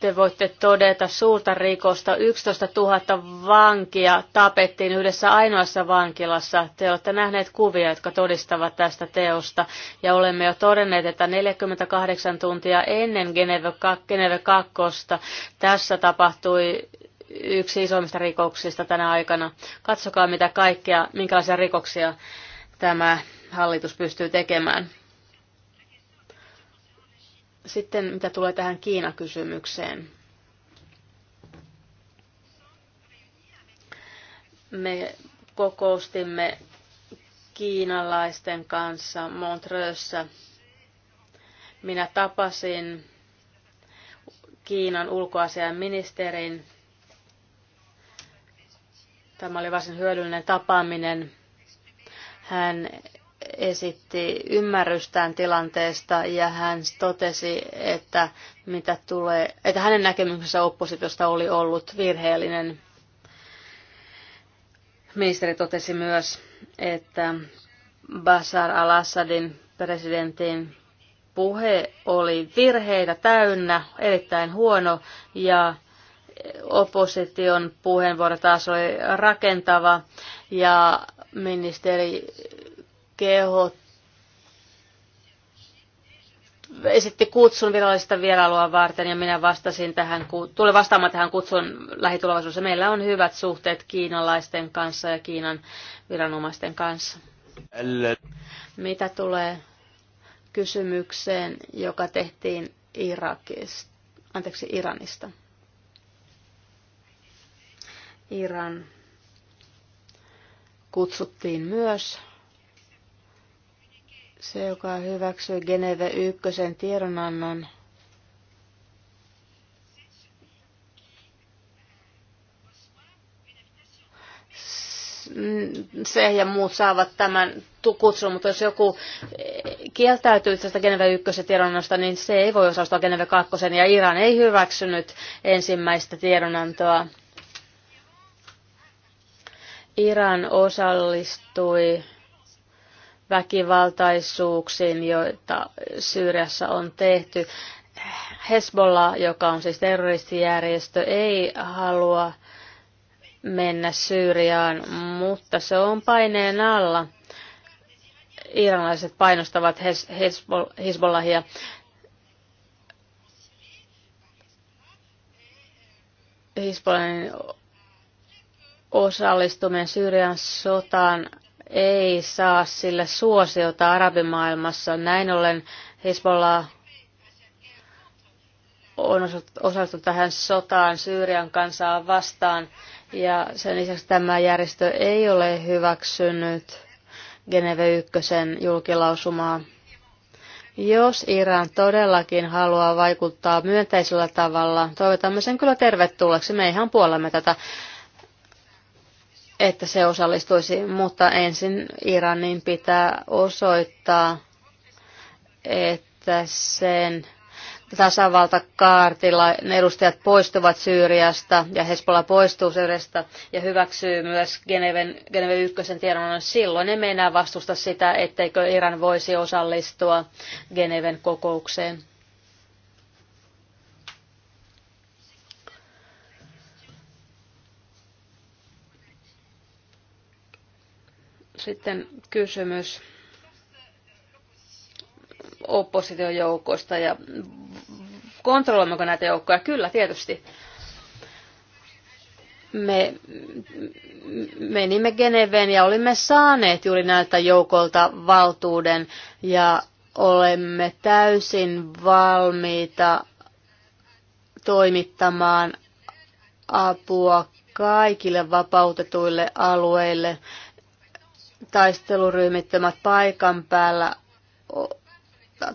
S3: te voitte todeta suurta rikosta. 11 000 vankia tapettiin yhdessä ainoassa vankilassa. Te olette nähneet kuvia, jotka todistavat tästä teosta. Ja olemme jo todenneet, että 48 tuntia ennen Geneve 2 tässä tapahtui yksi isoimmista rikoksista tänä aikana. Katsokaa, mitä kaikkea, minkälaisia rikoksia tämä hallitus pystyy tekemään. Sitten mitä tulee tähän Kiina-kysymykseen. Me kokoustimme kiinalaisten kanssa Montreössä. Minä tapasin Kiinan ulkoasiainministerin Tämä oli varsin hyödyllinen tapaaminen. Hän esitti ymmärrystään tilanteesta ja hän totesi, että, mitä tulee, että hänen näkemyksensä oppositiosta oli ollut virheellinen. Ministeri totesi myös, että Bashar al-Assadin presidentin puhe oli virheitä täynnä, erittäin huono ja opposition puheenvuoro taas oli rakentava ja ministeri kehot esitti kutsun virallista vierailua varten ja minä vastasin tähän, tulin vastaamaan tähän kutsun lähitulevaisuudessa. Meillä on hyvät suhteet kiinalaisten kanssa ja Kiinan viranomaisten kanssa. Mitä tulee kysymykseen, joka tehtiin Irakista, anteeksi, Iranista? Iran kutsuttiin myös. Se, joka hyväksyi Geneve 1 tiedonannon, se ja muut saavat tämän kutsun, mutta jos joku kieltäytyy tästä Geneve 1 tiedonannosta, niin se ei voi osallistua Geneve 2 ja Iran ei hyväksynyt ensimmäistä tiedonantoa Iran osallistui väkivaltaisuuksiin, joita Syyriassa on tehty. Hezbollah, joka on siis terroristijärjestö, ei halua mennä Syyriaan, mutta se on paineen alla. Iranilaiset painostavat Hezbollahia. Hispanin osallistuminen Syyrian sotaan ei saa sille suosiota arabimaailmassa. Näin ollen Hezbollah on osallistunut tähän sotaan Syyrian kansaa vastaan. Ja sen lisäksi tämä järjestö ei ole hyväksynyt Geneve 1 julkilausumaa. Jos Iran todellakin haluaa vaikuttaa myönteisellä tavalla, toivotamme sen kyllä tervetulleeksi. Me ihan puolemme tätä että se osallistuisi, mutta ensin Iranin pitää osoittaa, että sen tasavaltakaartilla ne edustajat poistuvat Syyriasta ja Hezbollah poistuu Syyriasta ja hyväksyy myös Geneven, Geneven ykkösen tiedonannon. Silloin emme enää vastusta sitä, etteikö Iran voisi osallistua Geneven kokoukseen. Sitten kysymys oppositiojoukoista ja kontrolloimmeko näitä joukkoja? Kyllä, tietysti. Me menimme Geneveen ja olimme saaneet juuri näiltä joukolta valtuuden ja olemme täysin valmiita toimittamaan apua kaikille vapautetuille alueille taisteluryhmittymät paikan päällä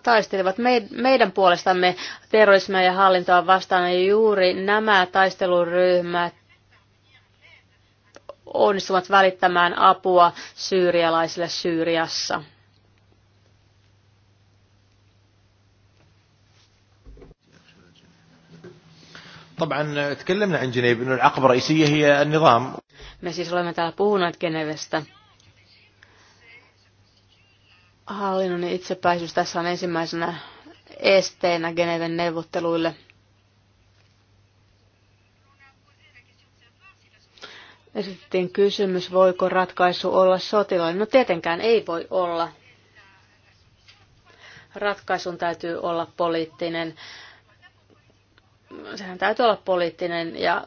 S3: taistelivat meidän puolestamme terrorismia ja hallintoa vastaan, ja juuri nämä taisteluryhmät onnistuvat välittämään apua syyrialaisille Syyriassa. Me siis olemme täällä puhuneet Genevestä hallinnon itsepäisyys tässä on ensimmäisenä esteenä Geneven neuvotteluille. Esitettiin kysymys, voiko ratkaisu olla sotilaallinen. No tietenkään ei voi olla. Ratkaisun täytyy olla poliittinen. Sehän täytyy olla poliittinen ja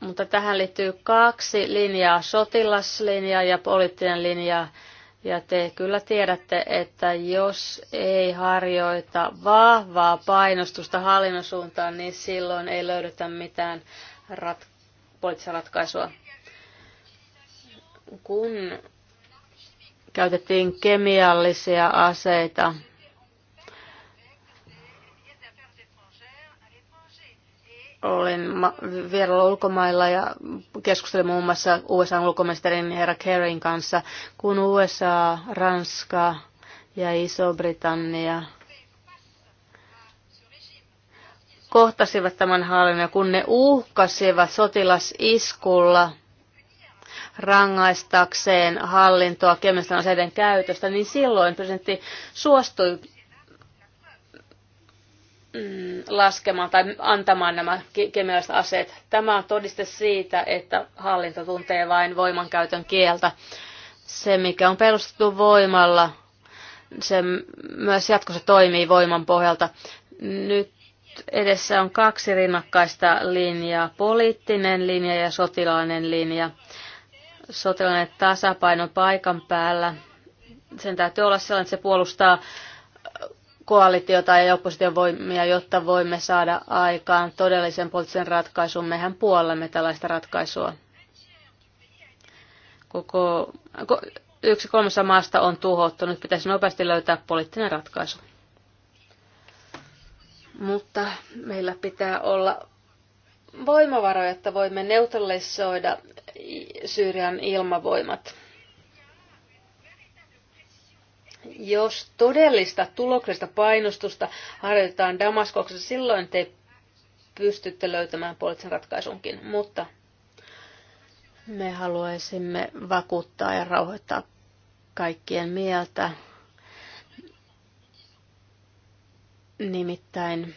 S3: mutta tähän liittyy kaksi linjaa, sotilaslinja ja poliittinen linja. Ja te kyllä tiedätte, että jos ei harjoita vahvaa painostusta hallinnon suuntaan, niin silloin ei löydetä mitään rat- poliittista ratkaisua. Kun käytettiin kemiallisia aseita Olen vielä ulkomailla ja keskustelin muun muassa USA ulkoministerin herra Kerryn kanssa, kun USA, Ranska ja Iso-Britannia kohtasivat tämän hallinnon ja kun ne uhkasivat sotilasiskulla rangaistakseen hallintoa kemisten aseiden käytöstä, niin silloin presidentti suostui mm, laskemaan tai antamaan nämä kemialliset aseet. Tämä on todiste siitä, että hallinto tuntee vain voimankäytön kieltä. Se, mikä on perustettu voimalla, se myös jatkossa toimii voiman pohjalta. Nyt edessä on kaksi rinnakkaista linjaa, poliittinen linja ja sotilainen linja. Sotilainen tasapaino paikan päällä. Sen täytyy olla sellainen, että se puolustaa koalitiota ja voimia, jotta voimme saada aikaan todellisen poliittisen ratkaisun. Mehän puolemme tällaista ratkaisua. Koko, yksi kolmessa maasta on tuhottu. Nyt pitäisi nopeasti löytää poliittinen ratkaisu. Mutta meillä pitää olla voimavaroja, että voimme neutralisoida Syyrian ilmavoimat. Jos todellista tuloksesta painostusta harjoitetaan Damaskoksessa, silloin te pystytte löytämään poliittisen ratkaisunkin, mutta me haluaisimme vakuuttaa ja rauhoittaa kaikkien mieltä. Nimittäin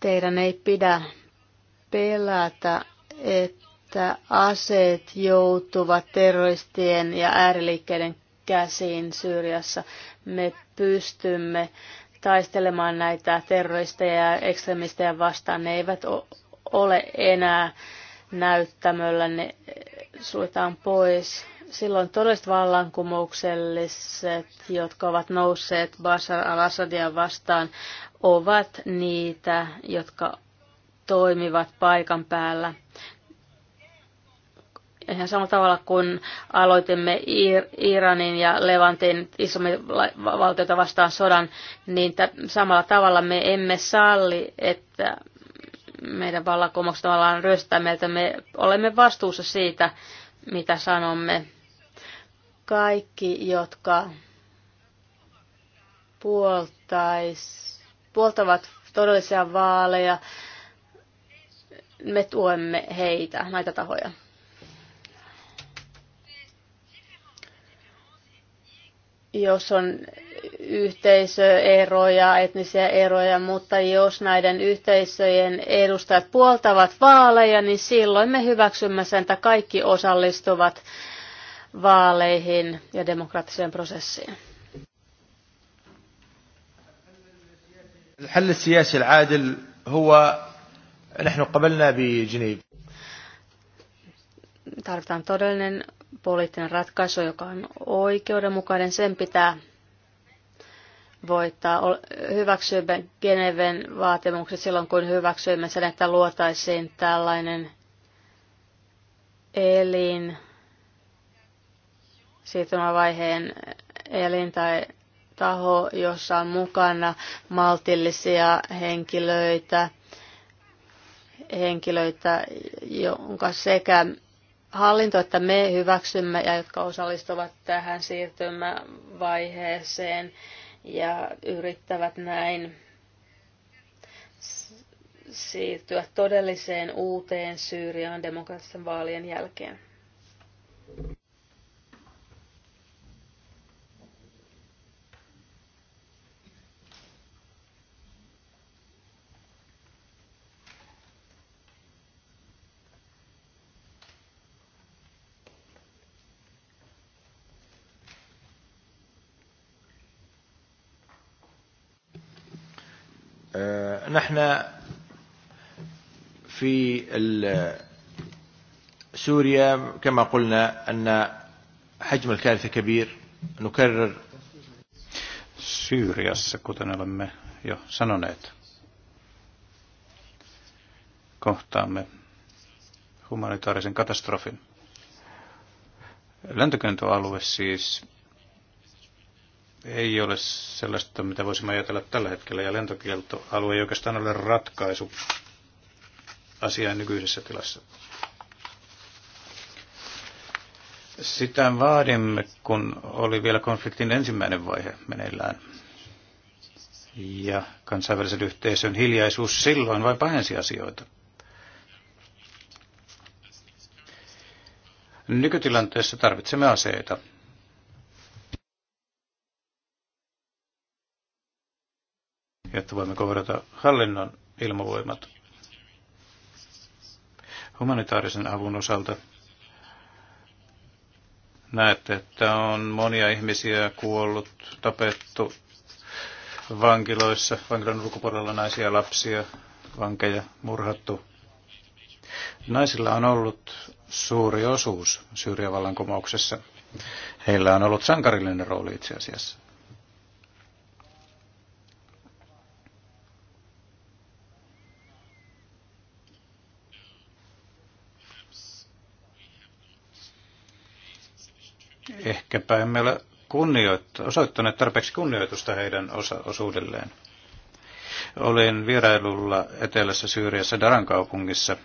S3: teidän ei pidä pelätä, että että aseet joutuvat terroristien ja ääriliikkeiden käsiin Syyriassa. Me pystymme taistelemaan näitä terroristeja ja ekstremistejä vastaan. Ne eivät ole enää näyttämöllä, ne suljetaan pois. Silloin todelliset vallankumoukselliset, jotka ovat nousseet Bashar al-Assadia vastaan, ovat niitä, jotka toimivat paikan päällä ihan samalla tavalla kuin aloitimme Iranin ja Levantin valtioita vastaan sodan, niin t- samalla tavalla me emme salli, että meidän vallankumoukset tavallaan ryöstää meiltä. Me olemme vastuussa siitä, mitä sanomme. Kaikki, jotka puoltais, puoltavat todellisia vaaleja, me tuemme heitä, näitä tahoja. jos on yhteisöeroja, etnisiä eroja, mutta jos näiden yhteisöjen edustajat puoltavat vaaleja, niin silloin me hyväksymme sen, että kaikki osallistuvat vaaleihin ja demokraattiseen prosessiin.
S1: الحل السياسي العادل هو نحن قبلنا بجنيف.
S3: tarvitaan todellinen poliittinen ratkaisu, joka on oikeudenmukainen, sen pitää voittaa. Hyväksyimme Geneven vaatimukset silloin, kun hyväksyimme sen, että luotaisiin tällainen elin, siirtymävaiheen elin tai taho, jossa on mukana maltillisia henkilöitä, henkilöitä, jonka sekä hallinto, että me hyväksymme ja jotka osallistuvat tähän siirtymävaiheeseen ja yrittävät näin siirtyä todelliseen uuteen Syyriaan demokraattisten vaalien jälkeen.
S1: نحن في سوريا كما قلنا أن حجم الكارثة كبير نكرر سوريا kuten olemme jo sanoneet, kohtaamme humanitaarisen katastrofin. Lentokentoalue siis ei ole sellaista, mitä voisimme ajatella tällä hetkellä, ja lentokieltoalue ei oikeastaan ole ratkaisu asiaan nykyisessä tilassa. Sitä vaadimme, kun oli vielä konfliktin ensimmäinen vaihe meneillään. Ja kansainvälisen yhteisön hiljaisuus silloin vai pahensi asioita. Nykytilanteessa tarvitsemme aseita, että voimme kohdata hallinnon ilmavoimat. Humanitaarisen avun osalta näette, että on monia ihmisiä kuollut, tapettu vankiloissa, vankilan ulkopuolella naisia, lapsia, vankeja, murhattu. Naisilla on ollut suuri osuus Syyrian vallankumouksessa. Heillä on ollut sankarillinen rooli itse asiassa. ehkäpä emme ole osoittaneet tarpeeksi kunnioitusta heidän osa- osuudelleen. Olin vierailulla etelässä Syyriassa Daran kaupungissa,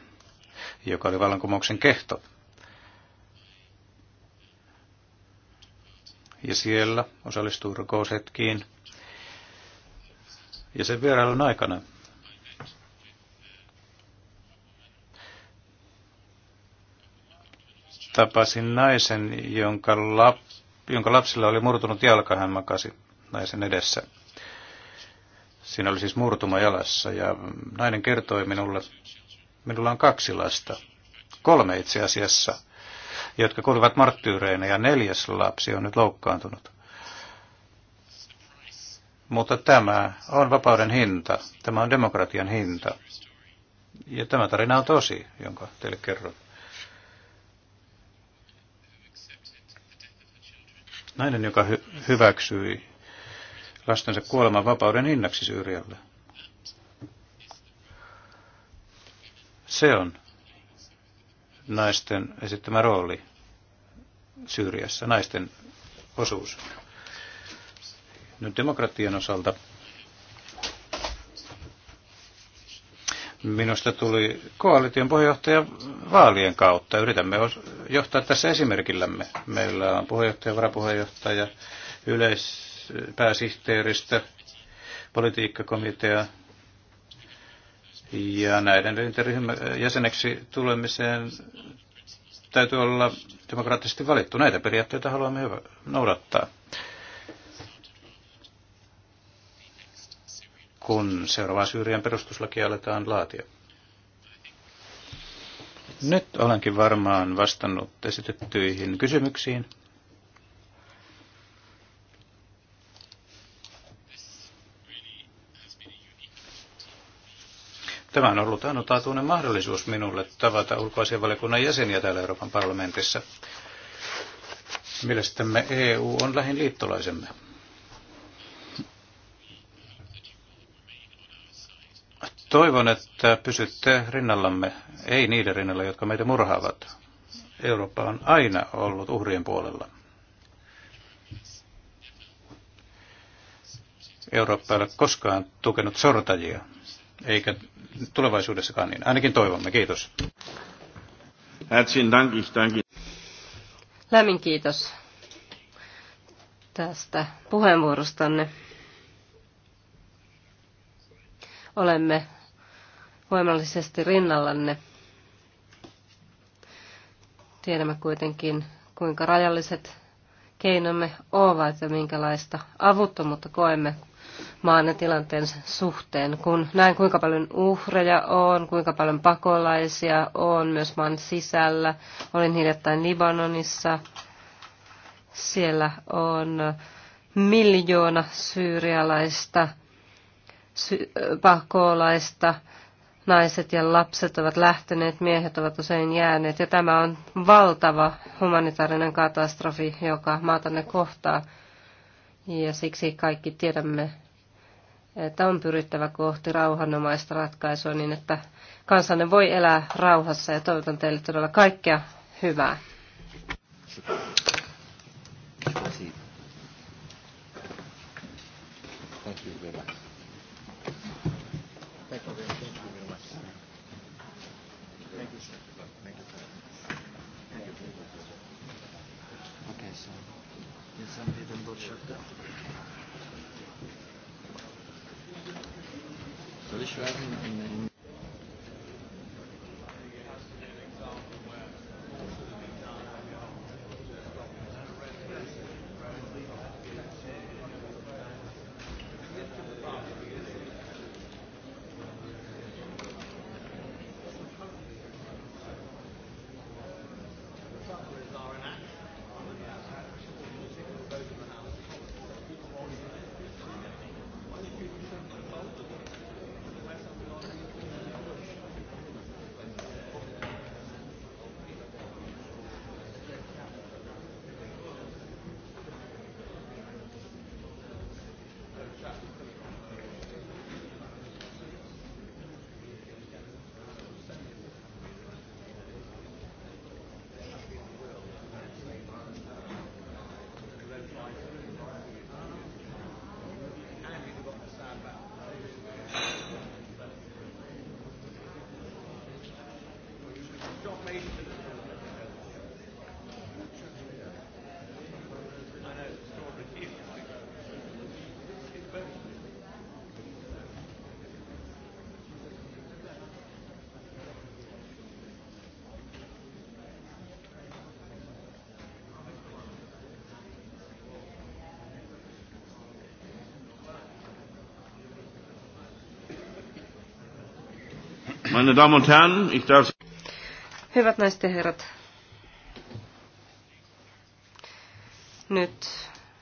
S1: joka oli vallankumouksen kehto. Ja siellä osallistui rukoushetkiin. Ja sen vierailun aikana tapasin naisen, jonka, lap, jonka lapsilla oli murtunut jalka, hän makasi naisen edessä. Siinä oli siis murtuma jalassa ja nainen kertoi minulle, minulla on kaksi lasta, kolme itse asiassa, jotka kuuluvat marttyyreinä ja neljäs lapsi on nyt loukkaantunut. Mutta tämä on vapauden hinta, tämä on demokratian hinta. Ja tämä tarina on tosi, jonka teille kerron. Nainen, joka hy- hyväksyi lastensa kuoleman vapauden hinnaksi Syyrialle. Se on naisten esittämä rooli Syyriassa, naisten osuus. Nyt demokratian osalta minusta tuli koalition puheenjohtaja vaalien kautta. Yritämme johtaa tässä esimerkillämme. Meillä on puheenjohtaja, varapuheenjohtaja, yleispääsihteeristö, politiikkakomitea, ja näiden elinten jäseneksi tulemiseen täytyy olla demokraattisesti valittu. Näitä periaatteita haluamme noudattaa. Kun seuraava Syyrian perustuslaki aletaan laatia. Nyt olenkin varmaan vastannut esitettyihin kysymyksiin. Tämä on ollut ainutlaatuinen mahdollisuus minulle tavata ulkoasianvaliokunnan jäseniä täällä Euroopan parlamentissa. Mielestämme EU on lähin liittolaisemme. Toivon, että pysytte rinnallamme, ei niiden rinnalla, jotka meitä murhaavat. Eurooppa on aina ollut uhrien puolella. Eurooppa ei ole koskaan tukenut sortajia, eikä tulevaisuudessakaan niin. Ainakin toivomme. Kiitos.
S2: Lämmin kiitos tästä puheenvuorostanne. Olemme voimallisesti rinnallanne. Tiedämme kuitenkin, kuinka rajalliset keinomme ovat ja minkälaista avuttomuutta koemme maan ja tilanteen suhteen, kun näen kuinka paljon uhreja on, kuinka paljon pakolaisia on myös maan sisällä. Olin hiljattain Libanonissa. Siellä on miljoona syyrialaista sy- pakolaista naiset ja lapset ovat lähteneet, miehet ovat usein jääneet. Ja tämä on valtava humanitaarinen katastrofi, joka maatanne kohtaa. Ja siksi kaikki tiedämme, että on pyrittävä kohti rauhanomaista ratkaisua niin, että kansanne voi elää rauhassa ja toivotan teille todella kaikkea hyvää.
S1: Meine Damen und Herren, ich darf...
S2: Hyvät naiset ja herrat. Nyt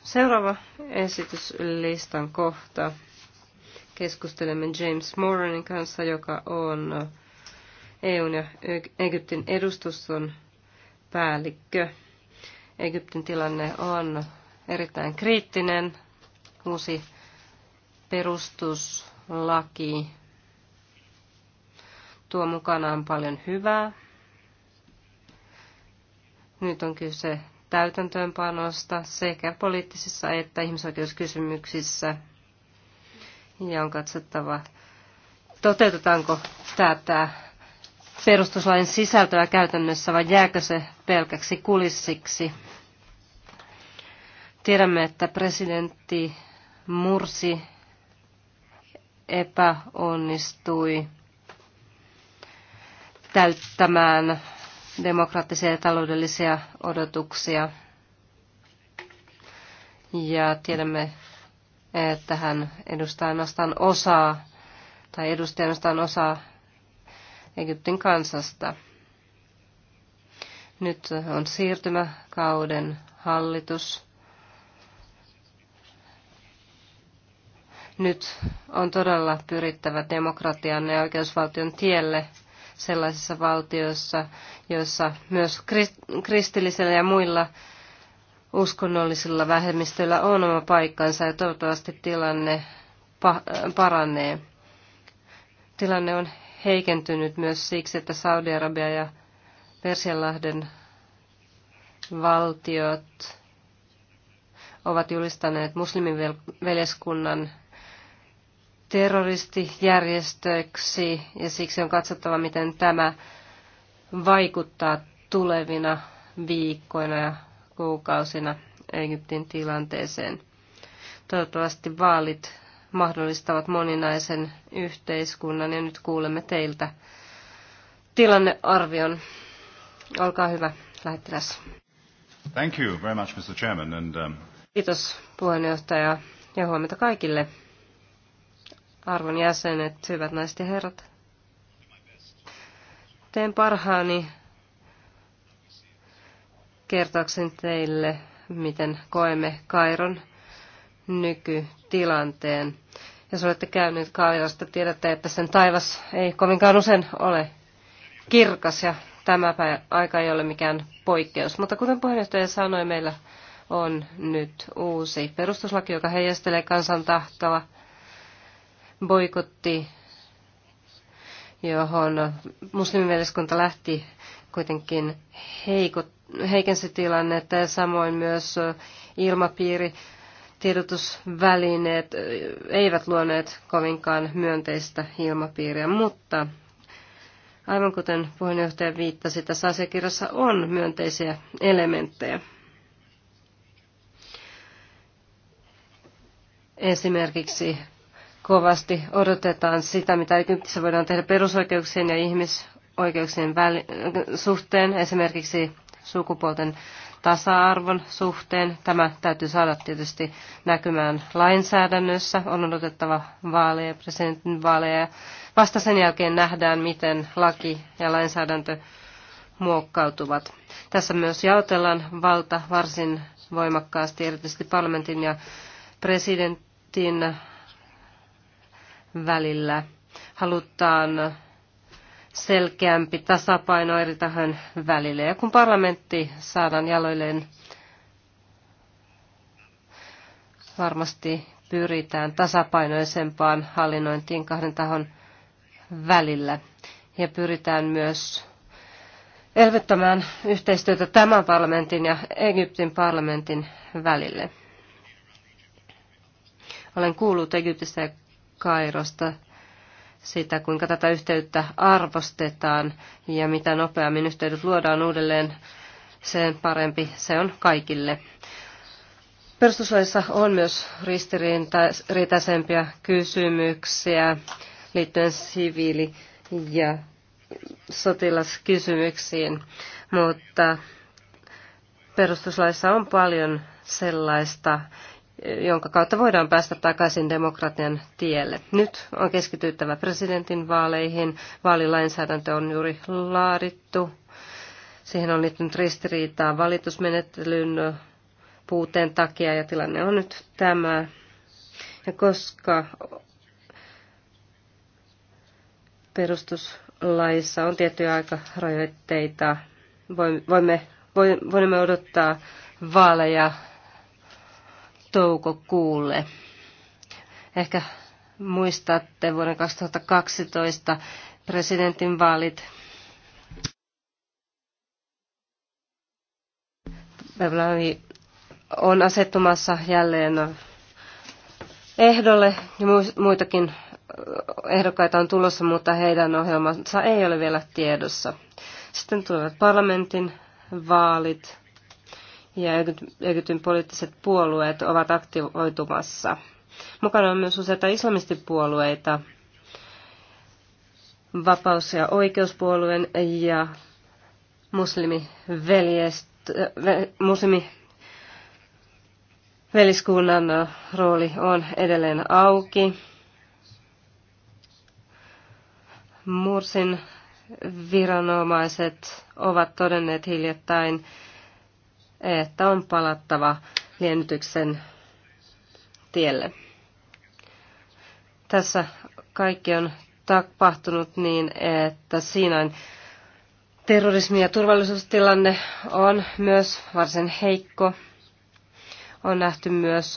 S2: seuraava esityslistan kohta. Keskustelemme James Moranin kanssa, joka on EUn ja Egyptin edustuston päällikkö. Egyptin tilanne on erittäin kriittinen. Uusi perustuslaki tuo mukanaan paljon hyvää. Nyt on kyse täytäntöönpanosta sekä poliittisissa että ihmisoikeuskysymyksissä. Ja on katsottava, toteutetaanko tätä perustuslain sisältöä käytännössä vai jääkö se pelkäksi kulissiksi. Tiedämme, että presidentti Mursi epäonnistui täyttämään demokraattisia ja taloudellisia odotuksia. Ja tiedämme, että hän edustaa ainoastaan osaa, tai edustaa ainoastaan osaa Egyptin kansasta. Nyt on siirtymäkauden hallitus. Nyt on todella pyrittävä demokratian ja oikeusvaltion tielle – sellaisissa valtioissa, joissa myös kristillisillä ja muilla uskonnollisilla vähemmistöillä on oma paikkansa ja toivottavasti tilanne paranee. Tilanne on heikentynyt myös siksi, että Saudi-Arabia ja Persianlahden valtiot ovat julistaneet muslimiveljeskunnan terroristijärjestöksi ja siksi on katsottava, miten tämä vaikuttaa tulevina viikkoina ja kuukausina Egyptin tilanteeseen. Toivottavasti vaalit mahdollistavat moninaisen yhteiskunnan ja nyt kuulemme teiltä tilannearvion. Olkaa hyvä, lähettiläs.
S1: Thank you very much, Mr. Chairman, and, um...
S2: Kiitos puheenjohtaja ja huomenta kaikille. Arvon jäsenet, hyvät naiset ja herrat. Teen parhaani kertoakseni teille, miten koemme Kairon nykytilanteen. Jos olette käyneet Kairosta, tiedätte, että sen taivas ei kovinkaan usein ole kirkas ja tämä aika ei ole mikään poikkeus. Mutta kuten puheenjohtaja sanoi, meillä on nyt uusi perustuslaki, joka heijastelee kansan tahtoa – boikotti, johon muslimiveljeskunta lähti kuitenkin heikot, heikensi tilannetta ja samoin myös ilmapiiri tiedotusvälineet eivät luoneet kovinkaan myönteistä ilmapiiriä, mutta aivan kuten puheenjohtaja viittasi, tässä asiakirjassa on myönteisiä elementtejä. Esimerkiksi kovasti odotetaan sitä, mitä Egyptissä voidaan tehdä perusoikeuksien ja ihmisoikeuksien väli- suhteen, esimerkiksi sukupuolten tasa-arvon suhteen. Tämä täytyy saada tietysti näkymään lainsäädännössä. On odotettava vaaleja, presidentin vaaleja. Vasta sen jälkeen nähdään, miten laki ja lainsäädäntö muokkautuvat. Tässä myös jaotellaan valta varsin voimakkaasti, erityisesti parlamentin ja presidentin välillä. Halutaan selkeämpi tasapaino eri tahojen välille. Ja kun parlamentti saadaan jaloilleen, varmasti pyritään tasapainoisempaan hallinnointiin kahden tahon välillä. Ja pyritään myös elvyttämään yhteistyötä tämän parlamentin ja Egyptin parlamentin välille. Olen kuullut Egyptistä ja Kairosta sitä, kuinka tätä yhteyttä arvostetaan ja mitä nopeammin yhteydet luodaan uudelleen, sen parempi se on kaikille. Perustuslaissa on myös ristiriitaisempia kysymyksiä liittyen siviili- ja sotilaskysymyksiin, mutta perustuslaissa on paljon sellaista, jonka kautta voidaan päästä takaisin demokratian tielle. Nyt on keskityttävä presidentin vaaleihin. Vaalilainsäädäntö on juuri laadittu. Siihen on liittynyt ristiriitaa valitusmenettelyn puuteen takia ja tilanne on nyt tämä. Ja koska perustuslaissa on tiettyjä aikarajoitteita, voimme, voimme odottaa vaaleja toukokuulle. Ehkä muistatte vuoden 2012 presidentin vaalit. on asettumassa jälleen ehdolle ja muitakin ehdokkaita on tulossa, mutta heidän ohjelmansa ei ole vielä tiedossa. Sitten tulevat parlamentin vaalit ja Egyptin poliittiset puolueet ovat aktivoitumassa. Mukana on myös useita islamistipuolueita, vapaus- ja oikeuspuolueen ja muslimiveliskunnan rooli on edelleen auki. Mursin viranomaiset ovat todenneet hiljattain, että on palattava liennytyksen tielle. Tässä kaikki on tapahtunut niin, että Siinain terrorismi- ja turvallisuustilanne on myös varsin heikko. On nähty myös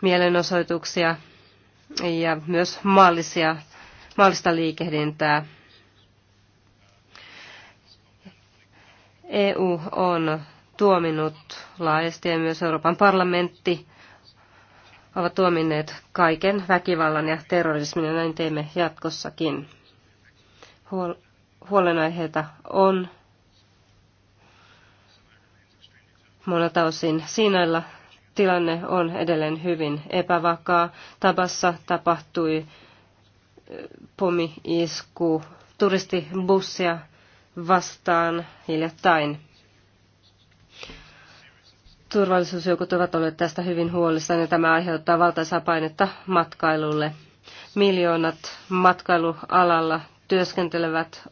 S2: mielenosoituksia ja myös maallista liikehdintää. EU on tuominut laajasti ja myös Euroopan parlamentti ovat tuominneet kaiken väkivallan ja terrorismin ja näin teemme jatkossakin. Huol- huolenaiheita on monelta osin Siinailla tilanne on edelleen hyvin epävakaa. Tabassa tapahtui pommiisku turistibussia vastaan hiljattain. Turvallisuusjoukot ovat olleet tästä hyvin huolissaan ja tämä aiheuttaa valtaisaa painetta matkailulle. Miljoonat matkailualalla työskentelevät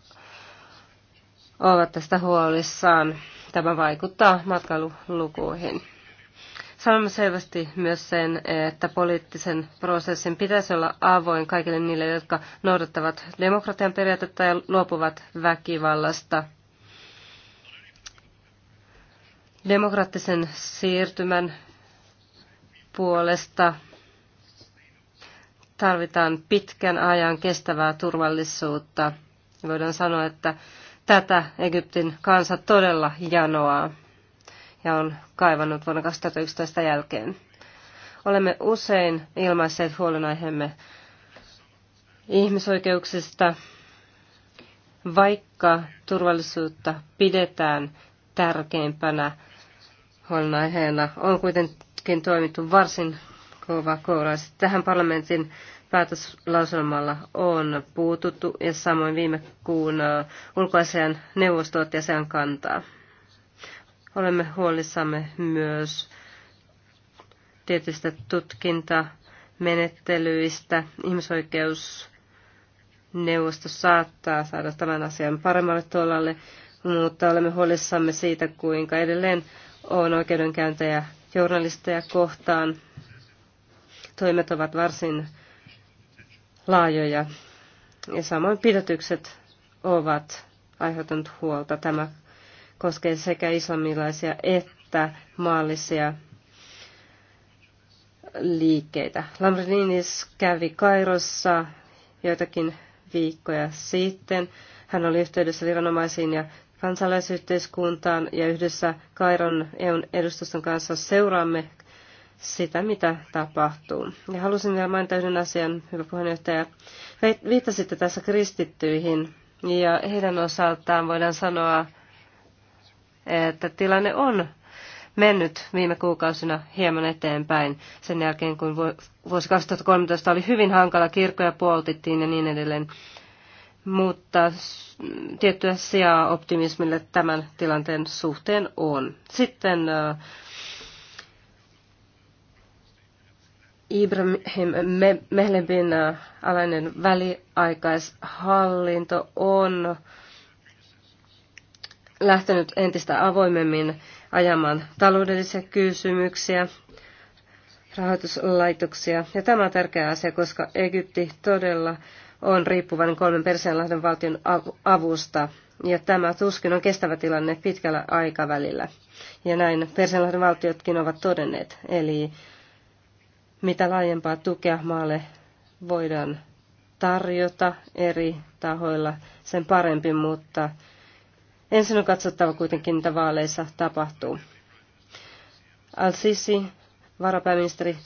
S2: ovat tästä huolissaan. Tämä vaikuttaa matkailulukuihin. Sanomme selvästi myös sen, että poliittisen prosessin pitäisi olla avoin kaikille niille, jotka noudattavat demokratian periaatetta ja luopuvat väkivallasta. Demokraattisen siirtymän puolesta tarvitaan pitkän ajan kestävää turvallisuutta. Voidaan sanoa, että tätä Egyptin kansa todella janoaa ja on kaivannut vuonna 2011 jälkeen. Olemme usein ilmaisseet huolenaiheemme ihmisoikeuksista, vaikka turvallisuutta pidetään tärkeimpänä huolenaiheena, on kuitenkin toimittu varsin kova kouraisesti. Tähän parlamentin päätöslauselmalla on puututtu ja samoin viime kuun äh, ulkoasian neuvosto otti asian kantaa. Olemme huolissamme myös tietystä tutkintamenettelyistä. Ihmisoikeusneuvosto saattaa saada tämän asian paremmalle tuolalle, mutta olemme huolissamme siitä, kuinka edelleen on oikeudenkäyntejä journalisteja kohtaan. Toimet ovat varsin laajoja ja samoin pidätykset ovat aiheuttanut huolta. Tämä koskee sekä islamilaisia että maallisia liikkeitä. Lambrinis kävi Kairossa joitakin viikkoja sitten. Hän oli yhteydessä viranomaisiin ja kansalaisyhteiskuntaan ja yhdessä Kairon EUn edustuston kanssa seuraamme sitä, mitä tapahtuu. Ja halusin vielä mainita yhden asian, hyvä puheenjohtaja. Viittasitte tässä kristittyihin ja heidän osaltaan voidaan sanoa, että tilanne on mennyt viime kuukausina hieman eteenpäin sen jälkeen, kun vuosi 2013 oli hyvin hankala, kirkkoja puoltittiin ja niin edelleen. Mutta tiettyä sijaa optimismille tämän tilanteen suhteen on. Sitten Ibrahim Mehlebin alainen väliaikaishallinto on uh, lähtenyt entistä avoimemmin ajamaan taloudellisia kysymyksiä, rahoituslaitoksia. Ja tämä on tärkeä asia, koska Egypti todella on riippuvainen kolmen Persianlahden valtion avusta. Ja tämä tuskin on kestävä tilanne pitkällä aikavälillä. Ja näin Persianlahden valtiotkin ovat todenneet. Eli mitä laajempaa tukea maalle voidaan tarjota eri tahoilla, sen parempi, mutta Ensin on katsottava kuitenkin, mitä vaaleissa tapahtuu. Al-Sisi, varapääministeri,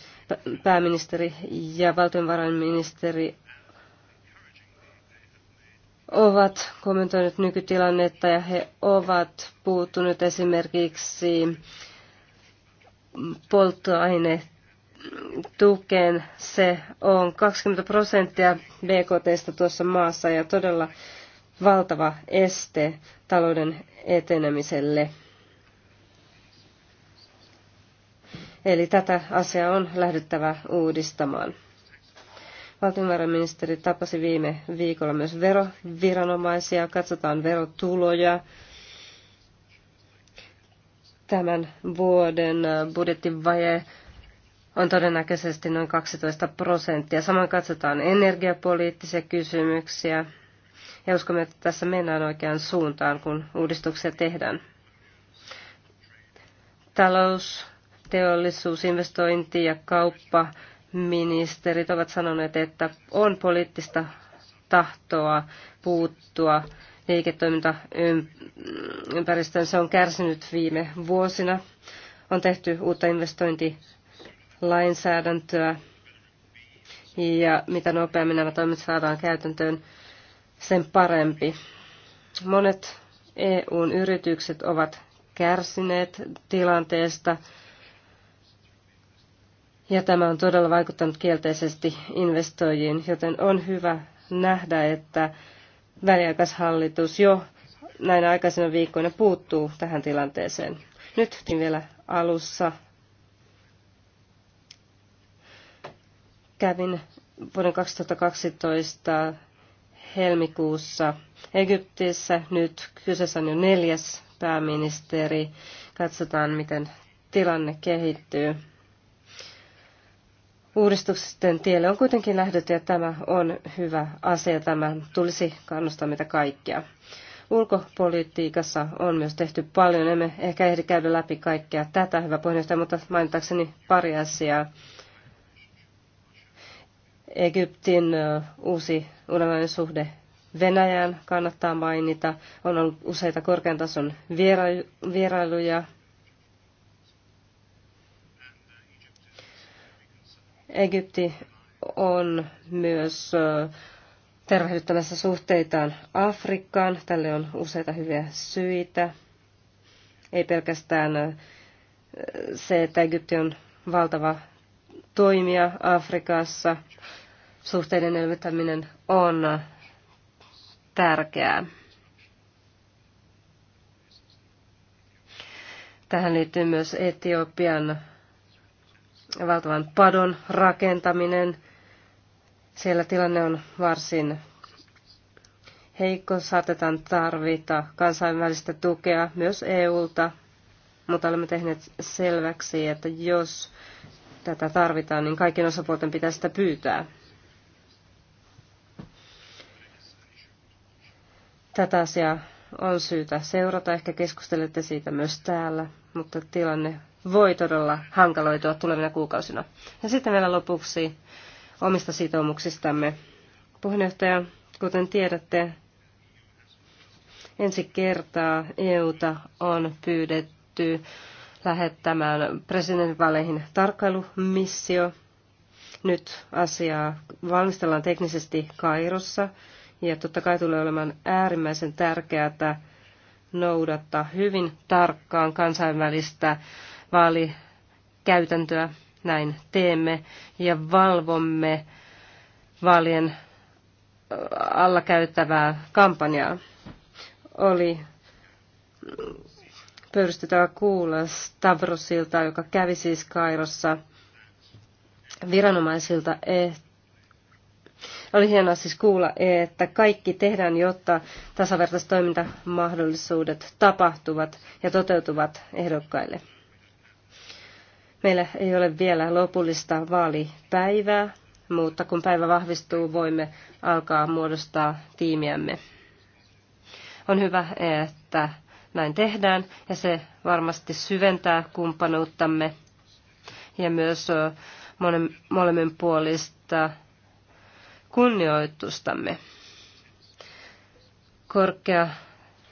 S2: pääministeri ja valtionvarainministeri ovat kommentoineet nykytilannetta ja he ovat puuttuneet esimerkiksi polttoaine tukeen. Se on 20 prosenttia BKTstä tuossa maassa ja todella valtava este talouden etenemiselle. Eli tätä asiaa on lähdettävä uudistamaan. Valtiovarainministeri tapasi viime viikolla myös veroviranomaisia, katsotaan verotuloja. Tämän vuoden budjettivaje on todennäköisesti noin 12 prosenttia. saman katsotaan energiapoliittisia kysymyksiä, ja uskomme, että tässä mennään oikeaan suuntaan, kun uudistuksia tehdään. Talous, teollisuus, investointi ja kauppa ovat sanoneet, että on poliittista tahtoa puuttua liiketoimintaympäristöön. Se on kärsinyt viime vuosina. On tehty uutta investointilainsäädäntöä ja mitä nopeammin nämä toimet saadaan käytäntöön, sen parempi. Monet EUn yritykset ovat kärsineet tilanteesta ja tämä on todella vaikuttanut kielteisesti investoijiin, joten on hyvä nähdä, että väliaikaishallitus jo näinä aikaisina viikkoina puuttuu tähän tilanteeseen. Nyt vielä alussa kävin vuoden 2012 helmikuussa Egyptissä. Nyt kyseessä on jo neljäs pääministeri. Katsotaan, miten tilanne kehittyy. Uudistusten tielle on kuitenkin lähdetty ja tämä on hyvä asia. Tämä tulisi kannustaa meitä kaikkia. Ulkopolitiikassa on myös tehty paljon. Emme ehkä ehdi käydä läpi kaikkea tätä, hyvä puheenjohtaja, mutta mainitakseni pari asiaa. Egyptin uusi uudenlainen suhde Venäjään kannattaa mainita. On ollut useita korkean tason vierailuja. Egypti on myös tervehdyttämässä suhteitaan Afrikkaan. Tälle on useita hyviä syitä. Ei pelkästään se, että Egypti on valtava toimija Afrikassa, suhteiden elvyttäminen on tärkeää. Tähän liittyy myös Etiopian valtavan padon rakentaminen. Siellä tilanne on varsin heikko. Saatetaan tarvita kansainvälistä tukea myös EUlta, mutta olemme tehneet selväksi, että jos tätä tarvitaan, niin kaikkien osapuolten pitää sitä pyytää. Tätä asiaa on syytä seurata. Ehkä keskustelette siitä myös täällä, mutta tilanne voi todella hankaloitua tulevina kuukausina. Ja sitten vielä lopuksi omista sitoumuksistamme. Puheenjohtaja, kuten tiedätte, ensi kertaa EUta on pyydetty lähettämään presidentinvaaleihin tarkkailumissio. Nyt asiaa valmistellaan teknisesti Kairossa ja totta kai tulee olemaan äärimmäisen tärkeää noudattaa hyvin tarkkaan kansainvälistä vaalikäytäntöä. Näin teemme ja valvomme vaalien alla käyttävää kampanjaa. Oli pöyristytävä kuulla Stavrosilta, joka kävi siis Kairossa viranomaisilta, että oli hienoa siis kuulla, että kaikki tehdään, jotta tasavertaiset toimintamahdollisuudet tapahtuvat ja toteutuvat ehdokkaille. Meillä ei ole vielä lopullista vaalipäivää, mutta kun päivä vahvistuu, voimme alkaa muodostaa tiimiämme. On hyvä, että näin tehdään ja se varmasti syventää kumppanuuttamme ja myös molemmin puolista kunnioitustamme. Korkea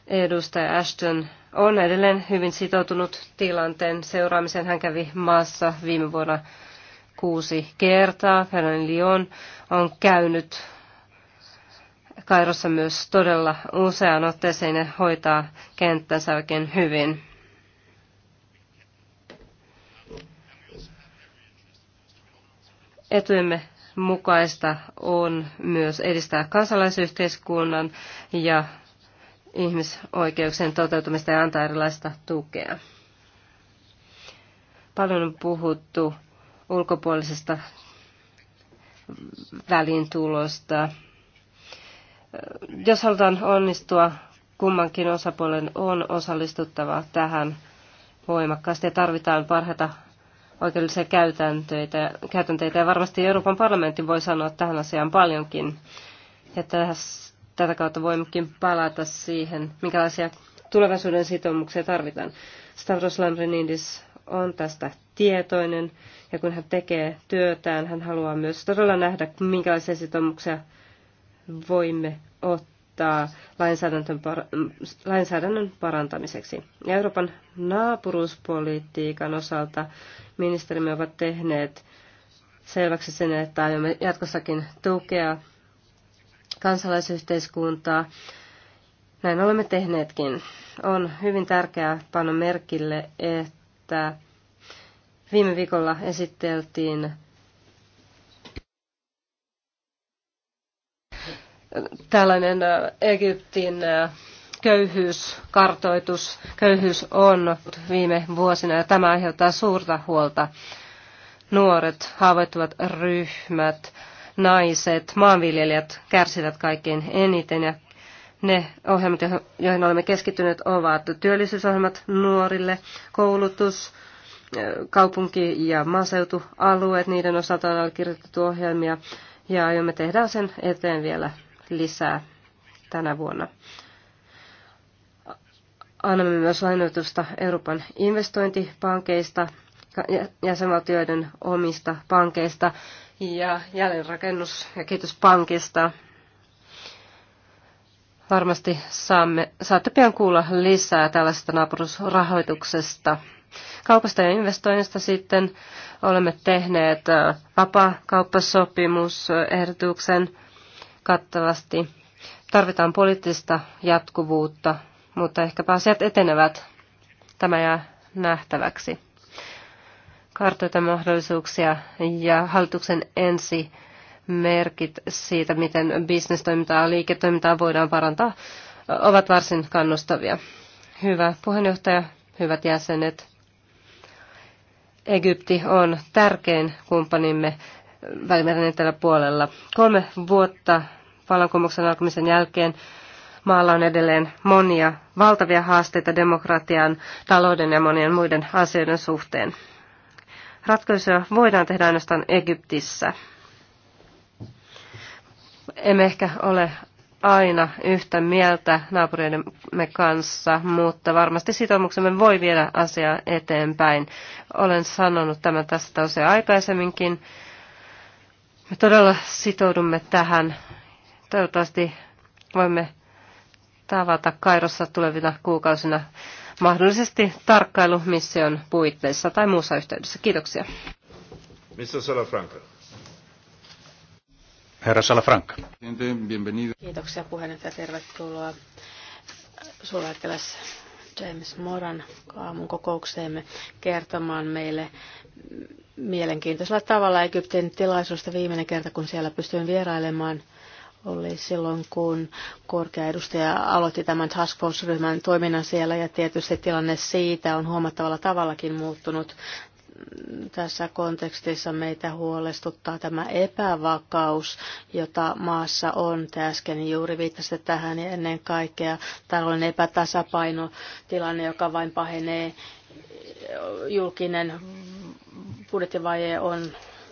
S2: edustaja Ashton on edelleen hyvin sitoutunut tilanteen seuraamiseen. Hän kävi maassa viime vuonna kuusi kertaa. Fernand Lyon on käynyt Kairossa myös todella useaan otteeseen ja hoitaa kenttänsä oikein hyvin. Etujemme mukaista on myös edistää kansalaisyhteiskunnan ja ihmisoikeuksien toteutumista ja antaa erilaista tukea. Paljon on puhuttu ulkopuolisesta välintulosta. Jos halutaan onnistua, kummankin osapuolen on osallistuttava tähän voimakkaasti ja tarvitaan parhaita oikeudellisia käytänteitä, käytänteitä. Ja varmasti Euroopan parlamentti voi sanoa tähän asiaan paljonkin. Ja täs, tätä kautta voimmekin palata siihen, minkälaisia tulevaisuuden sitoumuksia tarvitaan. Stavros Lambrinidis on tästä tietoinen ja kun hän tekee työtään, hän haluaa myös todella nähdä, minkälaisia sitoumuksia voimme ottaa ehdottaa mm, lainsäädännön parantamiseksi. Euroopan naapuruuspolitiikan osalta ministerimme ovat tehneet selväksi sen, että aiomme jatkossakin tukea kansalaisyhteiskuntaa. Näin olemme tehneetkin. On hyvin tärkeää panna merkille, että viime viikolla esiteltiin tällainen Egyptin köyhyyskartoitus, köyhyys on viime vuosina ja tämä aiheuttaa suurta huolta. Nuoret, haavoittuvat ryhmät, naiset, maanviljelijät kärsivät kaikkein eniten ja ne ohjelmat, joihin olemme keskittyneet, ovat työllisyysohjelmat nuorille, koulutus, kaupunki- ja maaseutualueet, niiden osalta on kirjoitettu ohjelmia ja aiomme tehdä sen eteen vielä lisää tänä vuonna. Annamme myös lainoitusta Euroopan investointipankeista, jäsenvaltioiden omista pankeista ja jälleenrakennus- ja kehityspankista. Varmasti saamme, saatte pian kuulla lisää tällaista naapurusrahoituksesta. Kaupasta ja investoinnista sitten olemme tehneet äh, vapaa-kauppasopimusehdotuksen kattavasti. Tarvitaan poliittista jatkuvuutta, mutta ehkäpä asiat etenevät. Tämä jää nähtäväksi. Kartoita mahdollisuuksia ja hallituksen ensi merkit siitä, miten bisnestoimintaa ja liiketoimintaa voidaan parantaa, ovat varsin kannustavia. Hyvä puheenjohtaja, hyvät jäsenet. Egypti on tärkein kumppanimme Välimeren eteläpuolella. Kolme vuotta vallankumouksen alkamisen jälkeen maalla on edelleen monia valtavia haasteita demokratian, talouden ja monien muiden asioiden suhteen. Ratkaisuja voidaan tehdä ainoastaan Egyptissä. Emme ehkä ole aina yhtä mieltä naapureidemme kanssa, mutta varmasti sitoumuksemme voi viedä asiaa eteenpäin. Olen sanonut tämän tästä usein aikaisemminkin. Me todella sitoudumme tähän Toivottavasti voimme tavata Kairossa tulevina kuukausina mahdollisesti tarkkailumission puitteissa tai muussa yhteydessä. Kiitoksia.
S1: Mr. Salafranca. Herra Salafranca.
S3: Kiitoksia puheenjohtaja. Tervetuloa suurlähettiläs James Moran aamun kokoukseemme kertomaan meille mielenkiintoisella tavalla Egyptin tilaisuudesta viimeinen kerta, kun siellä pystyin vierailemaan – oli silloin, kun korkea edustaja aloitti tämän task force-ryhmän toiminnan siellä ja tietysti tilanne siitä on huomattavalla tavallakin muuttunut. Tässä kontekstissa meitä huolestuttaa tämä epävakaus, jota maassa on. Te äsken juuri viittasitte tähän ja ennen kaikkea tällainen epätasapaino, tilanne, joka vain pahenee. Julkinen budjettivaje on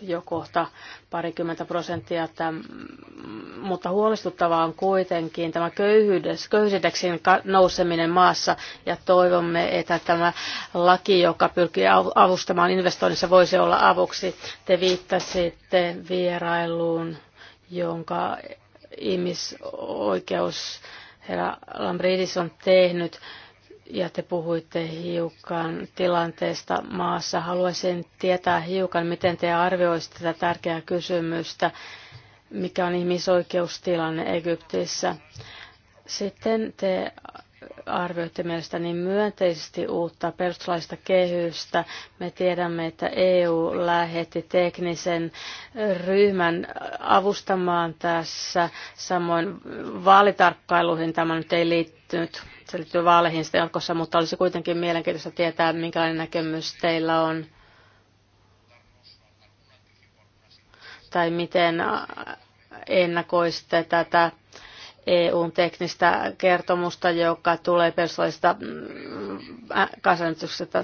S3: jo kohta parikymmentä prosenttia, että, mutta huolestuttavaa on kuitenkin tämä köyhyydeksi nouseminen maassa ja toivomme, että tämä laki, joka pyrkii avustamaan investoinnissa, voisi olla avuksi. Te viittasitte vierailuun, jonka ihmisoikeus herra Lambridis on tehnyt ja te puhuitte hiukan tilanteesta maassa. Haluaisin tietää hiukan, miten te arvioisitte tätä tärkeää kysymystä, mikä on ihmisoikeustilanne Egyptissä. Sitten te arvioitte mielestäni myönteisesti uutta perustuslaista kehystä. Me tiedämme, että EU lähetti teknisen ryhmän avustamaan tässä. Samoin vaalitarkkailuihin tämä nyt ei liittynyt. Se liittyy vaaleihin sitten jatkossa, mutta olisi kuitenkin mielenkiintoista tietää, minkälainen näkemys teillä on. Tai miten ennakoisitte tätä EUn teknistä kertomusta, joka tulee perustuslaillisesta mm, kansanäänestyksestä.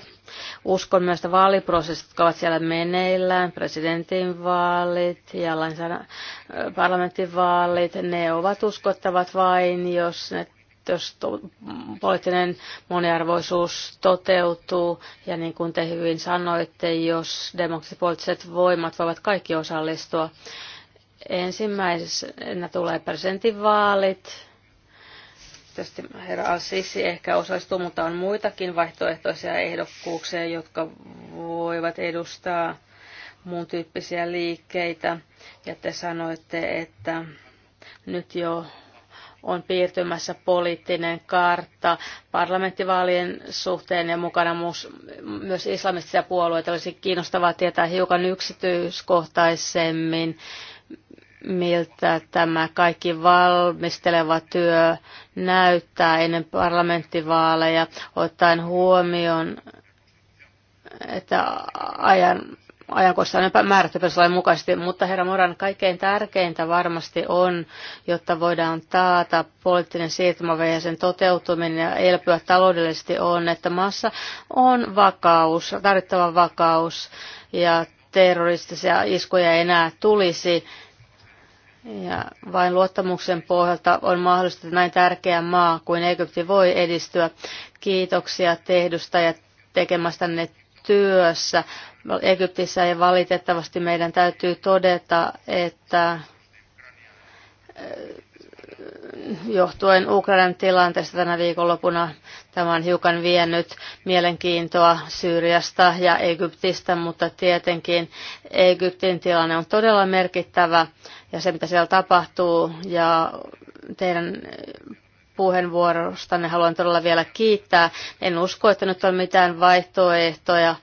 S3: Uskon myös, että vaaliprosessit, jotka ovat siellä meneillään, presidentinvaalit ja parlamenttivaalit, ne ovat uskottavat vain, jos ne jos poliittinen moniarvoisuus toteutuu, ja niin kuin te hyvin sanoitte, jos demokratiset voimat voivat kaikki osallistua Ensimmäisenä tulee presidentinvaalit. Tietysti herra Al-Sisi ehkä osallistuu, mutta on muitakin vaihtoehtoisia ehdokkuuksia, jotka voivat edustaa muun tyyppisiä liikkeitä. Ja te sanoitte, että nyt jo on piirtymässä poliittinen kartta parlamenttivaalien suhteen ja mukana myös islamistisia puolueita. Olisi kiinnostavaa tietää hiukan yksityiskohtaisemmin miltä tämä kaikki valmisteleva työ näyttää ennen parlamenttivaaleja, ottaen huomioon, että ajan, ajankohta on määrätty peruslain mukaisesti, mutta herra Moran, kaikkein tärkeintä varmasti on, jotta voidaan taata poliittinen siirtymävaihe sen toteutuminen ja elpyä taloudellisesti on, että maassa on vakaus, tarvittava vakaus ja terroristisia iskuja ei enää tulisi ja vain luottamuksen pohjalta on mahdollista, että näin tärkeä maa kuin Egypti voi edistyä. Kiitoksia tehdystä ja tekemästänne työssä. Egyptissä ei valitettavasti meidän täytyy todeta, että johtuen Ukrainan tilanteesta tänä viikonlopuna. Tämä on hiukan vienyt mielenkiintoa Syyriasta ja Egyptistä, mutta tietenkin Egyptin tilanne on todella merkittävä ja se, mitä siellä tapahtuu ja teidän puheenvuorostanne haluan todella vielä kiittää. En usko, että nyt on mitään vaihtoehtoja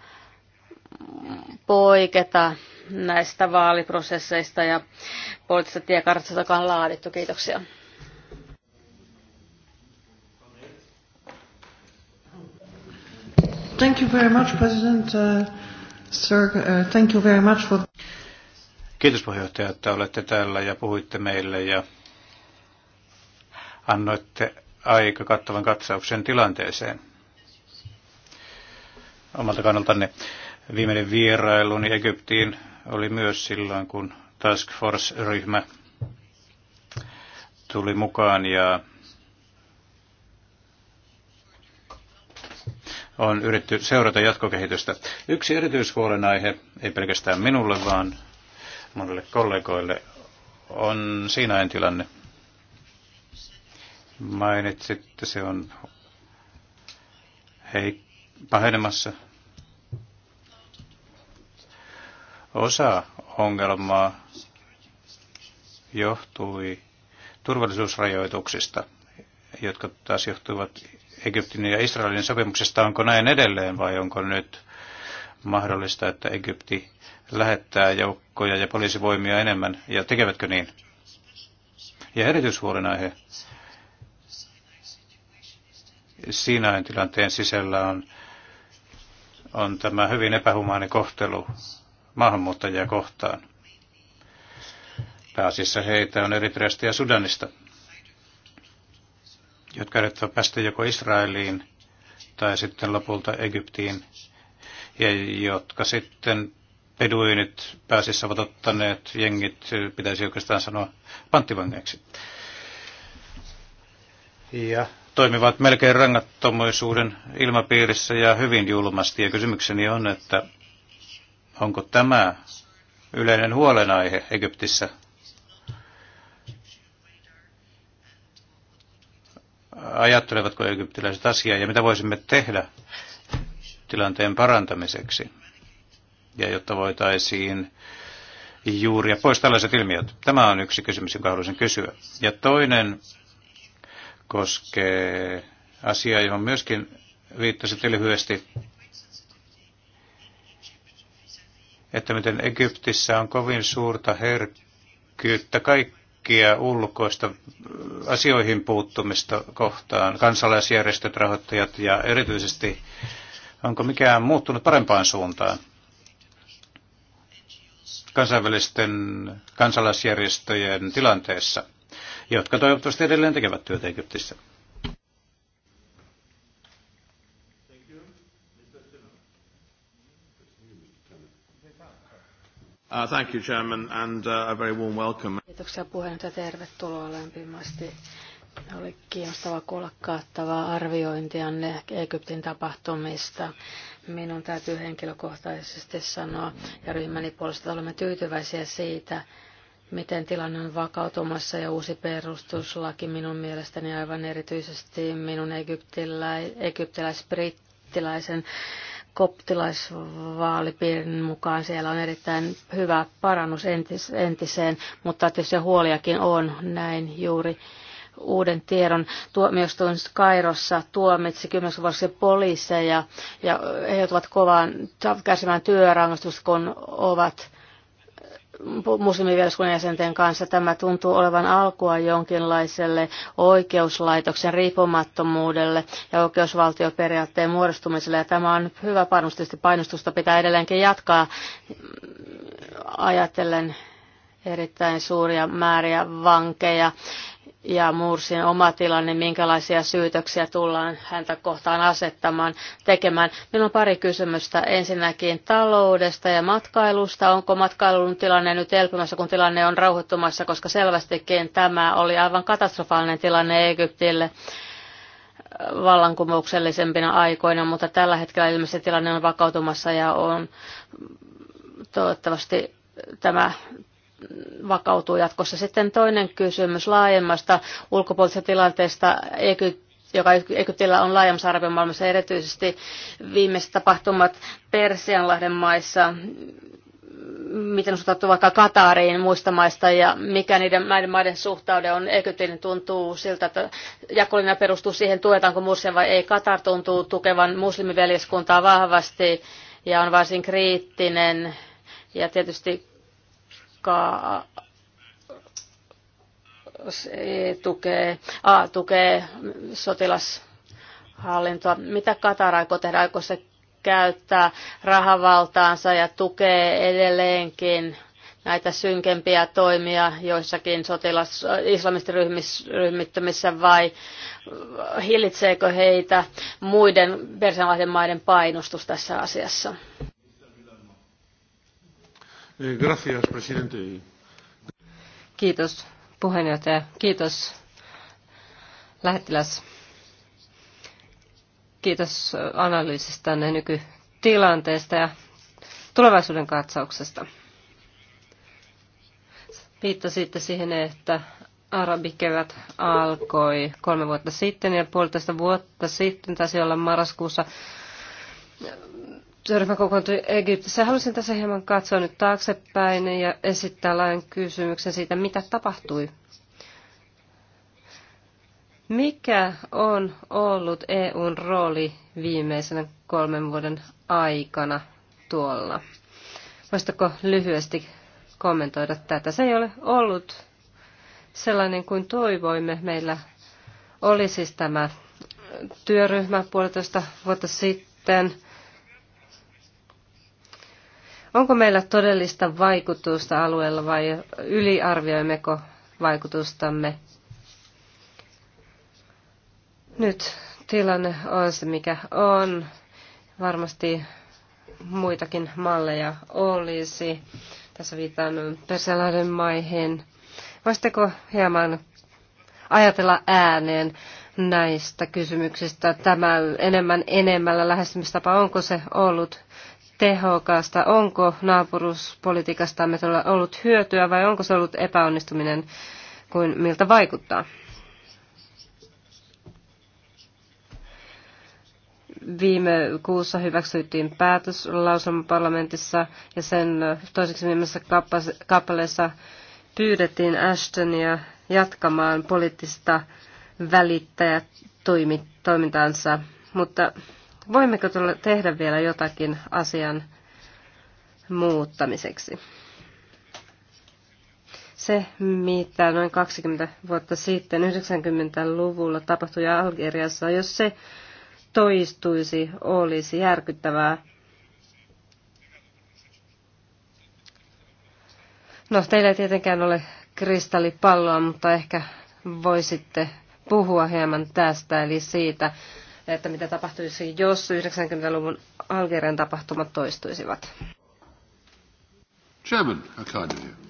S3: poiketa näistä vaaliprosesseista ja poliittisesta tiekartasta, joka on laadittu. Kiitoksia.
S2: Thank you very much, President. Uh, sir, uh, thank you very much for...
S1: Kiitos puheenjohtaja, että olette täällä ja puhuitte meille ja annoitte aika kattavan katsauksen tilanteeseen. Omalta kannaltanne viimeinen vierailuni Egyptiin oli myös silloin, kun Task Force-ryhmä tuli mukaan ja on yritetty seurata jatkokehitystä. Yksi erityishuolenaihe, ei pelkästään minulle, vaan monille kollegoille, on Siinain tilanne. että se on hei, pahenemassa. Osa ongelmaa johtui turvallisuusrajoituksista, jotka taas johtuivat Egyptin ja Israelin sopimuksesta, onko näin edelleen vai onko nyt mahdollista, että Egypti lähettää joukkoja ja poliisivoimia enemmän ja tekevätkö niin? Ja erityishuolenaihe Siinain tilanteen sisällä on, on tämä hyvin epähumaani kohtelu maahanmuuttajia kohtaan. Pääasiassa heitä on Eritreasta ja Sudanista jotka yrittävät päästä joko Israeliin tai sitten lopulta Egyptiin, ja jotka sitten peduinit pääsissä ovat ottaneet jengit, pitäisi oikeastaan sanoa, panttivangeiksi. Ja toimivat melkein rangattomuisuuden ilmapiirissä ja hyvin julmasti. Ja kysymykseni on, että onko tämä yleinen huolenaihe Egyptissä ajattelevatko egyptiläiset asiaa ja mitä voisimme tehdä tilanteen parantamiseksi ja jotta voitaisiin juuria pois tällaiset ilmiöt. Tämä on yksi kysymys, jonka haluaisin kysyä. Ja toinen koskee asiaa, johon myöskin viittasitte lyhyesti, että miten Egyptissä on kovin suurta herkkyyttä kaikki pyrkiä ulkoista asioihin puuttumista kohtaan, kansalaisjärjestöt, rahoittajat ja erityisesti onko mikään muuttunut parempaan suuntaan? kansainvälisten kansalaisjärjestöjen tilanteessa, jotka toivottavasti edelleen tekevät työtä Egyptissä. Uh, thank you, Chairman, and uh, a very warm welcome.
S3: Kiitoksia puheenjohtaja. Tervetuloa lämpimästi. Oli kiinnostava kuulla kattavaa arviointianne Egyptin tapahtumista. Minun täytyy henkilökohtaisesti sanoa, ja ryhmäni puolesta olemme tyytyväisiä siitä, miten tilanne on vakautumassa ja uusi perustuslaki minun mielestäni aivan erityisesti minun egyptilä, egyptiläis-brittiläisen koptilaisvaalipiirin mukaan siellä on erittäin hyvä parannus entis, entiseen, mutta tietysti huoliakin on näin juuri uuden tiedon. Tuomioistuin siis Kairossa tuomitsi kymmenessä poliiseja ja he joutuvat kovaan kärsimään työrangaistusta, kun ovat muslimiveljeskunnan jäsenten kanssa. Tämä tuntuu olevan alkua jonkinlaiselle oikeuslaitoksen riippumattomuudelle ja oikeusvaltioperiaatteen muodostumiselle. Ja tämä on hyvä panostus. painostusta pitää edelleenkin jatkaa mm, ajatellen erittäin suuria määriä vankeja ja Mursin oma tilanne, minkälaisia syytöksiä tullaan häntä kohtaan asettamaan, tekemään. Minulla on pari kysymystä. Ensinnäkin taloudesta ja matkailusta. Onko matkailun tilanne nyt elpymässä, kun tilanne on rauhoittumassa, koska selvästikin tämä oli aivan katastrofaalinen tilanne Egyptille vallankumouksellisempina aikoina, mutta tällä hetkellä ilmeisesti tilanne on vakautumassa ja on toivottavasti tämä vakautuu jatkossa. Sitten toinen kysymys laajemmasta ulkopuolisesta tilanteesta joka Egyptillä on laajemmassa maailmassa, erityisesti viimeiset tapahtumat Persianlahden maissa, miten suhtautuu vaikka Katariin muista maista ja mikä niiden näiden maiden suhtaude on Egyptiin, tuntuu siltä, että jakolina perustuu siihen, tuetaanko muslimia vai ei. Katar tuntuu tukevan muslimiveljeskuntaa vahvasti ja on varsin kriittinen ja tietysti joka tukee, A, tukee sotilashallintoa. Mitä Katar aikoo tehdä? Aikoo se käyttää rahavaltaansa ja tukee edelleenkin näitä synkempiä toimia joissakin sotilas- islamistiryhmittymissä vai hillitseekö heitä muiden Persianlahden maiden painostus
S2: tässä asiassa?
S1: Eh, gracias, presidente.
S2: Kiitos puheenjohtaja. Kiitos lähettiläs. Kiitos analyysistanne nykytilanteesta ja tulevaisuuden katsauksesta. Viittasitte siihen, että arabikevät alkoi kolme vuotta sitten ja puolitoista vuotta sitten taisi olla marraskuussa työryhmä kokoontui Egyptissä. Haluaisin tässä hieman katsoa nyt taaksepäin ja esittää lain kysymyksen siitä, mitä tapahtui. Mikä on ollut EUn rooli viimeisenä kolmen vuoden aikana tuolla? Voisitko lyhyesti kommentoida tätä? Se ei ole ollut sellainen kuin toivoimme. Meillä oli siis tämä työryhmä puolitoista vuotta sitten – Onko meillä todellista vaikutusta alueella vai yliarvioimmeko vaikutustamme? Nyt tilanne on se, mikä on. Varmasti muitakin malleja olisi. Tässä viitaan Perselahden maihin. Voisitteko hieman ajatella ääneen näistä kysymyksistä? Tämä enemmän enemmällä lähestymistapa, onko se ollut tehokasta? Onko naapuruspolitiikastamme ollut hyötyä vai onko se ollut epäonnistuminen kuin miltä vaikuttaa? Viime kuussa hyväksyttiin päätös parlamentissa ja sen toiseksi viimeisessä kappaleessa pyydettiin Ashtonia jatkamaan poliittista välittäjätoimintaansa, mutta Voimmeko tulla, tehdä vielä jotakin asian muuttamiseksi? Se, mitä noin 20 vuotta sitten, 90-luvulla tapahtui Algeriassa, jos se toistuisi, olisi järkyttävää. No, teillä ei tietenkään ole kristallipalloa, mutta ehkä voisitte puhua hieman tästä, eli siitä, että mitä tapahtuisi, jos 90-luvun Algerian tapahtumat toistuisivat. Chairman, I kind of you.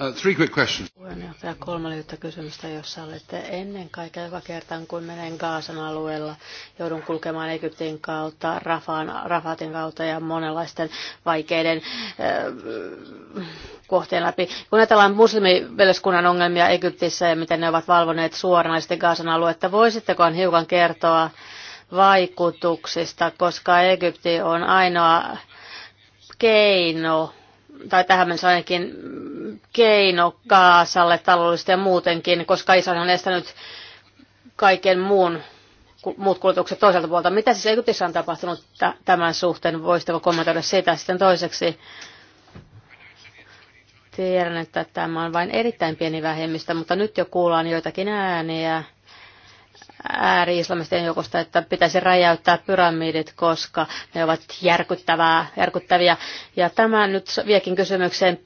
S2: Uh, three quick questions. Puheenjohtaja,
S3: kolme lyhyttä kysymystä, jos sallitte. Ennen kaikkea joka kerta, kun menen Gaasan alueella, joudun kulkemaan Egyptin kautta, Rafaan, Rafatin kautta ja monenlaisten vaikeiden äh, kohteen läpi. Kun ajatellaan muslimiveljeskunnan ongelmia Egyptissä ja miten ne ovat valvoneet suoranaisesti Gaasan aluetta, voisittekohan hiukan kertoa vaikutuksista, koska Egypti on ainoa keino tai tähän mennessä ainakin keino Kaasalle taloudellisesti ja muutenkin, koska Israel on estänyt kaiken muun muut kulutukset toiselta puolta. Mitä siis Egyptissä on tapahtunut tämän suhteen? Voisitteko kommentoida sitä sitten toiseksi? Tiedän, että tämä on vain erittäin pieni vähemmistö, mutta nyt jo kuullaan joitakin ääniä ääri-islamistien joukosta, että pitäisi räjäyttää pyramidit, koska ne ovat järkyttävää, järkyttäviä. Ja tämä nyt viekin kysymykseen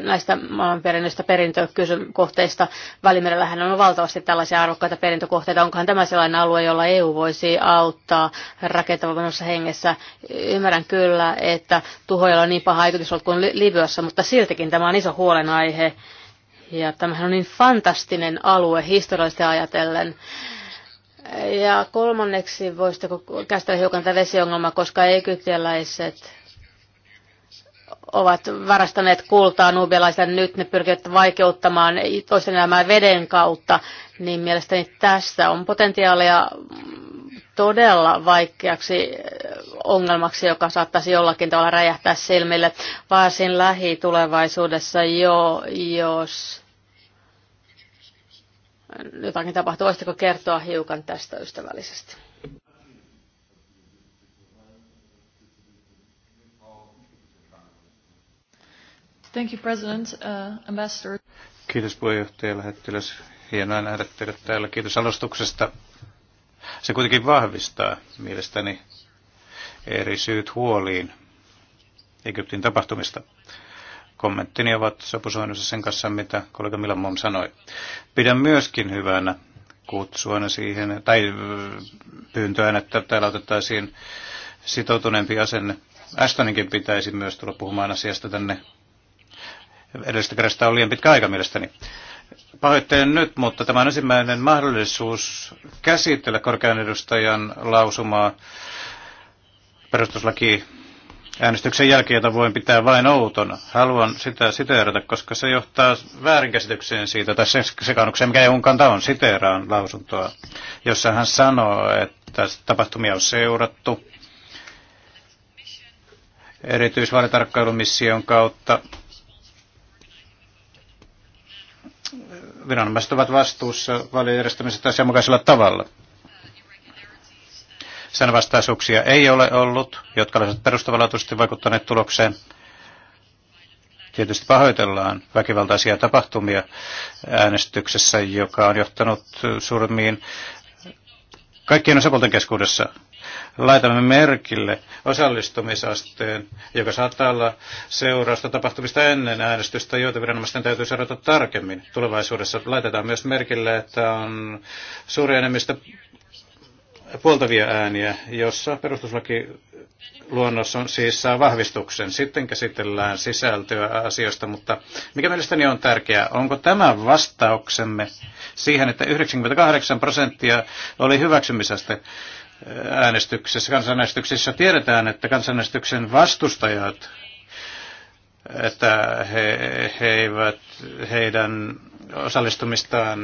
S3: näistä maanperinnöistä perintökohteista. Välimerellähän on valtavasti tällaisia arvokkaita perintökohteita. Onkohan tämä sellainen alue, jolla EU voisi auttaa rakentavassa hengessä? Ymmärrän kyllä, että tuhoilla on niin paha aikutus ollut kuin Libyassa, mutta siltikin tämä on iso huolenaihe. Ja tämähän on niin fantastinen alue historiallisesti ajatellen. Ja kolmanneksi voisitteko käsitellä hiukan tätä vesiongelmaa, koska egyptialaiset ovat varastaneet kultaa nubialaista, nyt ne pyrkivät vaikeuttamaan toisten elämää veden kautta, niin mielestäni tässä on potentiaalia todella vaikeaksi ongelmaksi, joka saattaisi jollakin tavalla räjähtää silmille, varsin lähitulevaisuudessa jo, jos jotakin tapahtuu. Voisitteko kertoa hiukan tästä ystävällisesti?
S1: Thank you, President, uh, Ambassador. Kiitos puheenjohtaja lähettiläs. Hienoa nähdä teidät täällä. Kiitos alustuksesta. Se kuitenkin vahvistaa mielestäni eri syyt huoliin Egyptin tapahtumista kommenttini ovat sopusoinnussa sen kanssa, mitä kollega Milamon sanoi. Pidän myöskin hyvänä kutsuana siihen, tai äh, pyyntöön, että täällä otettaisiin sitoutuneempi asenne. Astoninkin pitäisi myös tulla puhumaan asiasta tänne. Edellisestä kerrasta on liian pitkä aika mielestäni. Pahoittelen nyt, mutta tämä on ensimmäinen mahdollisuus käsitellä korkean edustajan lausumaa perustuslaki äänestyksen jälkeen, jota voin pitää vain outona. Haluan sitä siteerata, koska se johtaa väärinkäsitykseen siitä, tai sekaannukseen, mikä EUn kanta on. Siteeraan lausuntoa, jossa hän sanoo, että tapahtumia on seurattu erityisvaalitarkkailumission kautta. Viranomaiset ovat vastuussa vaalien järjestämisestä asianmukaisella tavalla. Sen vastaisuuksia ei ole ollut, jotka olisivat perustavanlaatuisesti vaikuttaneet tulokseen. Tietysti pahoitellaan väkivaltaisia tapahtumia äänestyksessä, joka on johtanut surmiin kaikkien osapuolten keskuudessa laitamme merkille osallistumisasteen, joka saattaa olla seurausta tapahtumista ennen äänestystä, joita viranomaisten täytyy seurata tarkemmin tulevaisuudessa. Laitetaan myös merkille, että on suuri enemmistö puoltavia ääniä, jossa perustuslaki luonnos on, siis saa vahvistuksen. Sitten käsitellään sisältöä asioista, mutta mikä mielestäni on tärkeää, onko tämä vastauksemme siihen, että 98 prosenttia oli hyväksymisestä äänestyksessä, kansanäänestyksessä tiedetään, että kansanäänestyksen vastustajat, että he, he eivät, heidän osallistumistaan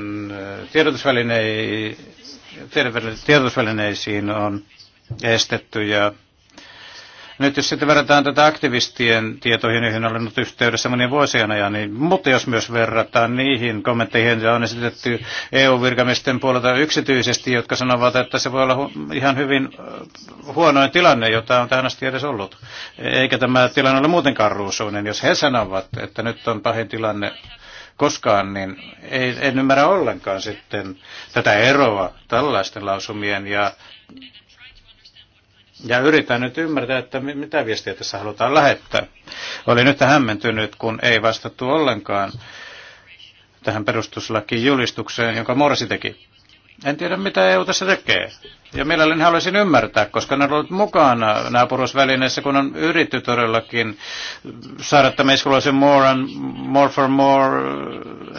S1: tiedotusvälineisiin tiedotusvälineisiin on estetty ja nyt jos sitten verrataan tätä aktivistien tietoihin, joihin olen ollut yhteydessä monien vuosien ajan, niin, mutta jos myös verrataan niihin kommentteihin, joita on esitetty EU-virkamiesten puolelta yksityisesti, jotka sanovat, että se voi olla hu- ihan hyvin huonoin tilanne, jota on tähän asti edes ollut. Eikä tämä tilanne ole muutenkaan ruusuinen. Jos he sanovat, että nyt on pahin tilanne koskaan, niin ei, en ymmärrä ollenkaan sitten tätä eroa tällaisten lausumien ja, ja yritän nyt ymmärtää, että mitä viestiä tässä halutaan lähettää. Olin nyt hämmentynyt, kun ei vastattu ollenkaan tähän perustuslakijulistukseen, jonka Morsi teki. En tiedä, mitä EU tässä tekee. Ja mielelläni haluaisin ymmärtää, koska ne on ollut mukana naapurusvälineissä, kun on yritetty todellakin saada tämä iskulaisen more, and, more for more,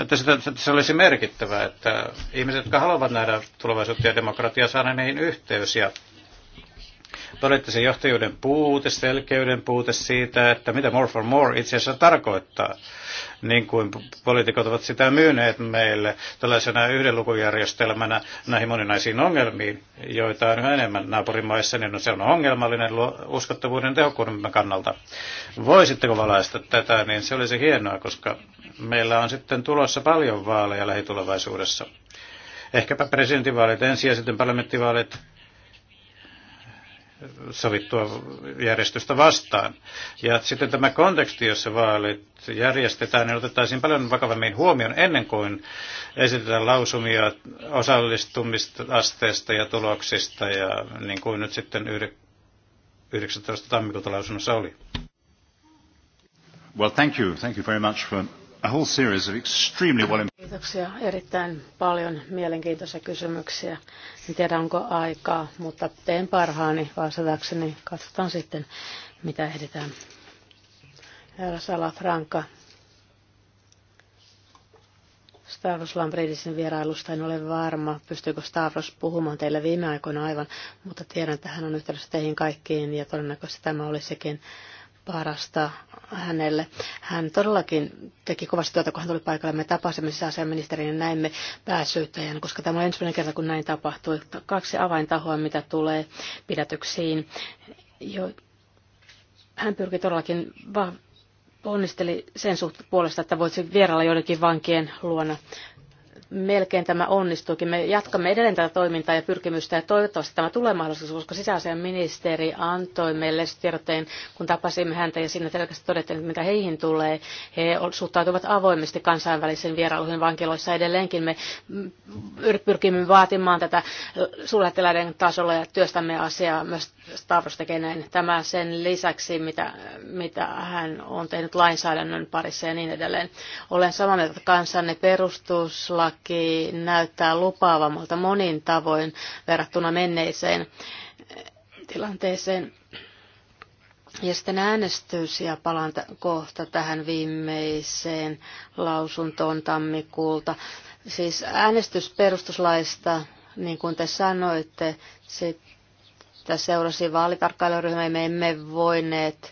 S1: että, sitä, että se olisi merkittävä, että ihmiset, jotka haluavat nähdä tulevaisuutta ja demokratiaa, saada niihin yhteys. Ja poliittisen johtajuuden puute, selkeyden puute siitä, että mitä more for more itse asiassa tarkoittaa niin kuin poliitikot ovat sitä myyneet meille tällaisena yhden lukujärjestelmänä näihin moninaisiin ongelmiin, joita on yhä enemmän naapurimaissa, niin se on ongelmallinen uskottavuuden tehokkuuden kannalta. Voisitteko valaista tätä, niin se olisi hienoa, koska meillä on sitten tulossa paljon vaaleja lähitulevaisuudessa ehkäpä presidentinvaalit ensin ja sitten parlamenttivaalit sovittua järjestystä vastaan. Ja sitten tämä konteksti, jossa vaalit järjestetään, niin otettaisiin paljon vakavammin huomioon ennen kuin esitetään lausumia osallistumisasteesta ja tuloksista, ja niin kuin nyt sitten 19. tammikuuta lausunnossa oli. Well, thank you. Thank you very much for
S3: Kiitoksia. Erittäin paljon mielenkiintoisia kysymyksiä. En tiedä, onko aikaa, mutta teen parhaani vastatakseni. Katsotaan sitten, mitä ehditään. Herra Salafranca, Stavros Lambridisin vierailusta en ole varma, pystyykö Stavros puhumaan teille viime aikoina aivan, mutta tiedän, että hän on yhteydessä teihin kaikkiin ja todennäköisesti tämä olisikin parasta hänelle. Hän todellakin teki kovasti työtä, kun hän tuli paikalle. Me tapasimme sisäasiaministerin ja näimme pääsyyttäjän, koska tämä on ensimmäinen kerta, kun näin tapahtui. Kaksi avaintahoa, mitä tulee pidätyksiin. Jo, hän pyrki todellakin va- onnisteli sen suhteen puolesta, että voisi vierailla joidenkin vankien luona melkein tämä onnistuikin. Me jatkamme edelleen tätä toimintaa ja pyrkimystä ja toivottavasti tämä tulee mahdollisuus, koska sisäasian ministeri antoi meille tiedotteen, kun tapasimme häntä ja siinä selkeästi todettiin, että mitä heihin tulee. He suhtautuvat avoimesti kansainvälisiin vierailuihin vankiloissa edelleenkin. Me pyrkimme vaatimaan tätä suurlähettiläiden tasolla ja työstämme asiaa myös Stavros tekee näin. Tämä sen lisäksi, mitä, mitä hän on tehnyt lainsäädännön parissa ja niin edelleen. Olen samaa mieltä, että kansanne perustuslaki laki näyttää lupaavammalta monin tavoin verrattuna menneiseen tilanteeseen. Ja sitten äänestys, ja palaan kohta tähän viimeiseen lausuntoon tammikuulta. Siis äänestys perustuslaista, niin kuin te sanoitte, sitä seurasi vaalitarkkailuryhmä, ja me emme voineet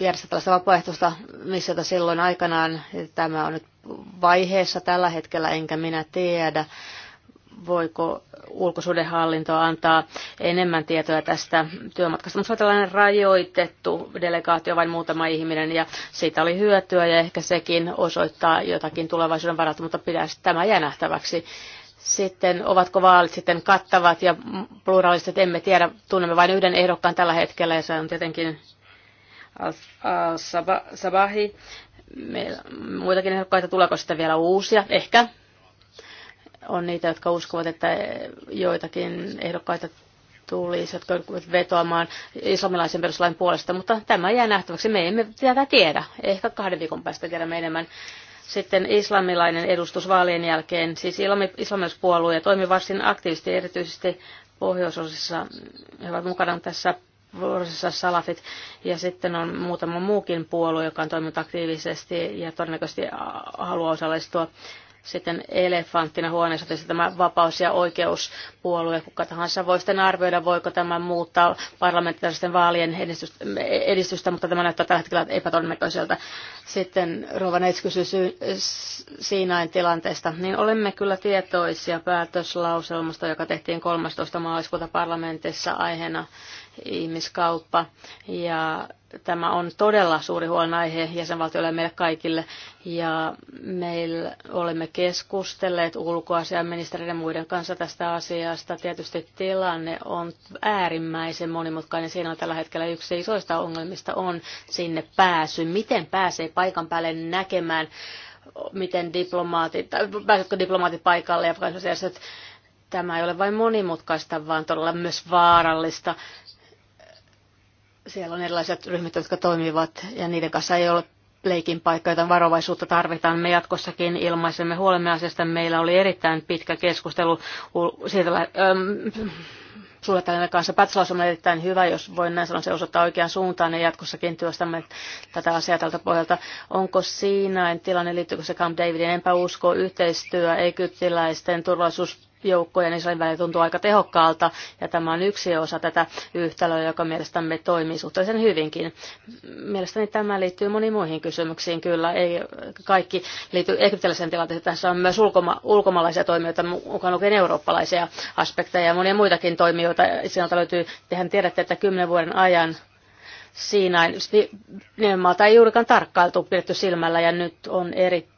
S3: järjestää tällaista vapaaehtoista missä silloin aikanaan. Tämä on nyt vaiheessa tällä hetkellä, enkä minä tiedä, voiko ulkosuudenhallinto antaa enemmän tietoa tästä työmatkasta. Mutta se on tällainen rajoitettu delegaatio, vain muutama ihminen, ja siitä oli hyötyä, ja ehkä sekin osoittaa jotakin tulevaisuuden varalta, mutta pitäisi tämä jää nähtäväksi. Sitten ovatko vaalit sitten kattavat ja pluralistiset, emme tiedä, tunnemme vain yhden ehdokkaan tällä hetkellä, ja se on tietenkin sabahi meillä muitakin ehdokkaita, tuleeko sitten vielä uusia? Ehkä. On niitä, jotka uskovat, että joitakin ehdokkaita tulisi, jotka ovat vetoamaan islamilaisen peruslain puolesta, mutta tämä jää nähtäväksi. Me emme tätä tiedä. Ehkä kahden viikon päästä tiedämme enemmän. Sitten islamilainen edustus vaalien jälkeen, siis islamilaispuolue toimi varsin aktiivisesti, erityisesti pohjoisosissa. He ovat mukana tässä vuorossa salafit. Ja sitten on muutama muukin puolue, joka on toiminut aktiivisesti ja todennäköisesti haluaa osallistua sitten elefanttina huoneessa, tietysti tämä vapaus- ja oikeuspuolue, kuka tahansa voi sitten arvioida, voiko tämä muuttaa parlamentaaristen vaalien edistystä, edistystä mutta tämä näyttää tällä hetkellä epätodennäköiseltä. Sitten Rovaneits kysyi Siinain tilanteesta, niin olemme kyllä tietoisia päätöslauselmasta, joka tehtiin 13. maaliskuuta parlamentissa aiheena ihmiskauppa. Ja tämä on todella suuri huolenaihe jäsenvaltioille meille kaikille. Ja meillä olemme keskustelleet ulkoasiaministeriön muiden kanssa tästä asiasta. Tietysti tilanne on äärimmäisen monimutkainen. Siinä on tällä hetkellä yksi isoista ongelmista on sinne pääsy. Miten pääsee paikan päälle näkemään, miten diplomaatit, pääsetkö diplomaatit paikalle ja järjestöt Tämä ei ole vain monimutkaista, vaan todella myös vaarallista siellä on erilaiset ryhmät, jotka toimivat ja niiden kanssa ei ole leikin paikka, joten varovaisuutta tarvitaan. Me jatkossakin ilmaisemme huolemme asiasta. Meillä oli erittäin pitkä keskustelu siitä, ähm, suunnittelijan kanssa. Pätsalaus on erittäin hyvä, jos voin näin sanoa, se osoittaa oikeaan suuntaan ja jatkossakin työstämme tätä asiaa tältä pohjalta. Onko siinä en tilanne, liittyykö se Camp Davidin? Enpä usko yhteistyö egyptiläisten turvallisuus joukkojen niin Israelin välillä tuntuu aika tehokkaalta, ja tämä on yksi osa tätä yhtälöä, joka mielestämme toimii suhteellisen hyvinkin. Mielestäni tämä liittyy moniin muihin kysymyksiin, kyllä ei kaikki liity egyptiläiseen tilanteeseen. Tässä on myös ulkoma- ulkomaalaisia toimijoita, mukaan lukien eurooppalaisia aspekteja ja monia muitakin toimijoita. Sinulta löytyy, tehän tiedätte, että kymmenen vuoden ajan Siinä maata ei juurikaan tarkkailtu, pidetty silmällä ja nyt on eri,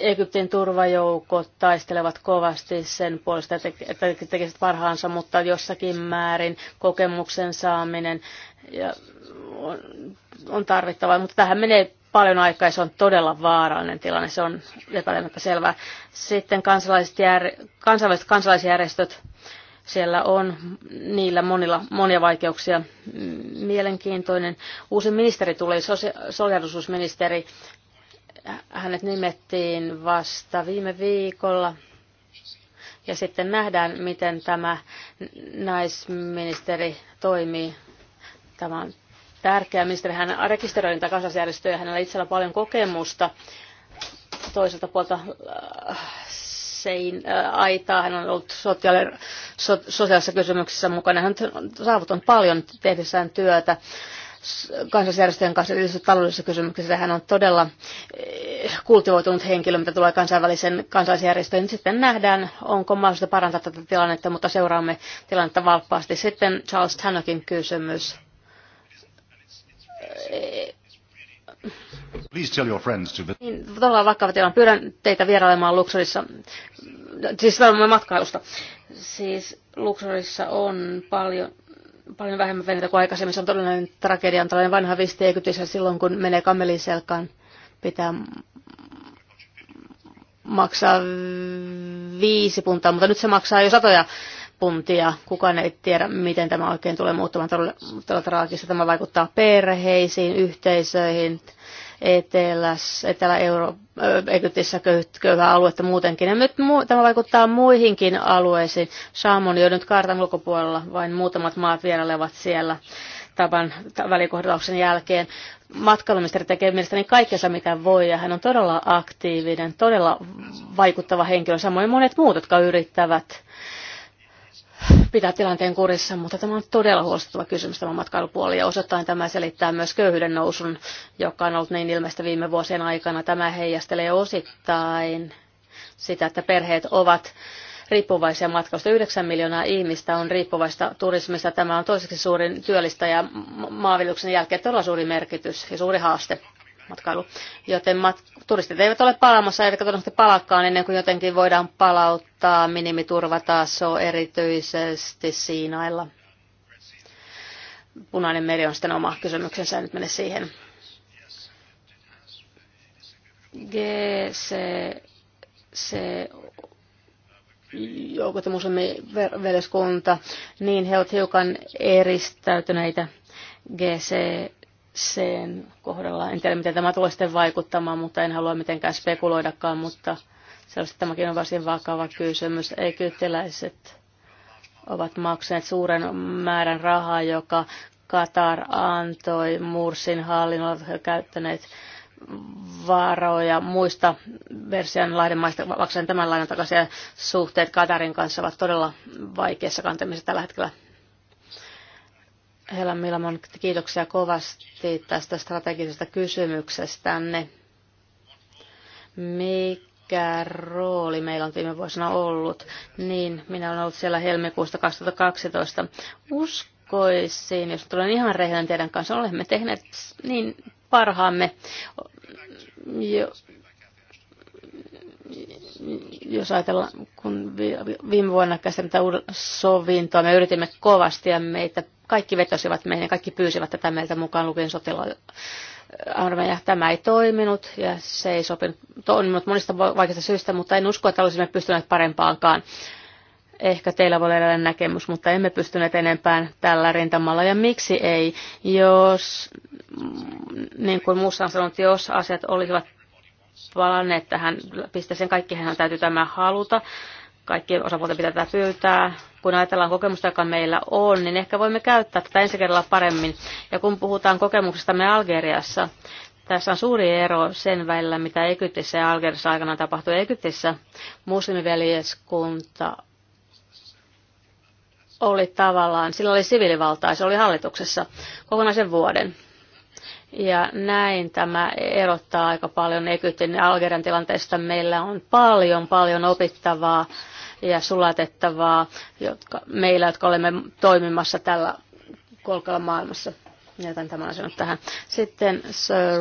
S3: Egyptin turvajoukot taistelevat kovasti sen puolesta, että tekisivät parhaansa, mutta jossakin määrin kokemuksen saaminen ja on, on tarvittava. Mutta tähän menee paljon aikaa ja se on todella vaarallinen tilanne, se on epäilemättä selvää. Sitten kansalaiset jär, kansalaisjärjestöt, siellä on niillä monilla monia vaikeuksia. Mielenkiintoinen uusi ministeri tuli, sosiaalisuusministeri hänet nimettiin vasta viime viikolla. Ja sitten nähdään, miten tämä naisministeri toimii. Tämä on tärkeä ministeri. Hän rekisteröi niitä Hänellä itsellä paljon kokemusta toiselta puolta äh, sein äh, aitaa. Hän on ollut sosiaali- so, sosiaalisissa kysymyksissä mukana. Hän on saavuttanut paljon tehdessään työtä kansallisjärjestöjen kanssa yhdessä taloudellisissa kysymyksissä. Hän on todella eh, kultivoitunut henkilö, mitä tulee kansainvälisen kansalaisjärjestöön. Sitten nähdään, onko mahdollista parantaa tätä tilannetta, mutta seuraamme tilannetta valppaasti. Sitten Charles Tannokin kysymys. Eh,
S1: Please tell your friends to...
S3: Niin, todella vakava tilanne. Pyydän teitä vierailemaan Luxorissa. Siis matkailusta. Siis Luxorissa on paljon paljon vähemmän veneitä kuin aikaisemmin. Se on todellinen tragedia, on tällainen vanha visti Egyptissä silloin, kun menee kamelin selkaan. Pitää maksaa viisi puntaa, mutta nyt se maksaa jo satoja puntia. Kukaan ei tiedä, miten tämä oikein tulee muuttumaan todella, todella traagista. Tämä vaikuttaa perheisiin, yhteisöihin, Etelä-Egyptissä köyhää aluetta muutenkin. Ja nyt tämä vaikuttaa muihinkin alueisiin. Saamon jo nyt kartan ulkopuolella, vain muutamat maat vierailevat siellä tavan välikohdauksen jälkeen. Matkailuministeri tekee mielestäni kaikkea, mitä voi, ja hän on todella aktiivinen, todella vaikuttava henkilö, samoin monet muut, jotka yrittävät pitää tilanteen kurissa, mutta tämä on todella huolestuttava kysymys tämä matkailupuoli ja osittain tämä selittää myös köyhyyden nousun, joka on ollut niin ilmeistä viime vuosien aikana. Tämä heijastelee osittain sitä, että perheet ovat riippuvaisia matkailusta. 9 miljoonaa ihmistä on riippuvaista turismista. Tämä on toiseksi suurin työllistäjä maanviljelyksen jälkeen todella suuri merkitys ja suuri haaste matkailu. Joten mat- turistit eivät ole palaamassa, eivätkä todennäköisesti palakkaan ennen kuin jotenkin voidaan palauttaa minimiturvataso erityisesti Siinailla. Punainen meri on sitten oma kysymyksensä, en nyt mene siihen. GC se joukot ja muslimiveljeskunta, niin he ovat hiukan eristäytyneitä. GC sen kohdalla. En tiedä, miten tämä tulee sitten vaikuttamaan, mutta en halua mitenkään spekuloidakaan, mutta selvästi tämäkin on varsin vakava kysymys. Egyptiläiset ovat maksaneet suuren määrän rahaa, joka Katar antoi Mursin hallinnolle, he käyttäneet varoja muista versian lahdemaista maksaneet tämän lainan takaisin ja suhteet Katarin kanssa ovat todella vaikeassa kantamisessa tällä hetkellä. Hela Milamon, kiitoksia kovasti tästä strategisesta kysymyksestänne. Mikä rooli meillä on viime vuosina ollut? Niin, minä olen ollut siellä helmikuusta 2012. Uskoisin, jos tulen ihan rehellinen teidän kanssa, olemme tehneet niin parhaamme. Jo, jos ajatellaan, kun viime vuonna käsimme sovintoa, me yritimme kovasti ja meitä kaikki vetosivat meihin, kaikki pyysivät tätä meiltä mukaan lukien sotilaille Tämä ei toiminut ja se ei sopinut, toiminut monista vaikeista syistä, mutta en usko, että olisimme pystyneet parempaankaan. Ehkä teillä voi olla näkemys, mutta emme pystyneet enempään tällä rintamalla. Ja miksi ei? Jos, mm, niin kuin muussa on sanonut, jos asiat olisivat palanneet tähän pisteeseen, kaikkihan täytyy tämä haluta kaikkien osapuolten pitää tätä pyytää. Kun ajatellaan kokemusta, joka meillä on, niin ehkä voimme käyttää tätä ensi kerralla paremmin. Ja kun puhutaan me Algeriassa, tässä on suuri ero sen välillä, mitä Egyptissä ja Algeriassa aikana tapahtui. Egyptissä muslimiveljeskunta oli tavallaan, sillä oli siviilivaltaa, se oli hallituksessa kokonaisen vuoden. Ja näin tämä erottaa aika paljon Egyptin ja Algerian tilanteesta. Meillä on paljon, paljon opittavaa ja sulatettavaa jotka, meillä, jotka olemme toimimassa tällä kolkalla maailmassa. Jätän tämän asian tähän. Sitten Sir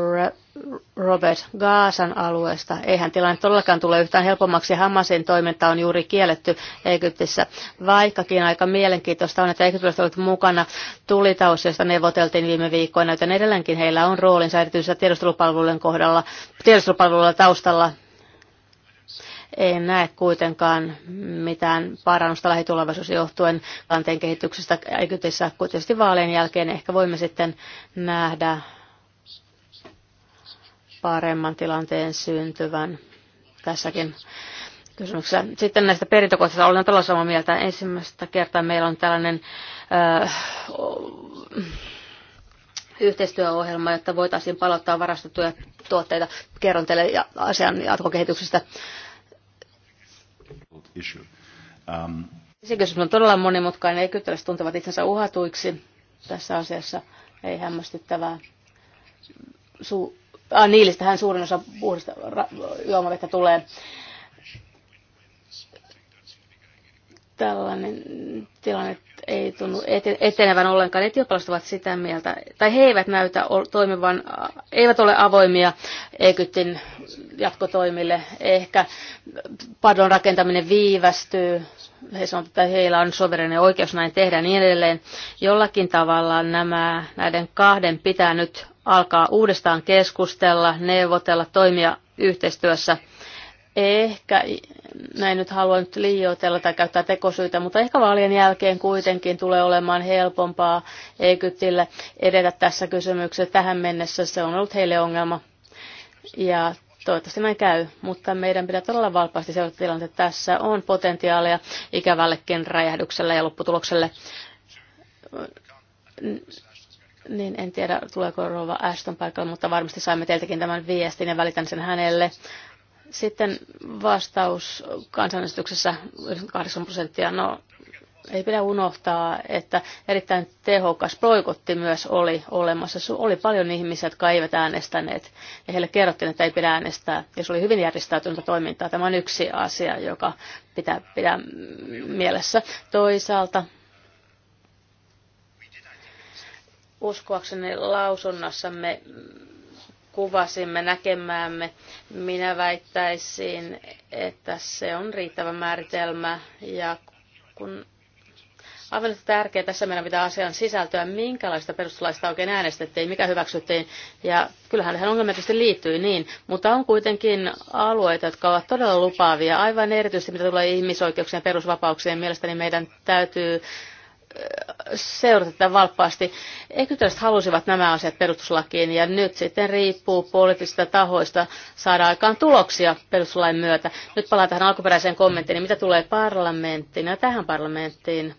S3: Robert Gaasan alueesta. Eihän tilanne todellakaan tule yhtään helpommaksi. Hamasin toiminta on juuri kielletty Egyptissä. Vaikkakin aika mielenkiintoista on, että egyptiläiset ovat mukana tulitaus, josta neuvoteltiin viime viikkoina, joten edelleenkin heillä on roolinsa erityisessä tiedustelupalvelujen kohdalla, tiedustelupalveluilla taustalla en näe kuitenkaan mitään parannusta lähitulevaisuus johtuen kanteen kehityksestä Egyptissä. Kuitenkin vaalien jälkeen ehkä voimme sitten nähdä paremman tilanteen syntyvän tässäkin kysymyksessä. Sitten näistä perintökohtaisista olen todella samaa mieltä. Ensimmäistä kertaa meillä on tällainen äh, yhteistyöohjelma, jotta voitaisiin palauttaa varastettuja tuotteita. Kerron teille asian jatkokehityksestä.
S1: Um,
S3: siis kysymys on todella monimutkainen. Egyptiläiset tuntevat itsensä uhatuiksi tässä asiassa. Ei hämmästyttävää. Su- ah, niilistähän suurin osa puhdasta ra- juomavettä tulee. Tällainen tilanne ei tunnu etenevän ollenkaan. Etiopialaiset ovat sitä mieltä, tai he eivät näytä toimivan, eivät ole avoimia Egyptin jatkotoimille. Ehkä padon rakentaminen viivästyy, he sanovat, että heillä on soverinen oikeus näin tehdä niin edelleen. Jollakin tavalla nämä, näiden kahden pitää nyt alkaa uudestaan keskustella, neuvotella, toimia yhteistyössä ehkä, näin nyt halua nyt liioitella tai käyttää tekosyitä, mutta ehkä vaalien jälkeen kuitenkin tulee olemaan helpompaa Egyptille edetä tässä kysymyksessä. Tähän mennessä se on ollut heille ongelma. Ja toivottavasti näin käy, mutta meidän pitää todella valpaasti seurata tilannetta. Tässä on potentiaalia ikävällekin räjähdykselle ja lopputulokselle. Niin en tiedä, tuleeko Rova Ashton paikalle, mutta varmasti saimme teiltäkin tämän viestin ja välitän sen hänelle. Sitten vastaus kansanäänestyksessä 8 prosenttia. No, ei pidä unohtaa, että erittäin tehokas proikotti myös oli olemassa. Oli paljon ihmisiä, jotka eivät äänestäneet, ja heille kerrottiin, että ei pidä äänestää. Ja se oli hyvin järjestäytynyttä toimintaa. Tämä on yksi asia, joka pitää pitää mielessä. Toisaalta uskoakseni lausunnassamme kuvasimme näkemäämme. Minä väittäisin, että se on riittävä määritelmä ja kun aivan tärkeää tässä meidän pitää asian sisältöä, minkälaista perustuslaista oikein äänestettiin, mikä hyväksyttiin. Ja kyllähän tähän ongelma tietysti liittyy niin, mutta on kuitenkin alueita, jotka ovat todella lupaavia, aivan erityisesti mitä tulee ihmisoikeuksien ja perusvapauksien. Mielestäni meidän täytyy seurata tätä valppaasti. Egyptiläiset halusivat nämä asiat perustuslakiin ja nyt sitten riippuu poliittisista tahoista saada aikaan tuloksia perustuslain myötä. Nyt palaan tähän alkuperäiseen kommenttiin, niin mitä tulee parlamenttiin ja no, tähän parlamenttiin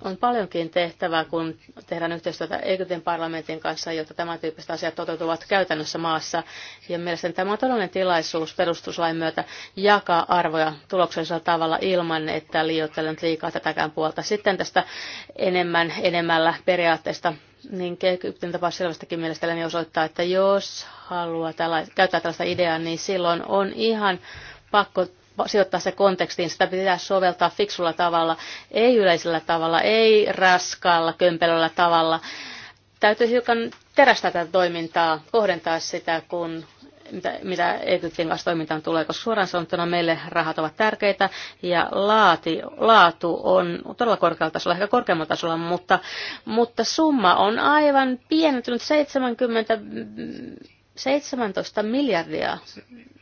S3: on paljonkin tehtävää, kun tehdään yhteistyötä Egyptin parlamentin kanssa, jotta tämän tyyppiset asiat toteutuvat käytännössä maassa. Ja mielestäni tämä on todellinen tilaisuus perustuslain myötä jakaa arvoja tuloksellisella tavalla ilman, että liioittelen liikaa tätäkään puolta. Sitten tästä enemmän enemmällä periaatteesta niin Egyptin tapaus selvästikin mielestäni osoittaa, että jos haluaa tällä, käyttää tällaista ideaa, niin silloin on ihan pakko sijoittaa se kontekstiin. Sitä pitää soveltaa fiksulla tavalla, ei yleisellä tavalla, ei raskaalla, kömpelöllä tavalla. Täytyy hiukan terästää tätä toimintaa, kohdentaa sitä, kun mitä, mitä Egyptin kanssa toimintaan tulee, koska suoraan sanottuna meille rahat ovat tärkeitä ja laati, laatu on todella korkealla tasolla, ehkä korkeammalla tasolla, mutta, mutta summa on aivan pienentynyt 70 17 miljardia,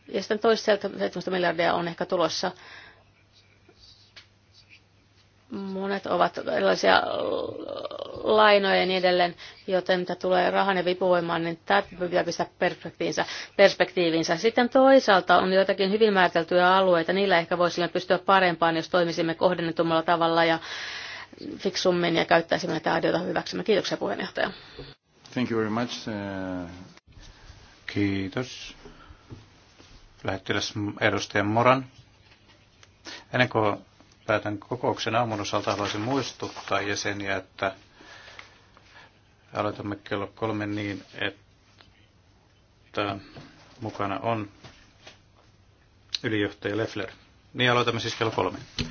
S3: ja sitten toista 17 miljardia on ehkä tulossa. Monet ovat erilaisia lainoja ja niin edelleen, joten mitä tulee rahan ja vipuvoimaan, niin tämä pitää pistää perspektiivinsä, perspektiivinsä. Sitten toisaalta on joitakin hyvin määriteltyjä alueita, niillä ehkä voisimme pystyä parempaan, jos toimisimme kohdennetummalla tavalla ja fiksummin ja käyttäisimme näitä adiota hyväksymme Kiitoksia puheenjohtaja.
S1: Thank you very much. Uh... Kiitos. Lähettiläs edustajan Moran. Ennen kuin päätän kokouksen aamun osalta, haluaisin muistuttaa jäseniä, että aloitamme kello kolme niin, että mukana on ylijohtaja Leffler. Niin aloitamme siis kello kolme.